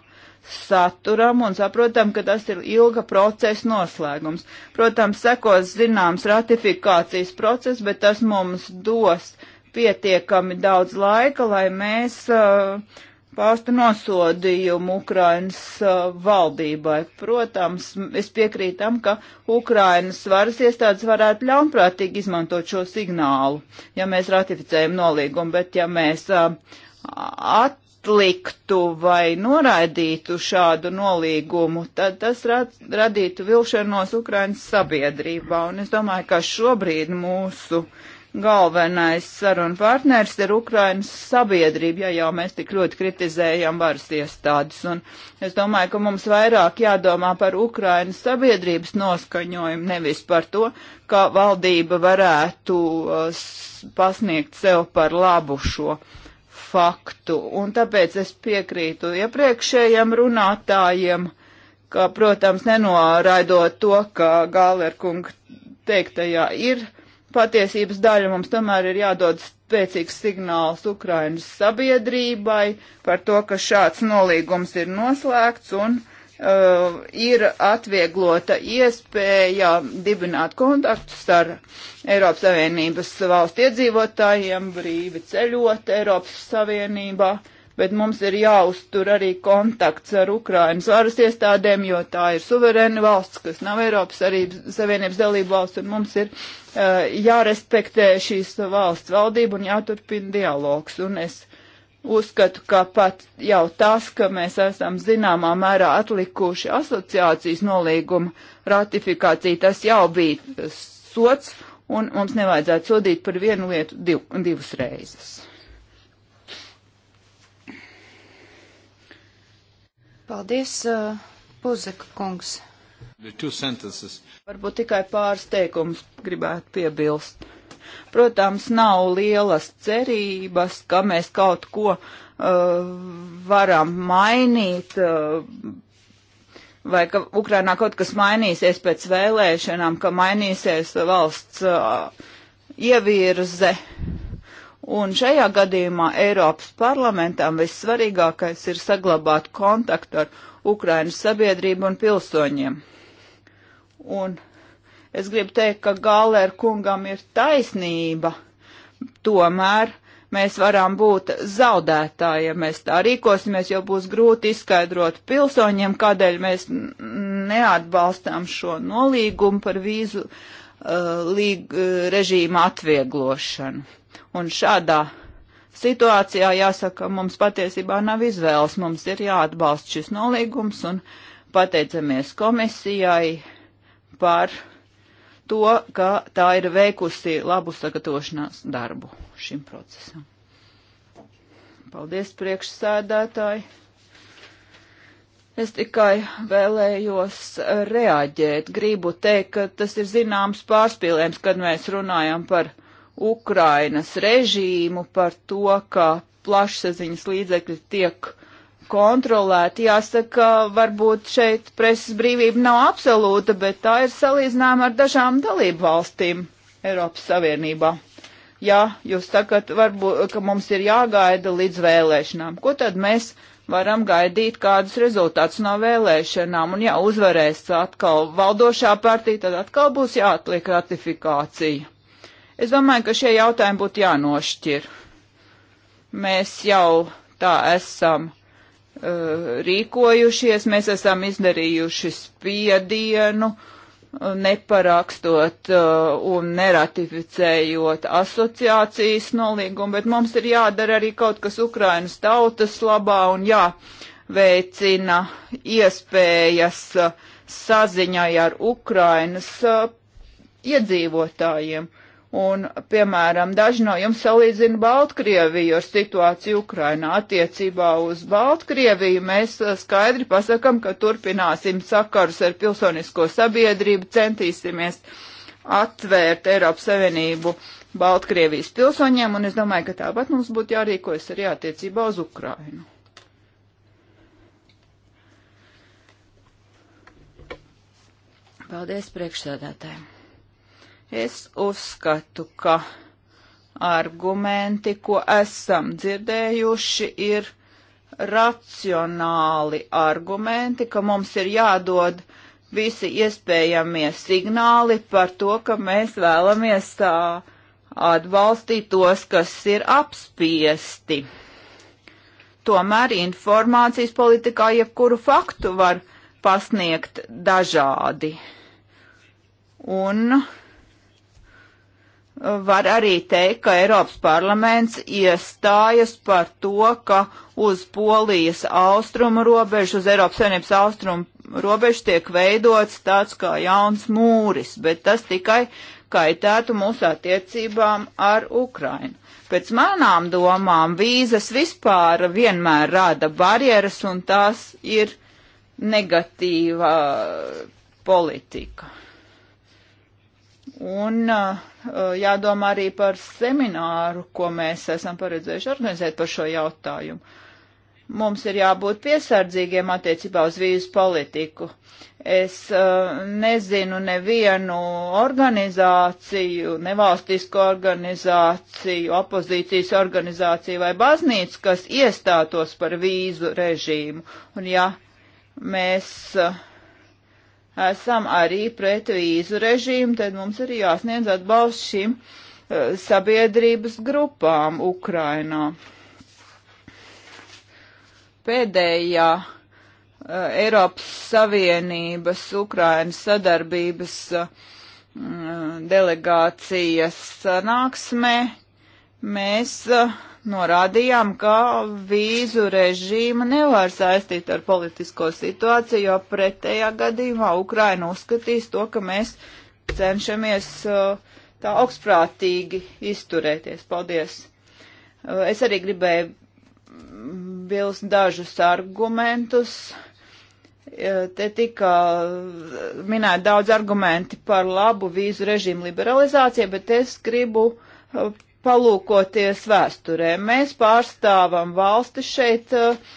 saturam un saprotam, ka tas ir ilga procesa noslēgums. Protams, sekos zināms ratifikācijas process, bet tas mums dos pietiekami daudz laika, lai mēs uh, paustu nosodījumu Ukrainas uh, valdībai. Protams, es piekrītu tam, ka Ukrainas varas iestādes varētu ļaunprātīgi izmantot šo signālu, ja mēs ratificējam nolīgumu, bet ja mēs uh, atliktu vai noraidītu šādu nolīgumu, tad tas rad, radītu vilšanos Ukrainas sabiedrībā. Un es domāju, ka šobrīd mūsu uh, galvenais sarunu partners ir Ukrainas sabiedrība, ja jau mēs tik ļoti kritizējam varas iestādes. Un es domāju, ka mums vairāk jādomā par Ukrainas sabiedrības noskaņojumu, nevis par to, kā valdība varētu uh, pasniegt sev par labu šo faktu. Un tāpēc es piekrītu iepriekšējiem runātājiem, ka, protams, nenoraidot to, ka Gālerkunga teiktajā ir patiesības daļa mums tomēr ir jādod spēcīgs signāls Ukrainas sabiedrībai par to, ka šāds nolīgums ir noslēgts un uh, ir atvieglota iespēja dibināt kontaktus ar Eiropas Savienības valstu iedzīvotājiem, brīvi ceļot Eiropas Savienībā. Uh, bet mums ir jāuztur arī kontakts ar Ukrainas varas iestādēm, jo tā ir suverēna valsts, kas nav Eiropas arī Savienības dalība valsts, un mums ir uh, jārespektē šīs valsts valdība un jāturpina dialogs. Un es uzskatu, ka pat jau tas, ka mēs esam zināmā mērā atlikuši asociācijas nolīguma ratifikāciju, tas jau bija sots, un mums nevajadzētu sodīt par vienu lietu div, divas reizes. Paldies, uh, Puzeka kungs. Varbūt tikai pāris teikumus gribētu piebilst. Protams, nav lielas cerības, ka mēs kaut ko uh, varam mainīt. Uh, vai ka Ukrainā kaut kas mainīsies pēc vēlēšanām, ka mainīsies valsts uh, ievirze. Uh, Un šajā gadījumā Eiropas parlamentam vissvarīgākais ir saglabāt kontaktu ar Ukrainas sabiedrību un pilsoņiem. Un es gribu teikt, ka Gālēr kungam ir taisnība, tomēr mēs varam būt zaudētāji, ja mēs tā rīkosimies, jo būs grūti izskaidrot pilsoņiem, kādēļ mēs neatbalstām šo nolīgumu par vīzu uh, līg, uh, režīmu atvieglošanu. Un šādā situācijā jāsaka, mums patiesībā nav izvēles, mums ir jāatbalsta šis nolīgums un pateicamies komisijai par to, ka tā ir veikusi labu sagatavošanās darbu šim procesam. Paldies priekšsēdētāji. Es tikai vēlējos reaģēt. Gribu teikt, ka tas ir zināms pārspīlējums, kad mēs runājam par Ukrainas režīmu, par to, ka plašsaziņas līdzekļi tiek kontrolēti. Jāsaka, varbūt šeit preses brīvība nav absolūta, bet tā ir salīdzināma ar dažām dalību valstīm Eiropas Savienībā. Jā, jūs sakat, varbūt, ka mums ir jāgaida līdz vēlēšanām. Ko tad mēs varam gaidīt kādus rezultātus no vēlēšanām, un ja uzvarēs atkal valdošā partija, tad atkal būs jāatliek ratifikācija. Es domāju, ka šie jautājumi būtu jānošķir. Mēs jau tā esam uh, rīkojušies, mēs esam izdarījuši spiedienu, uh, neparakstot uh, un neratificējot asociācijas nolīgumu, bet mums ir jādara arī kaut kas Ukrainas tautas labā un jāveicina iespējas uh, saziņai ar Ukrainas uh, iedzīvotājiem. Uh, Un, piemēram, daži no jums salīdzina Baltkrieviju ar situāciju Ukrainā. Attiecībā uz Baltkrieviju mēs eh, skaidri pasakam, ka turpināsim sakarus ar pilsonisko sabiedrību, centīsimies atvērt Eiropas Savienību Baltkrievijas pilsoņiem, un es domāju, ka tāpat mums būtu jārīkojas arī attiecībā uz Ukrainu. Paldies priekšsēdētājiem! Es uzskatu, ka argumenti, ko esam dzirdējuši, ir racionāli argumenti, ka mums ir jādod visi iespējamie signāli par to, ka mēs vēlamies tā, atbalstīt tos, kas ir apspiesti. Tomēr informācijas politikā jebkuru faktu var pasniegt dažādi. Un uh, Var arī teikt, ka Eiropas parlaments iestājas par to, ka uz Polijas austrumu robežu, uz Eiropas Savienības austrumu robežu tiek veidots tāds kā jauns mūris, bet tas tikai kaitētu mūsu attiecībām ar Ukrainu. Pēc manām domām vīzas vispār vienmēr rada barjeras un tās ir negatīva politika. Un uh, Eh, jādomā arī par semināru, ko mēs esam paredzējuši organizēt par šo jautājumu. Mums ir jābūt piesardzīgiem attiecībā uz vīzu politiku. Es uh, nezinu nevienu organizāciju, nevalstisku organizāciju, opozīcijas organizāciju vai baznīcu, kas iestātos par vīzu režīmu. Un ja mēs uh, esam arī pret vīzu režīmu, tad mums ir jāsniedz atbalsts šīm eh, sabiedrības grupām Ukrainā. Pēdējā eh, Eiropas Savienības Ukrainas sadarbības eh, delegācijas sanāksmē mēs uh, norādījām, ka vīzu režīma nevar saistīt ar politisko situāciju, jo pretējā gadījumā Ukraina uzskatīs to, ka mēs cenšamies uh, tā augstprātīgi izturēties. Paldies! Uh, es arī gribēju mm, bilst dažus argumentus. Uh, te tika minēti daudz argumenti par labu vīzu režīmu liberalizāciju, bet es gribu palūkoties vēsturē. Mēs pārstāvam valsti šeit, eh,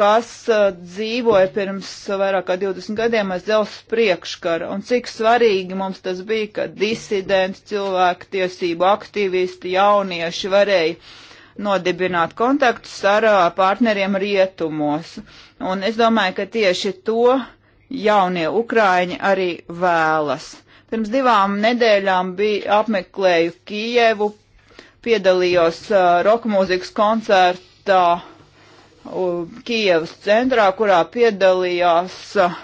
kas eh, dzīvoja pirms vairāk kā 20 gadiem aiz Dzelzs priekškara, un cik svarīgi mums tas bija, ka disidenti, cilvēku tiesību aktīvisti, jaunieši varēja nodibināt kontaktus ar eh, partneriem rietumos. Un es domāju, ka tieši to jaunie ukrāņi arī vēlas. Pirms divām nedēļām bija apmeklēju Kijevu, piedalījos uh, roka mūzikas koncertā uh, Kievas centrā, kurā piedalījās uh,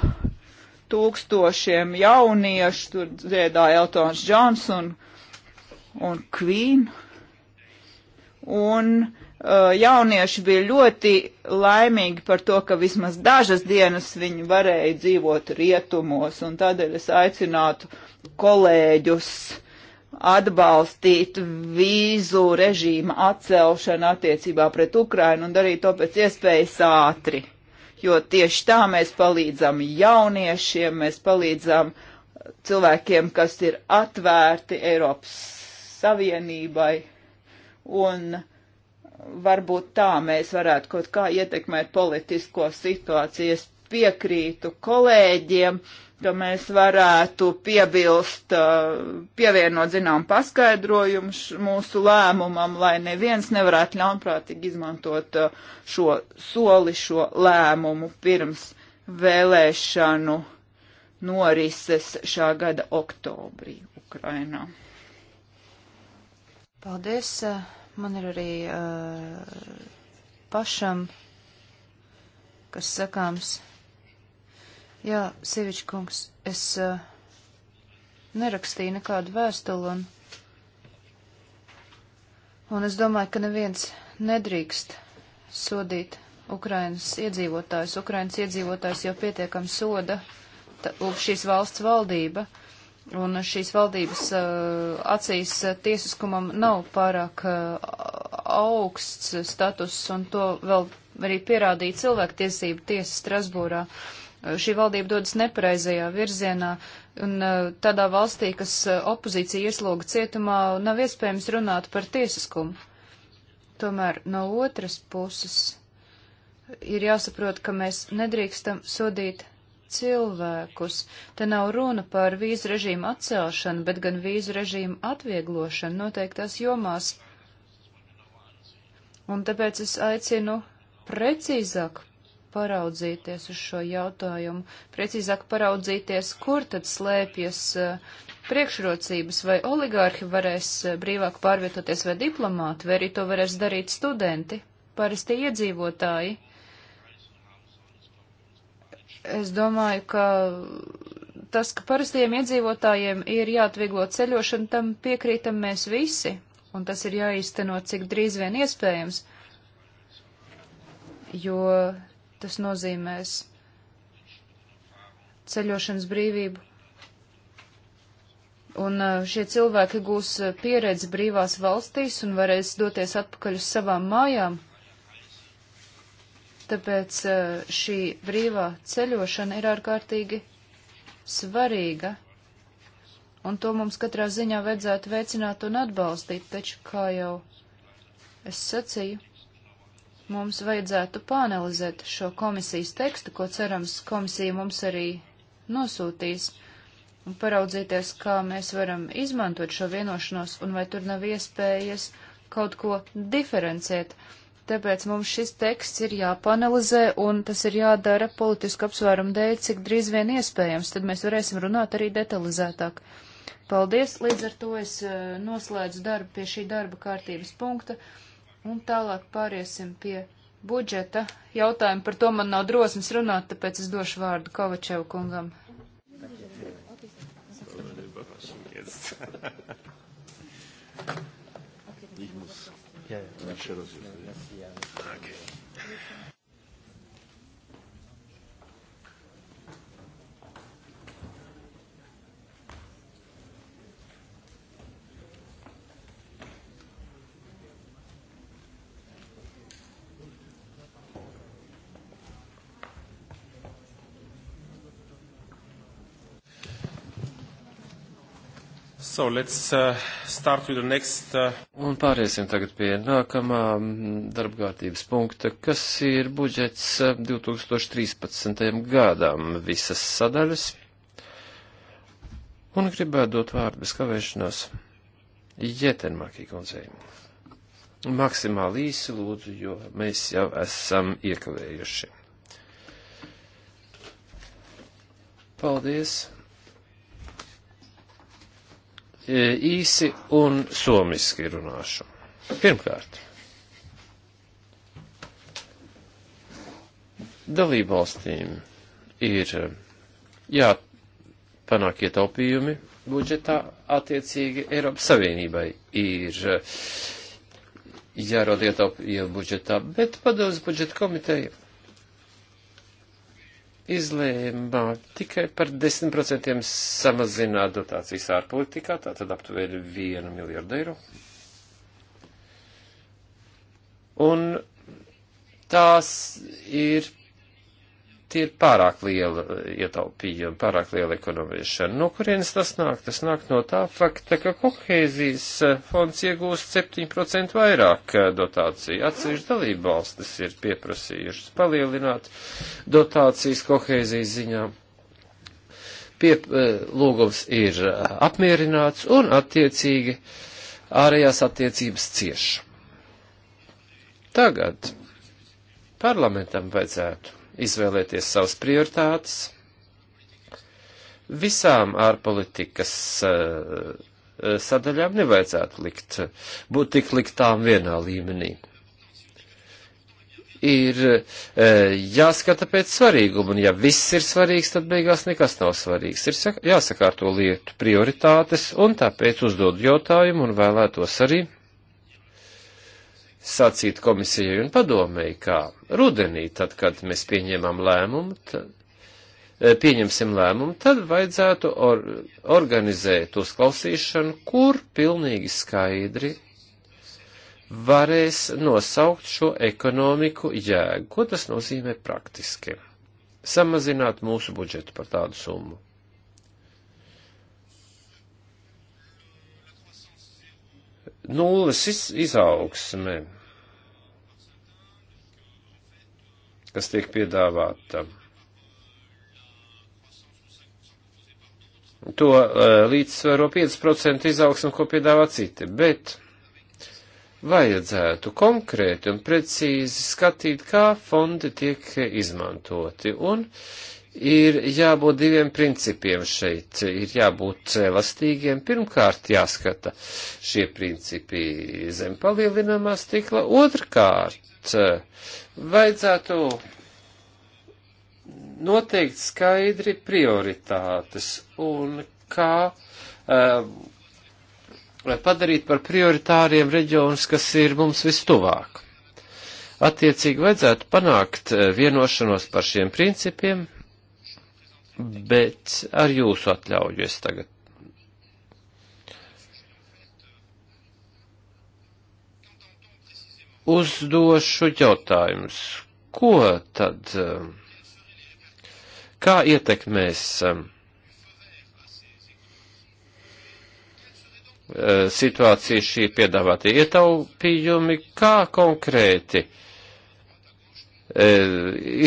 tūkstošiem jauniešu, tur dziedāja Eltons Džons un, un Queen. Un uh, jaunieši bija ļoti laimīgi par to, ka vismaz dažas dienas viņi varēja dzīvot rietumos, un tādēļ es aicinātu kolēģus atbalstīt vīzu režīma atcelšanu attiecībā pret Ukrainu un darīt to pēc iespējas ātri. Jo tieši tā mēs palīdzam jauniešiem, mēs palīdzam cilvēkiem, kas ir atvērti Eiropas Savienībai. Un varbūt tā mēs varētu kaut kā ietekmēt politisko situāciju. Es piekrītu kolēģiem, uh, ka mēs varētu piebilst, uh, pievienot zinām paskaidrojumu mūsu lēmumam, lai neviens nevarētu ļaunprātīgi izmantot uh, šo soli, šo lēmumu pirms vēlēšanu norises šā gada oktobrī Ukrainā. Paldies. Man ir arī uh, pašam, kas sakāms. Jā, Sievičkungs, es uh, nerakstīju nekādu vēstuli, un, un es domāju, ka neviens nedrīkst sodīt Ukrainas iedzīvotājus. Ukrainas iedzīvotājus jau pietiekam soda ta, šīs valsts valdība, un šīs valdības uh, acīs uh, tiesiskumam nav pārāk eh, augsts status, un to vēl arī pierādīja cilvēktiesību tiesa Strasbūrā. Uh, Eh, šī valdība dodas nepareizajā virzienā, un eh, tādā valstī, kas eh, opozīcija iesloga cietumā, nav iespējams runāt par tiesiskumu. Tomēr no otras puses ir jāsaprot, ka mēs nedrīkstam sodīt cilvēkus. Te nav runa par vīzu režīmu atcelšanu, bet gan vīzu režīmu atvieglošanu noteiktās jomās. Un tāpēc es aicinu precīzāk paraudzīties uz šo jautājumu, precīzāk paraudzīties, kur tad slēpjas eh, priekšrocības, vai oligārhi varēs eh, brīvāk pārvietoties vai diplomāti, vai arī to varēs darīt studenti, parasti iedzīvotāji. Es domāju, ka tas, ka parastiem iedzīvotājiem ir jāatvieglo ceļošana, tam piekrītam mēs visi, un tas ir jāīsteno cik drīz vien iespējams, jo tas nozīmēs ceļošanas brīvību. Un uh, šie cilvēki gūs uh, pieredzi brīvās valstīs un varēs doties atpakaļ uz savām mājām. Tāpēc uh, šī brīvā ceļošana ir ārkārtīgi svarīga. Un to mums katrā ziņā vajadzētu veicināt un atbalstīt, taču, kā jau es sacīju, mums vajadzētu pāanalizēt šo komisijas tekstu, ko cerams komisija mums arī nosūtīs, un paraudzīties, kā mēs varam izmantot šo vienošanos, un vai tur nav iespējas kaut ko diferencēt. Tāpēc mums šis teksts ir jāpanalizē, un tas ir jādara politisku apsvērumu dēļ, cik drīz vien iespējams, tad mēs varēsim runāt arī detalizētāk. Paldies, līdz ar to es eh, noslēdzu darbu pie šī darba kārtības punkta. Un tālāk pāriesim pie budžeta jautājumu. Par to man nav drosmes runāt, tāpēc es došu vārdu Kovačevu kungam. Ich muss. Ja, ja. Okay. So let's uh, start with the next. Uh... Un pāriesim tagad pie nākamā mm, darbkārtības punkta, kas ir budžets 2013. Uh, gadam visas sadaļas. Un gribētu dot vārdu bez kavēšanās Jetenmakī kundzei. Maksimāli īsi lūdzu, jo mēs jau esam iekavējuši. Paldies! E, īsi un somiski runāšu. Pirmkārt, dalībvalstīm ir jāpanāk ietaupījumi budžetā, attiecīgi Eiropas Savienībai ir jārod ietaupījumi budžetā, bet padodas budžeta komiteja izlēma tikai par 10% samazināt dotācijas ārpolitikā, tātad aptuveni 1 miljardu eiro. Un tās ir ir pārāk liela ietaupījuma, pārāk liela ekonomēšana. No kurienes tas nāk? Tas nāk no tā fakta, ka kohēzijas eh, fonds iegūst 7% vairāk eh, dotāciju. Atsevišķi dalību valstis ir pieprasījušas palielināt dotācijas kohēzijas ziņā. Pie, eh, lūgums ir apmierināts un attiecīgi ārējās attiecības cieši. Tagad parlamentam vajadzētu izvēlēties savas prioritātes. Visām ārpolitikas eh, sadaļām nevajadzētu likt, būt tik liktām vienā līmenī. Ir eh, jāskata pēc svarīguma, un ja viss ir svarīgs, tad beigās nekas nav svarīgs. Ir jāsakārto lietu prioritātes, un tāpēc uzdod jautājumu un vēlētos arī sacīt komisijai un padomēji, kā rudenī, tad, kad mēs pieņemam lēmumu, tad, e, pieņemsim lēmumu, tad vajadzētu or, organizēt uzklausīšanu, kur pilnīgi skaidri varēs nosaukt šo ekonomiku jēgu. Ko tas nozīmē praktiski? Samazināt mūsu budžetu par tādu summu. Nulles iz, izaugsme kas tiek piedāvāta. To eh, līdzsvaro 5% izaugsmu, ko piedāvā citi, bet vajadzētu konkrēti un precīzi skatīt, kā fondi tiek izmantoti. Un uh, Ir jābūt diviem principiem šeit, ir jābūt elastīgiem. Pirmkārt, jāskata šie principi zem palielināmā stikla. Otrkārt, vajadzētu noteikt skaidri prioritātes un kā um, padarīt par prioritāriem reģionus, kas ir mums vistuvāk. Attiecīgi vajadzētu panākt uh, vienošanos par šiem principiem bet ar jūsu atļauju es tagad. Uzdošu jautājumus, ko tad, um, kā ietekmēs um, uh, situācija šī piedāvātie ietaupījumi, kā konkrēti uh, E,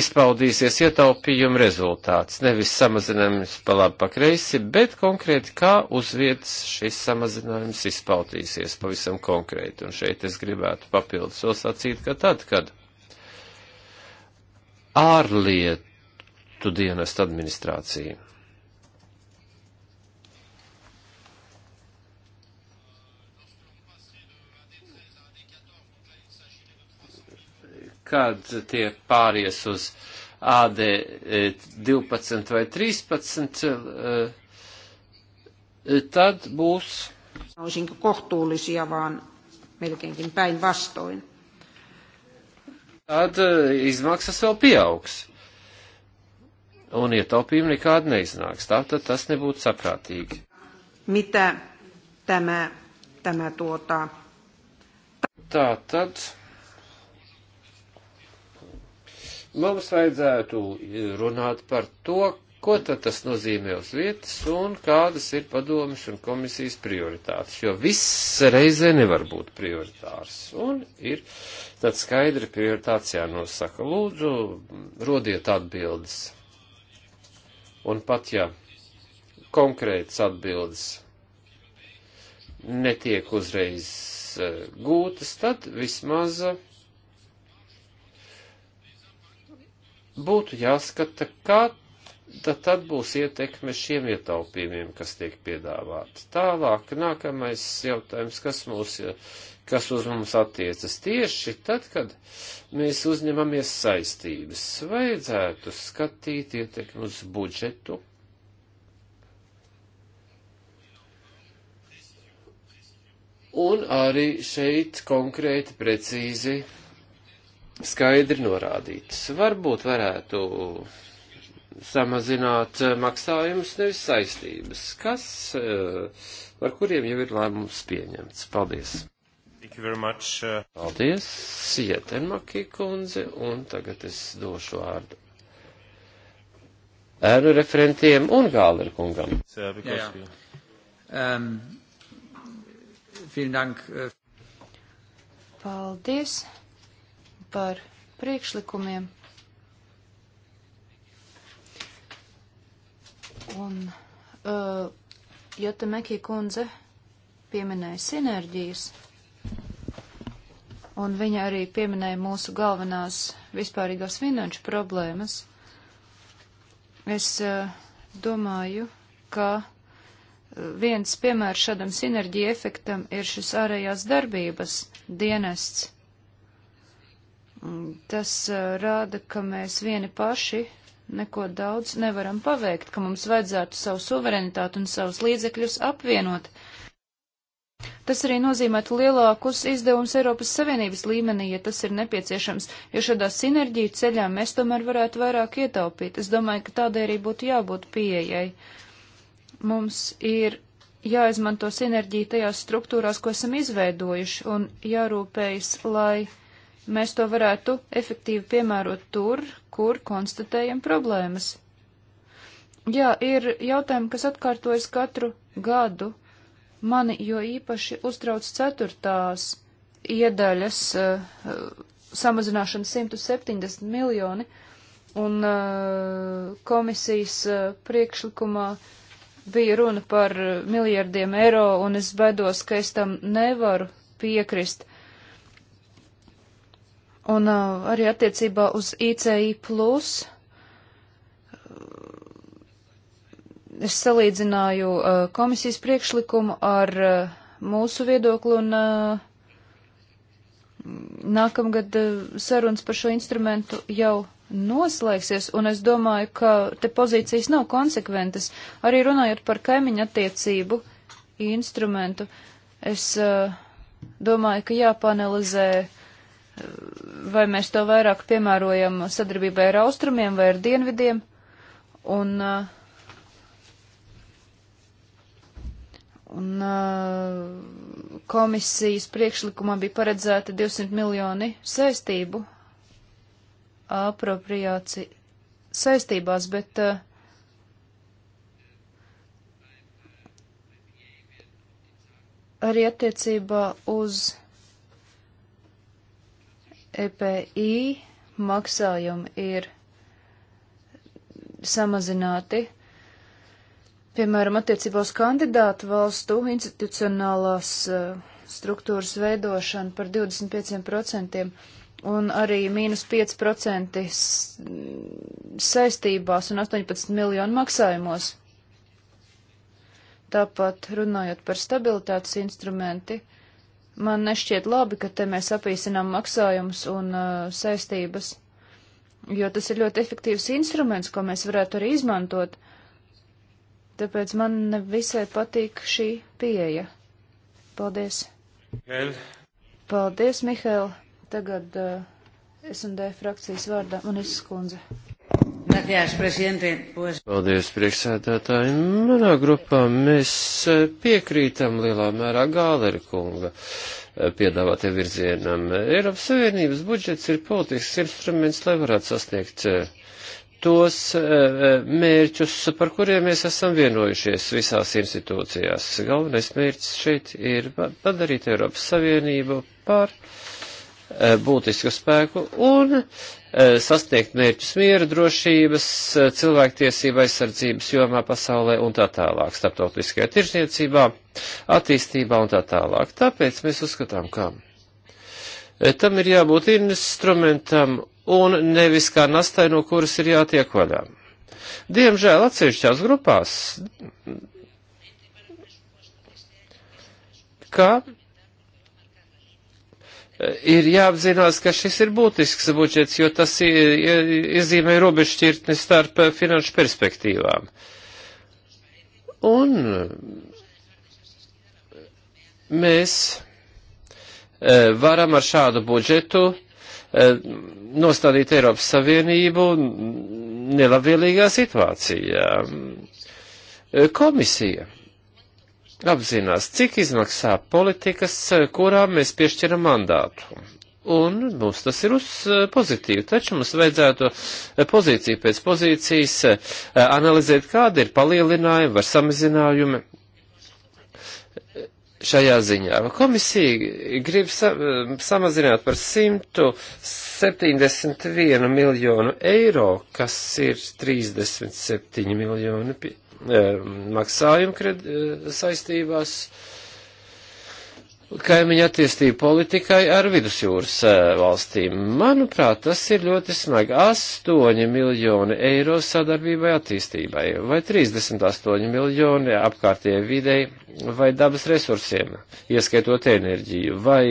izpaudīsies ietaupījuma rezultāts. Nevis samazinājums pa labi pa kreisi, bet konkrēti kā uz vietas šis samazinājums izpaudīsies pavisam konkrēti. Un šeit es gribētu papildus vēl sacīt, ka tad, kad ārlietu dienestu administrācija kad tie pāries uz e, AD 12 vai 13, e, e, tad būs. Olisinko kohtuullisia, vaan melkeinkin päinvastoin. Tad izmaksas vēl pieaugs. Un ietaupījumi nekādi neiznāks. Tātad tas nebūtu saprātīgi. Mitä tämä, tämä tuota... Tātad. Tā Mums vajadzētu runāt par to, ko tad tas nozīmē uz vietas un kādas ir padomas un komisijas prioritātes, jo viss reizē nevar būt prioritārs. Un ir tad skaidri prioritāts jānosaka. Lūdzu, rodiet atbildes. Un pat ja konkrētas atbildes netiek uzreiz eh, gūtas, tad vismaz uh, būtu jāskata, kā tad būs ietekme šiem ietaupījumiem, kas tiek piedāvāti. Tālāk, nākamais jautājums, kas mūs, kas uz mums attiecas tieši tad, kad mēs uzņemamies saistības. Vajadzētu skatīt ietekmi uz budžetu. Un arī šeit konkrēti precīzi skaidri norādīts. Varbūt varētu samazināt eh, maksājumus, nevis saistības, kas, eh, par kuriem jau ir lēmums pieņemts. Paldies! Much, uh... Paldies, Sietenmaki kundze, un tagad es došu vārdu ēnu referentiem un Gāleru kungam. Jā, jā. Um, Dank. Uh, Paldies! par priekšlikumiem. Un, uh, ja te Mekī kundze pieminēja sinerģijas, un viņa arī pieminēja mūsu galvenās vispārīgās finanšu problēmas, es uh, domāju, ka uh, viens piemērs šādam sinerģija efektam ir šis ārējās darbības dienests. Mm, tas rāda, ka mēs vieni paši neko daudz nevaram paveikt, ka mums vajadzētu savu suverenitāti un savus līdzekļus apvienot. Tas arī nozīmētu lielākus izdevumus Eiropas Savienības līmenī, ja tas ir nepieciešams, jo šādā sinerģiju ceļā mēs tomēr varētu vairāk ietaupīt. Es domāju, ka tādai arī būtu jābūt pieejai. Mums ir jāizmanto sinerģija tajās struktūrās, ko esam izveidojuši, un jārūpējas, lai mēs to varētu efektīvi piemērot tur, kur konstatējam problēmas. Jā, ir jautājumi, kas atkārtojas katru gadu. Mani jo īpaši uztrauc ceturtās iedaļas uh, samazināšana 170 miljoni un uh, komisijas uh, priekšlikumā bija runa par miljardiem eiro, un es baidos, ka es tam nevaru piekrist. Un uh, arī attiecībā uz ICI plus uh, es salīdzināju uh, komisijas priekšlikumu ar uh, mūsu viedokli un uh, nākamgad uh, sarunas par šo instrumentu jau noslēgsies, un es domāju, ka te pozīcijas nav konsekventas. Arī runājot par kaimiņu attiecību instrumentu, es uh, domāju, ka jāpanalizē vai mēs to vairāk piemērojam sadarbībai ar austrumiem vai ar dienvidiem. Un, un komisijas priekšlikumā bija paredzēta 200 miljoni saistību apropriācija saistībās, bet uh, arī attiecībā uz EPI maksājumi ir samazināti. Piemēram, attiecībā uz kandidātu valstu institucionālās eh, struktūras veidošanu par 25% un arī mīnus 5% mm, saistībās un 18 miljonu maksājumos. Tāpat runājot par stabilitātes instrumenti, uh, Man nešķiet labi, ka te mēs apīsinām maksājumus un uh, saistības, jo tas ir ļoti efektīvs instruments, ko mēs varētu arī izmantot. Tāpēc man visai patīk šī pieeja. Paldies! Mihēl. Paldies, Mihēl! Tagad uh, S&D frakcijas vārdā Manis Skundze. Gracias, presidente. Pues... Paldies, priekšsēdētāji. Manā grupā mēs eh, piekrītam lielā mērā Gāleri kunga eh, piedāvātie virzienam. Eiropas Savienības budžets ir politisks instruments, lai varētu sasniegt eh, tos mērķus, par kuriem mēs esam vienojušies visās institūcijās. Galvenais mērķis šeit ir padarīt Eiropas Savienību par uh, Eh, būtisku spēku un eh, sasniegt mērķus miera, drošības, eh, cilvēktiesība aizsardzības jomā pasaulē un tā tālāk, starptautiskajā tirzniecībā, attīstībā un tā tālāk. Tāpēc mēs uzskatām, ka tam ir jābūt instrumentam un nevis kā nastai, no kuras ir jātiek vaļā. Diemžēl atsevišķās grupās, kā Eh, ir jāapzinās, ka šis ir būtisks budžets, jo tas iezīmē robežšķirtni starp eh, finanšu perspektīvām. Un eh, mēs varam ar šādu budžetu nostādīt Eiropas Savienību nelabvēlīgā situācijā. Komisija apzinās, cik izmaksā politikas, eh, kurām mēs piešķiram mandātu. Un mums tas ir uz eh, pozitīvu, taču mums vajadzētu eh, pozīciju pēc pozīcijas analizēt, kāda ir palielinājuma vai samazinājuma šajā ziņā. Komisija grib sa samazināt par 171 miljonu eiro, kas ir 37 miljoni. Pie E, maksājumu e, saistībās kaimiņu attīstību politikai ar vidusjūras e, valstīm. Manuprāt, tas ir ļoti smagi. 8 miljoni eiro sadarbībai attīstībai vai 38 miljoni apkārtējai videi vai dabas resursiem, ieskaitot enerģiju vai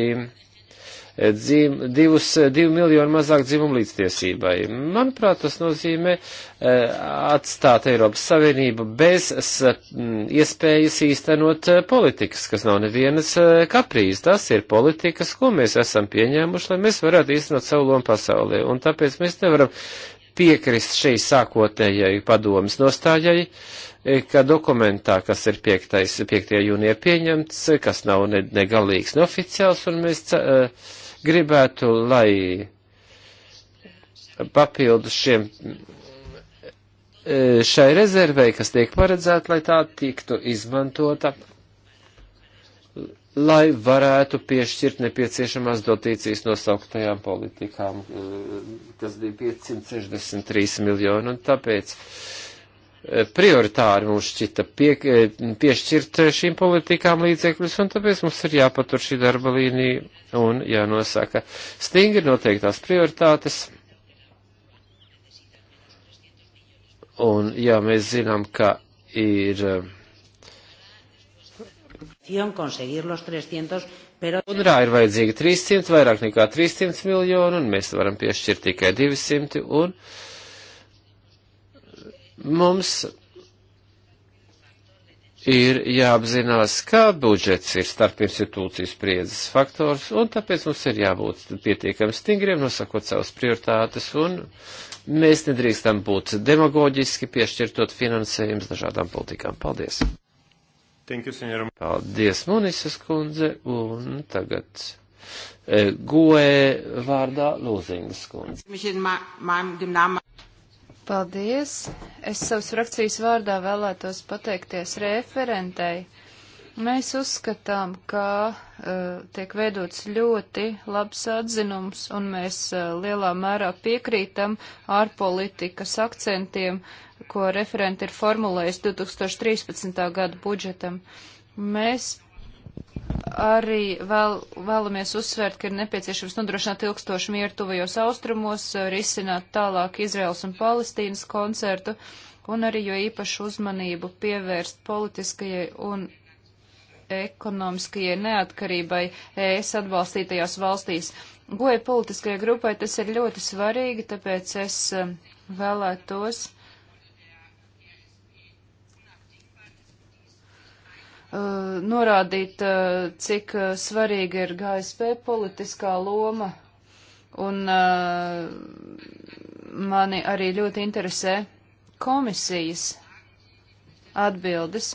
dzim, divus, divu miljonu mazāk dzimumu līdztiesībai. Manuprāt, tas nozīmē eh, atstāt Eiropas Savienību bez iespējas īstenot eh, politikas, kas nav nevienas eh, kaprīz. Tas ir politikas, ko mēs esam pieņēmuši, lai mēs varētu īstenot savu lomu pasaulē. Un tāpēc mēs nevaram piekrist šai sākotnējai padomas nostājai, ka dokumentā, kas ir 5. 5. jūnija pieņemts, kas nav ne, negalīgs, neoficiāls, un mēs uh, Gribētu, lai papildus šiem e, šai rezervei, kas tiek paredzēta, lai tā tiktu izmantota, lai varētu piešķirt nepieciešamās dotīcijas nosauktajām politikām, e, kas bija 563 miljoni, un tāpēc Eh, prioritāri mums šķita pie, eh, piešķirt eh, šīm politikām līdzekļus, un tāpēc mums ir jāpatur šī darba līnija un jānosaka stingri noteiktās prioritātes. Un, jā, mēs zinām, ka ir. UNRWA ir vajadzīga 300, vairāk nekā 300 miljonu, un mēs varam piešķirt tikai 200, un uh, Mums ir jāapzinās, ka budžets ir starp institūcijas spriedzes faktors, un tāpēc mums ir jābūt pietiekami stingriem, nosakot savas prioritātes, un mēs nedrīkstam būt demagoģiski piešķirtot finansējums dažādām politikām. Paldies! Thank you, senjora. Paldies, Monisas kundze, un tagad eh, e, goē vārdā Lūzingas kundze. Paldies! Es savas frakcijas vārdā vēlētos pateikties referentei. Mēs uzskatām, ka uh, tiek veidots ļoti labs atzinums, un mēs uh, lielā mērā piekrītam ārpolitikas akcentiem, ko referenti ir formulējis 2013. gada budžetam. Mēs arī vēl, vēlamies uzsvērt, ka ir nepieciešams nodrošināt ilgstošu mieru tuvajos austrumos, risināt tālāk Izraels un Palestīnas koncertu un arī jo īpašu uzmanību pievērst politiskajai un ekonomiskajai neatkarībai ES atbalstītajās valstīs. Goja politiskajai grupai tas ir ļoti svarīgi, tāpēc es eh, vēlētos Uh, norādīt, uh, cik uh, svarīga ir GSP politiskā loma, un mani arī ļoti interesē komisijas atbildes.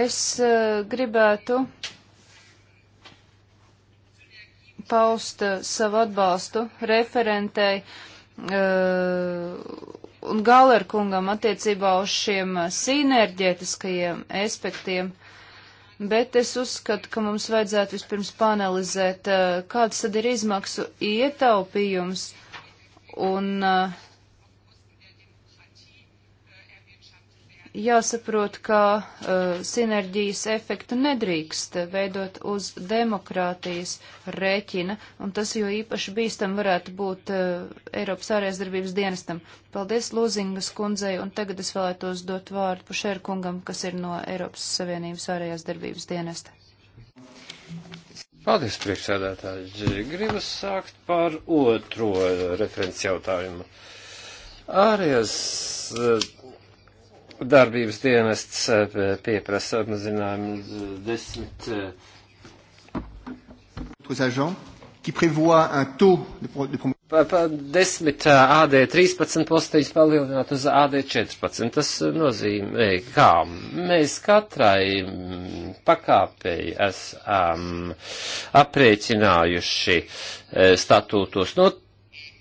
Es gribētu paust savu atbalstu referentei un Galerkungam attiecībā uz šiem uh, sinerģētiskajiem aspektiem, bet es uzskatu, ka mums vajadzētu vispirms panalizēt, uh, kāds tad ir izmaksu ietaupījums un uh, jāsaprot, ka uh, sinerģijas efektu nedrīkst veidot uz demokrātijas rēķina, un tas jo īpaši bīstam varētu būt uh, Eiropas ārējās darbības dienestam. Paldies Lūzingas kundzei, un tagad es vēlētos dot vārdu Pušēru kungam, kas ir no Eiropas Savienības ārējās darbības dienesta. Paldies, priekšsēdētāji. Gribu sākt par otro referents jautājumu. Ārējās uh, darbības dienests eh, pieprasa apmazinājumu desmit. Eh, desmit eh, AD13 posteņus palielināt uz AD14. Tas nozīmē, kā mēs katrai mm, pakāpei esam aprēķinājuši statūtos. No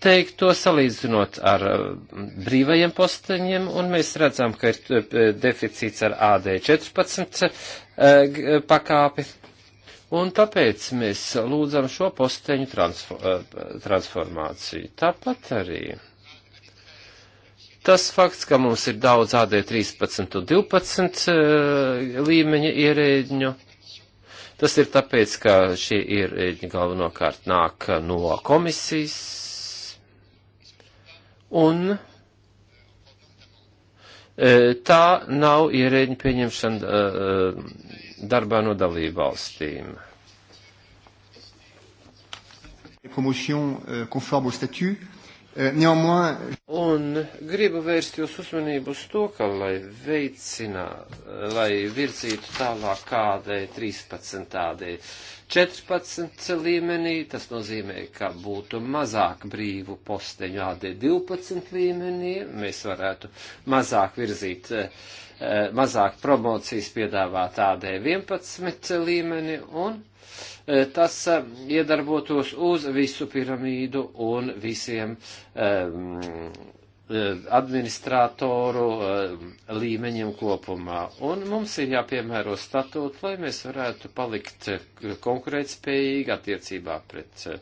teikto salīdzinot ar uh, brīvajiem posteņiem, un mēs redzam, ka ir uh, deficīts ar AD 14 uh, pakāpi, un tāpēc mēs lūdzam šo posteņu transformāciju. Tāpat arī tas fakts, ka mums ir daudz AD 13 un 12 līmeņa ierēģņu, tas ir tāpēc, ka šie ierēģi galvenokārt nāk no komisijas un e, tā nav ierēģi pieņemšana e, e, darbā no dalību valstīm. Promotion conforme au statut Eh, un gribu vērst jūs uzmanību uz to, ka, lai veicinā, lai virzītu tālāk kādai 13, tādai 14 līmenī, tas nozīmē, ka būtu mazāk brīvu posteņu AD12 līmenī, mēs varētu mazāk virzīt, eh, eh, mazāk promocijas piedāvāt AD11 līmeni un Eh, tas eh, iedarbotos uz visu piramīdu un visiem um, E, administrātoru e, līmeņiem kopumā. Un mums ir jāpiemēro statūti, lai mēs varētu palikt konkurētspējīgi attiecībā pret e,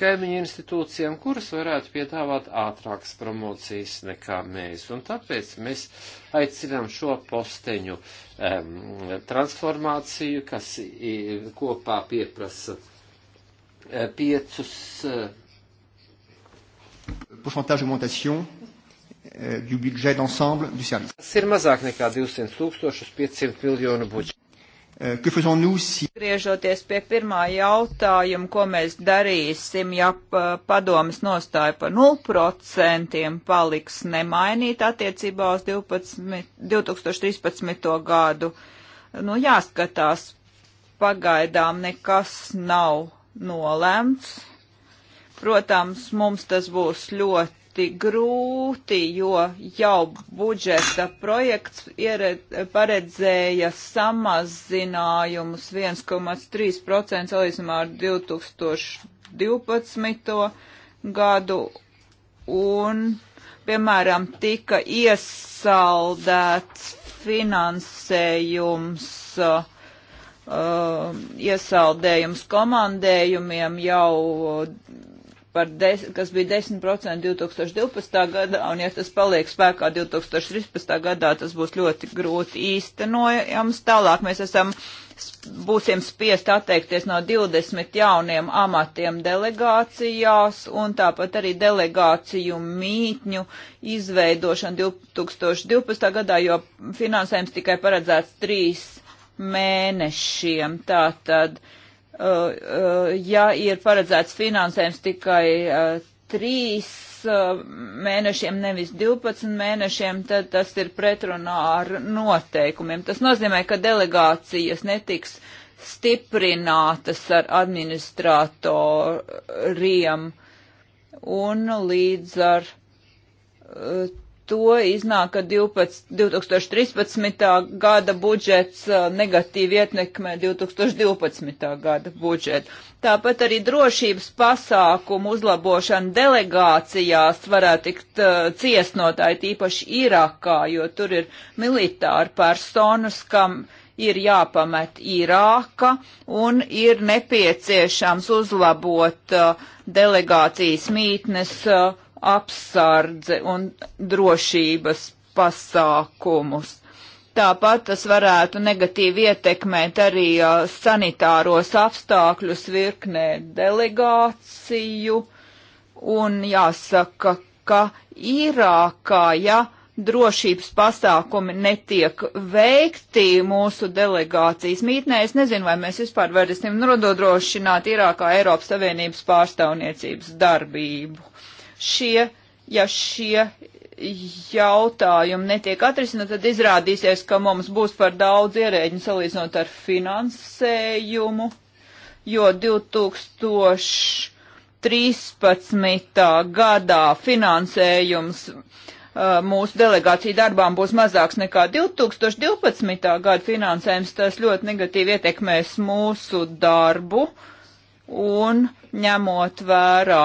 kaimiņu institūcijām, kuras varētu piedāvāt ātrākas promocijas nekā mēs. Un tāpēc mēs aicinām šo posteņu um, transformāciju, kas kopā pieprasa piecus. Pourcentage augmentation Euh, du budget d'ensemble du service. Tas ir mazāk nekā 200 tūkstošus 500 miljonu budžetu. Euh, que faisons-nous si... Griežoties pie pirmā jautājuma, ko mēs darīsim, ja padomas nostāja par 0% paliks nemainīt attiecībā uz 12, 2013. gadu, nu jāskatās, pagaidām nekas nav nolēmts. Protams, mums tas būs ļoti ļoti grūti, jo jau budžeta projekts paredzēja samazinājumus 1,3% salīdzinājumā ar 2012. gadu un, piemēram, tika iesaldēts finansējums uh, Uh, iesaldējums komandējumiem jau des, kas bija 10% 2012. gadā, un ja tas paliek spēkā 2013. gadā, tas būs ļoti grūti īstenojams. Tālāk mēs esam, būsim spiest atteikties no 20 jauniem amatiem delegācijās, un tāpat arī delegāciju mītņu izveidošana 2012. gadā, jo finansējums tikai paredzēts trīs mēnešiem. Tātad, uh, Uh, ja ir paredzēts finansējums tikai uh, trīs uh, mēnešiem, nevis 12 mēnešiem, tad tas ir pretrunā ar noteikumiem. Tas nozīmē, ka delegācijas netiks stiprinātas ar administratoriem un līdz ar to iznāk, ka 12, 2013. gada budžets uh, negatīvi ietekmē 2012. gada budžetu. Tāpat arī drošības pasākumu uzlabošana delegācijās varētu tikt uh, ciesnotāji, tīpaši Irākā, jo tur ir militāri personas, kam ir jāpamet Irāka un ir nepieciešams uzlabot uh, delegācijas mītnes uh, apsardze un drošības pasākumus. Tāpat tas varētu negatīvi ietekmēt arī uh, sanitāros apstākļus virknē delegāciju, un jāsaka, ka Irākā, ja drošības pasākumi netiek veikti mūsu delegācijas mītnē. Es nezinu, vai mēs vispār varēsim nododrošināt Irākā Eiropas Savienības pārstāvniecības darbību šie, ja šie jautājumi netiek atrisināt, tad izrādīsies, ka mums būs par daudz ierēģiņu salīdzinot ar finansējumu, jo 2013. gadā finansējums mūsu delegāciju darbām būs mazāks nekā 2012. gada finansējums, tas ļoti negatīvi ietekmēs mūsu darbu un ņemot vērā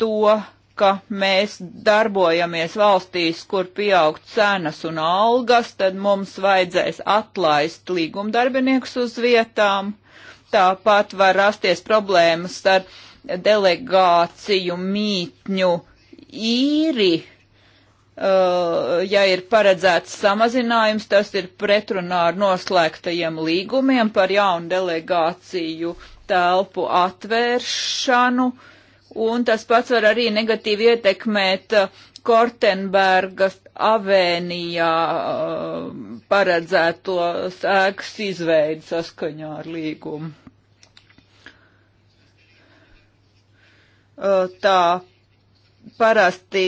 to, ka mēs darbojamies valstīs, kur pieaug cenas un algas, tad mums vajadzēs atlaist līgumdarbiniekus uz vietām. Tāpat var rasties problēmas ar delegāciju mītņu īri. Uh, ja ir paredzēts samazinājums, tas ir pretrunā ar noslēgtajiem līgumiem par jaunu delegāciju telpu atvēršanu. Uh, un tas pats var arī negatīvi ietekmēt uh, Kortenbergas avēnijā uh, paredzēto sēkas izveidu saskaņā ar līgumu. Uh, tā parasti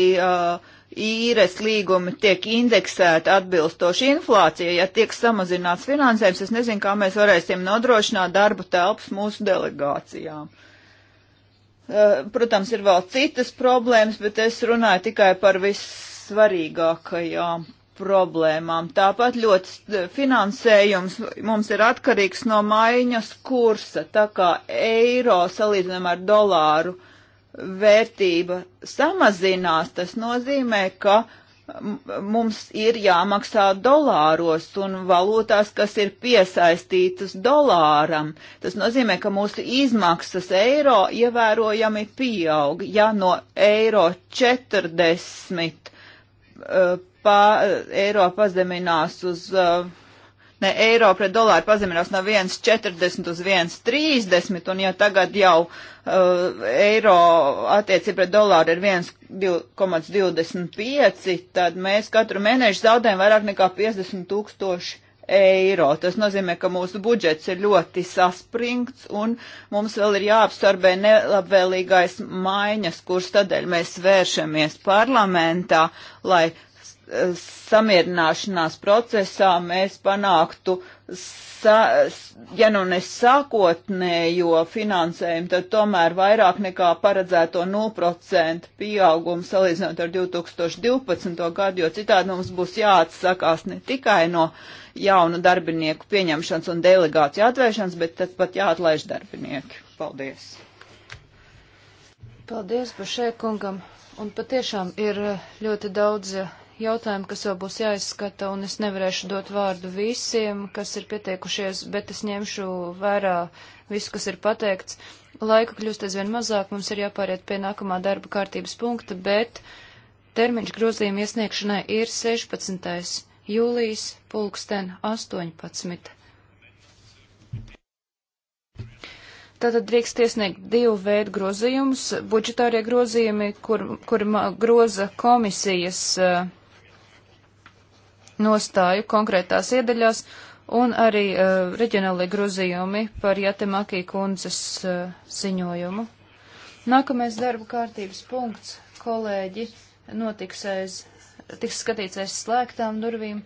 īres līgumi tiek indeksēti atbilstoši inflācijai. Ja tiek samazināts finansējums, es nezinu, kā mēs varēsim nodrošināt darba telpas mūsu delegācijām. Uh, Eh, protams, ir vēl citas problēmas, bet es runāju tikai par vissvarīgākajām problēmām. Tāpat ļoti eh, finansējums mums ir atkarīgs no maiņas kursa, tā kā eiro salīdzinām ar dolāru vērtība samazinās, tas nozīmē, ka uh, mums ir jāmaksā dolāros un valūtās, kas ir piesaistītas dolāram. Tas nozīmē, ka mūsu izmaksas eiro ievērojami pieaug. Ja no eiro 40 uh, eh, pa, eiro pazeminās uz uh, ne eiro pret dolāru pazeminās no 1,40 uz 1,30 un ja tagad jau uh, eiro attiecībā pret dolāru ir 1,25, tad mēs katru mēnešu zaudējam vairāk nekā 50 tūkstoši eiro. Tas nozīmē, ka mūsu budžets ir ļoti saspringts un mums vēl ir jāapsorbē nelabvēlīgais maiņas, kurš tādēļ mēs vēršamies parlamentā, lai samierināšanās procesā mēs panāktu, sa, ja nu ne sākotnējo finansējumu, tad tomēr vairāk nekā paredzēto 0% pieaugumu salīdzinot ar 2012. gadu, jo citādi mums būs jāatsakās ne tikai no jaunu darbinieku pieņemšanas un delegāciju atvēršanas, bet tad pat jāatlaiž darbinieki. Paldies! Paldies par šeit kungam! Un patiešām ir ļoti daudz jautājumi, kas vēl būs jāizskata, un es nevarēšu dot vārdu visiem, kas ir pieteikušies, bet es ņemšu vērā visu, kas ir pateikts. Laika kļūst aizvien mazāk, mums ir jāpāriet pie nākamā darba kārtības punkta, bet termiņš grozījuma iesniegšanai ir 16. jūlijas pulksten 18. Tātad drīkst iesniegt divu veidu grozījumus - budžetārie grozījumi, kur, kur groza komisijas uh, nostāju konkrētās iedaļās un arī uh, eh, reģionālai grozījumi par Jatemakī kundzes uh, ziņojumu. Nākamais darba kārtības punkts, kolēģi, notiks aiz, tiks skatīts aiz slēgtām durvīm,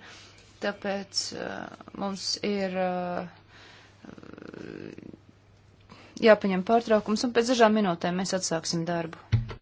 tāpēc uh, mums ir uh, jāpaņem pārtraukums un pēc dažām minūtēm mēs atsāksim darbu.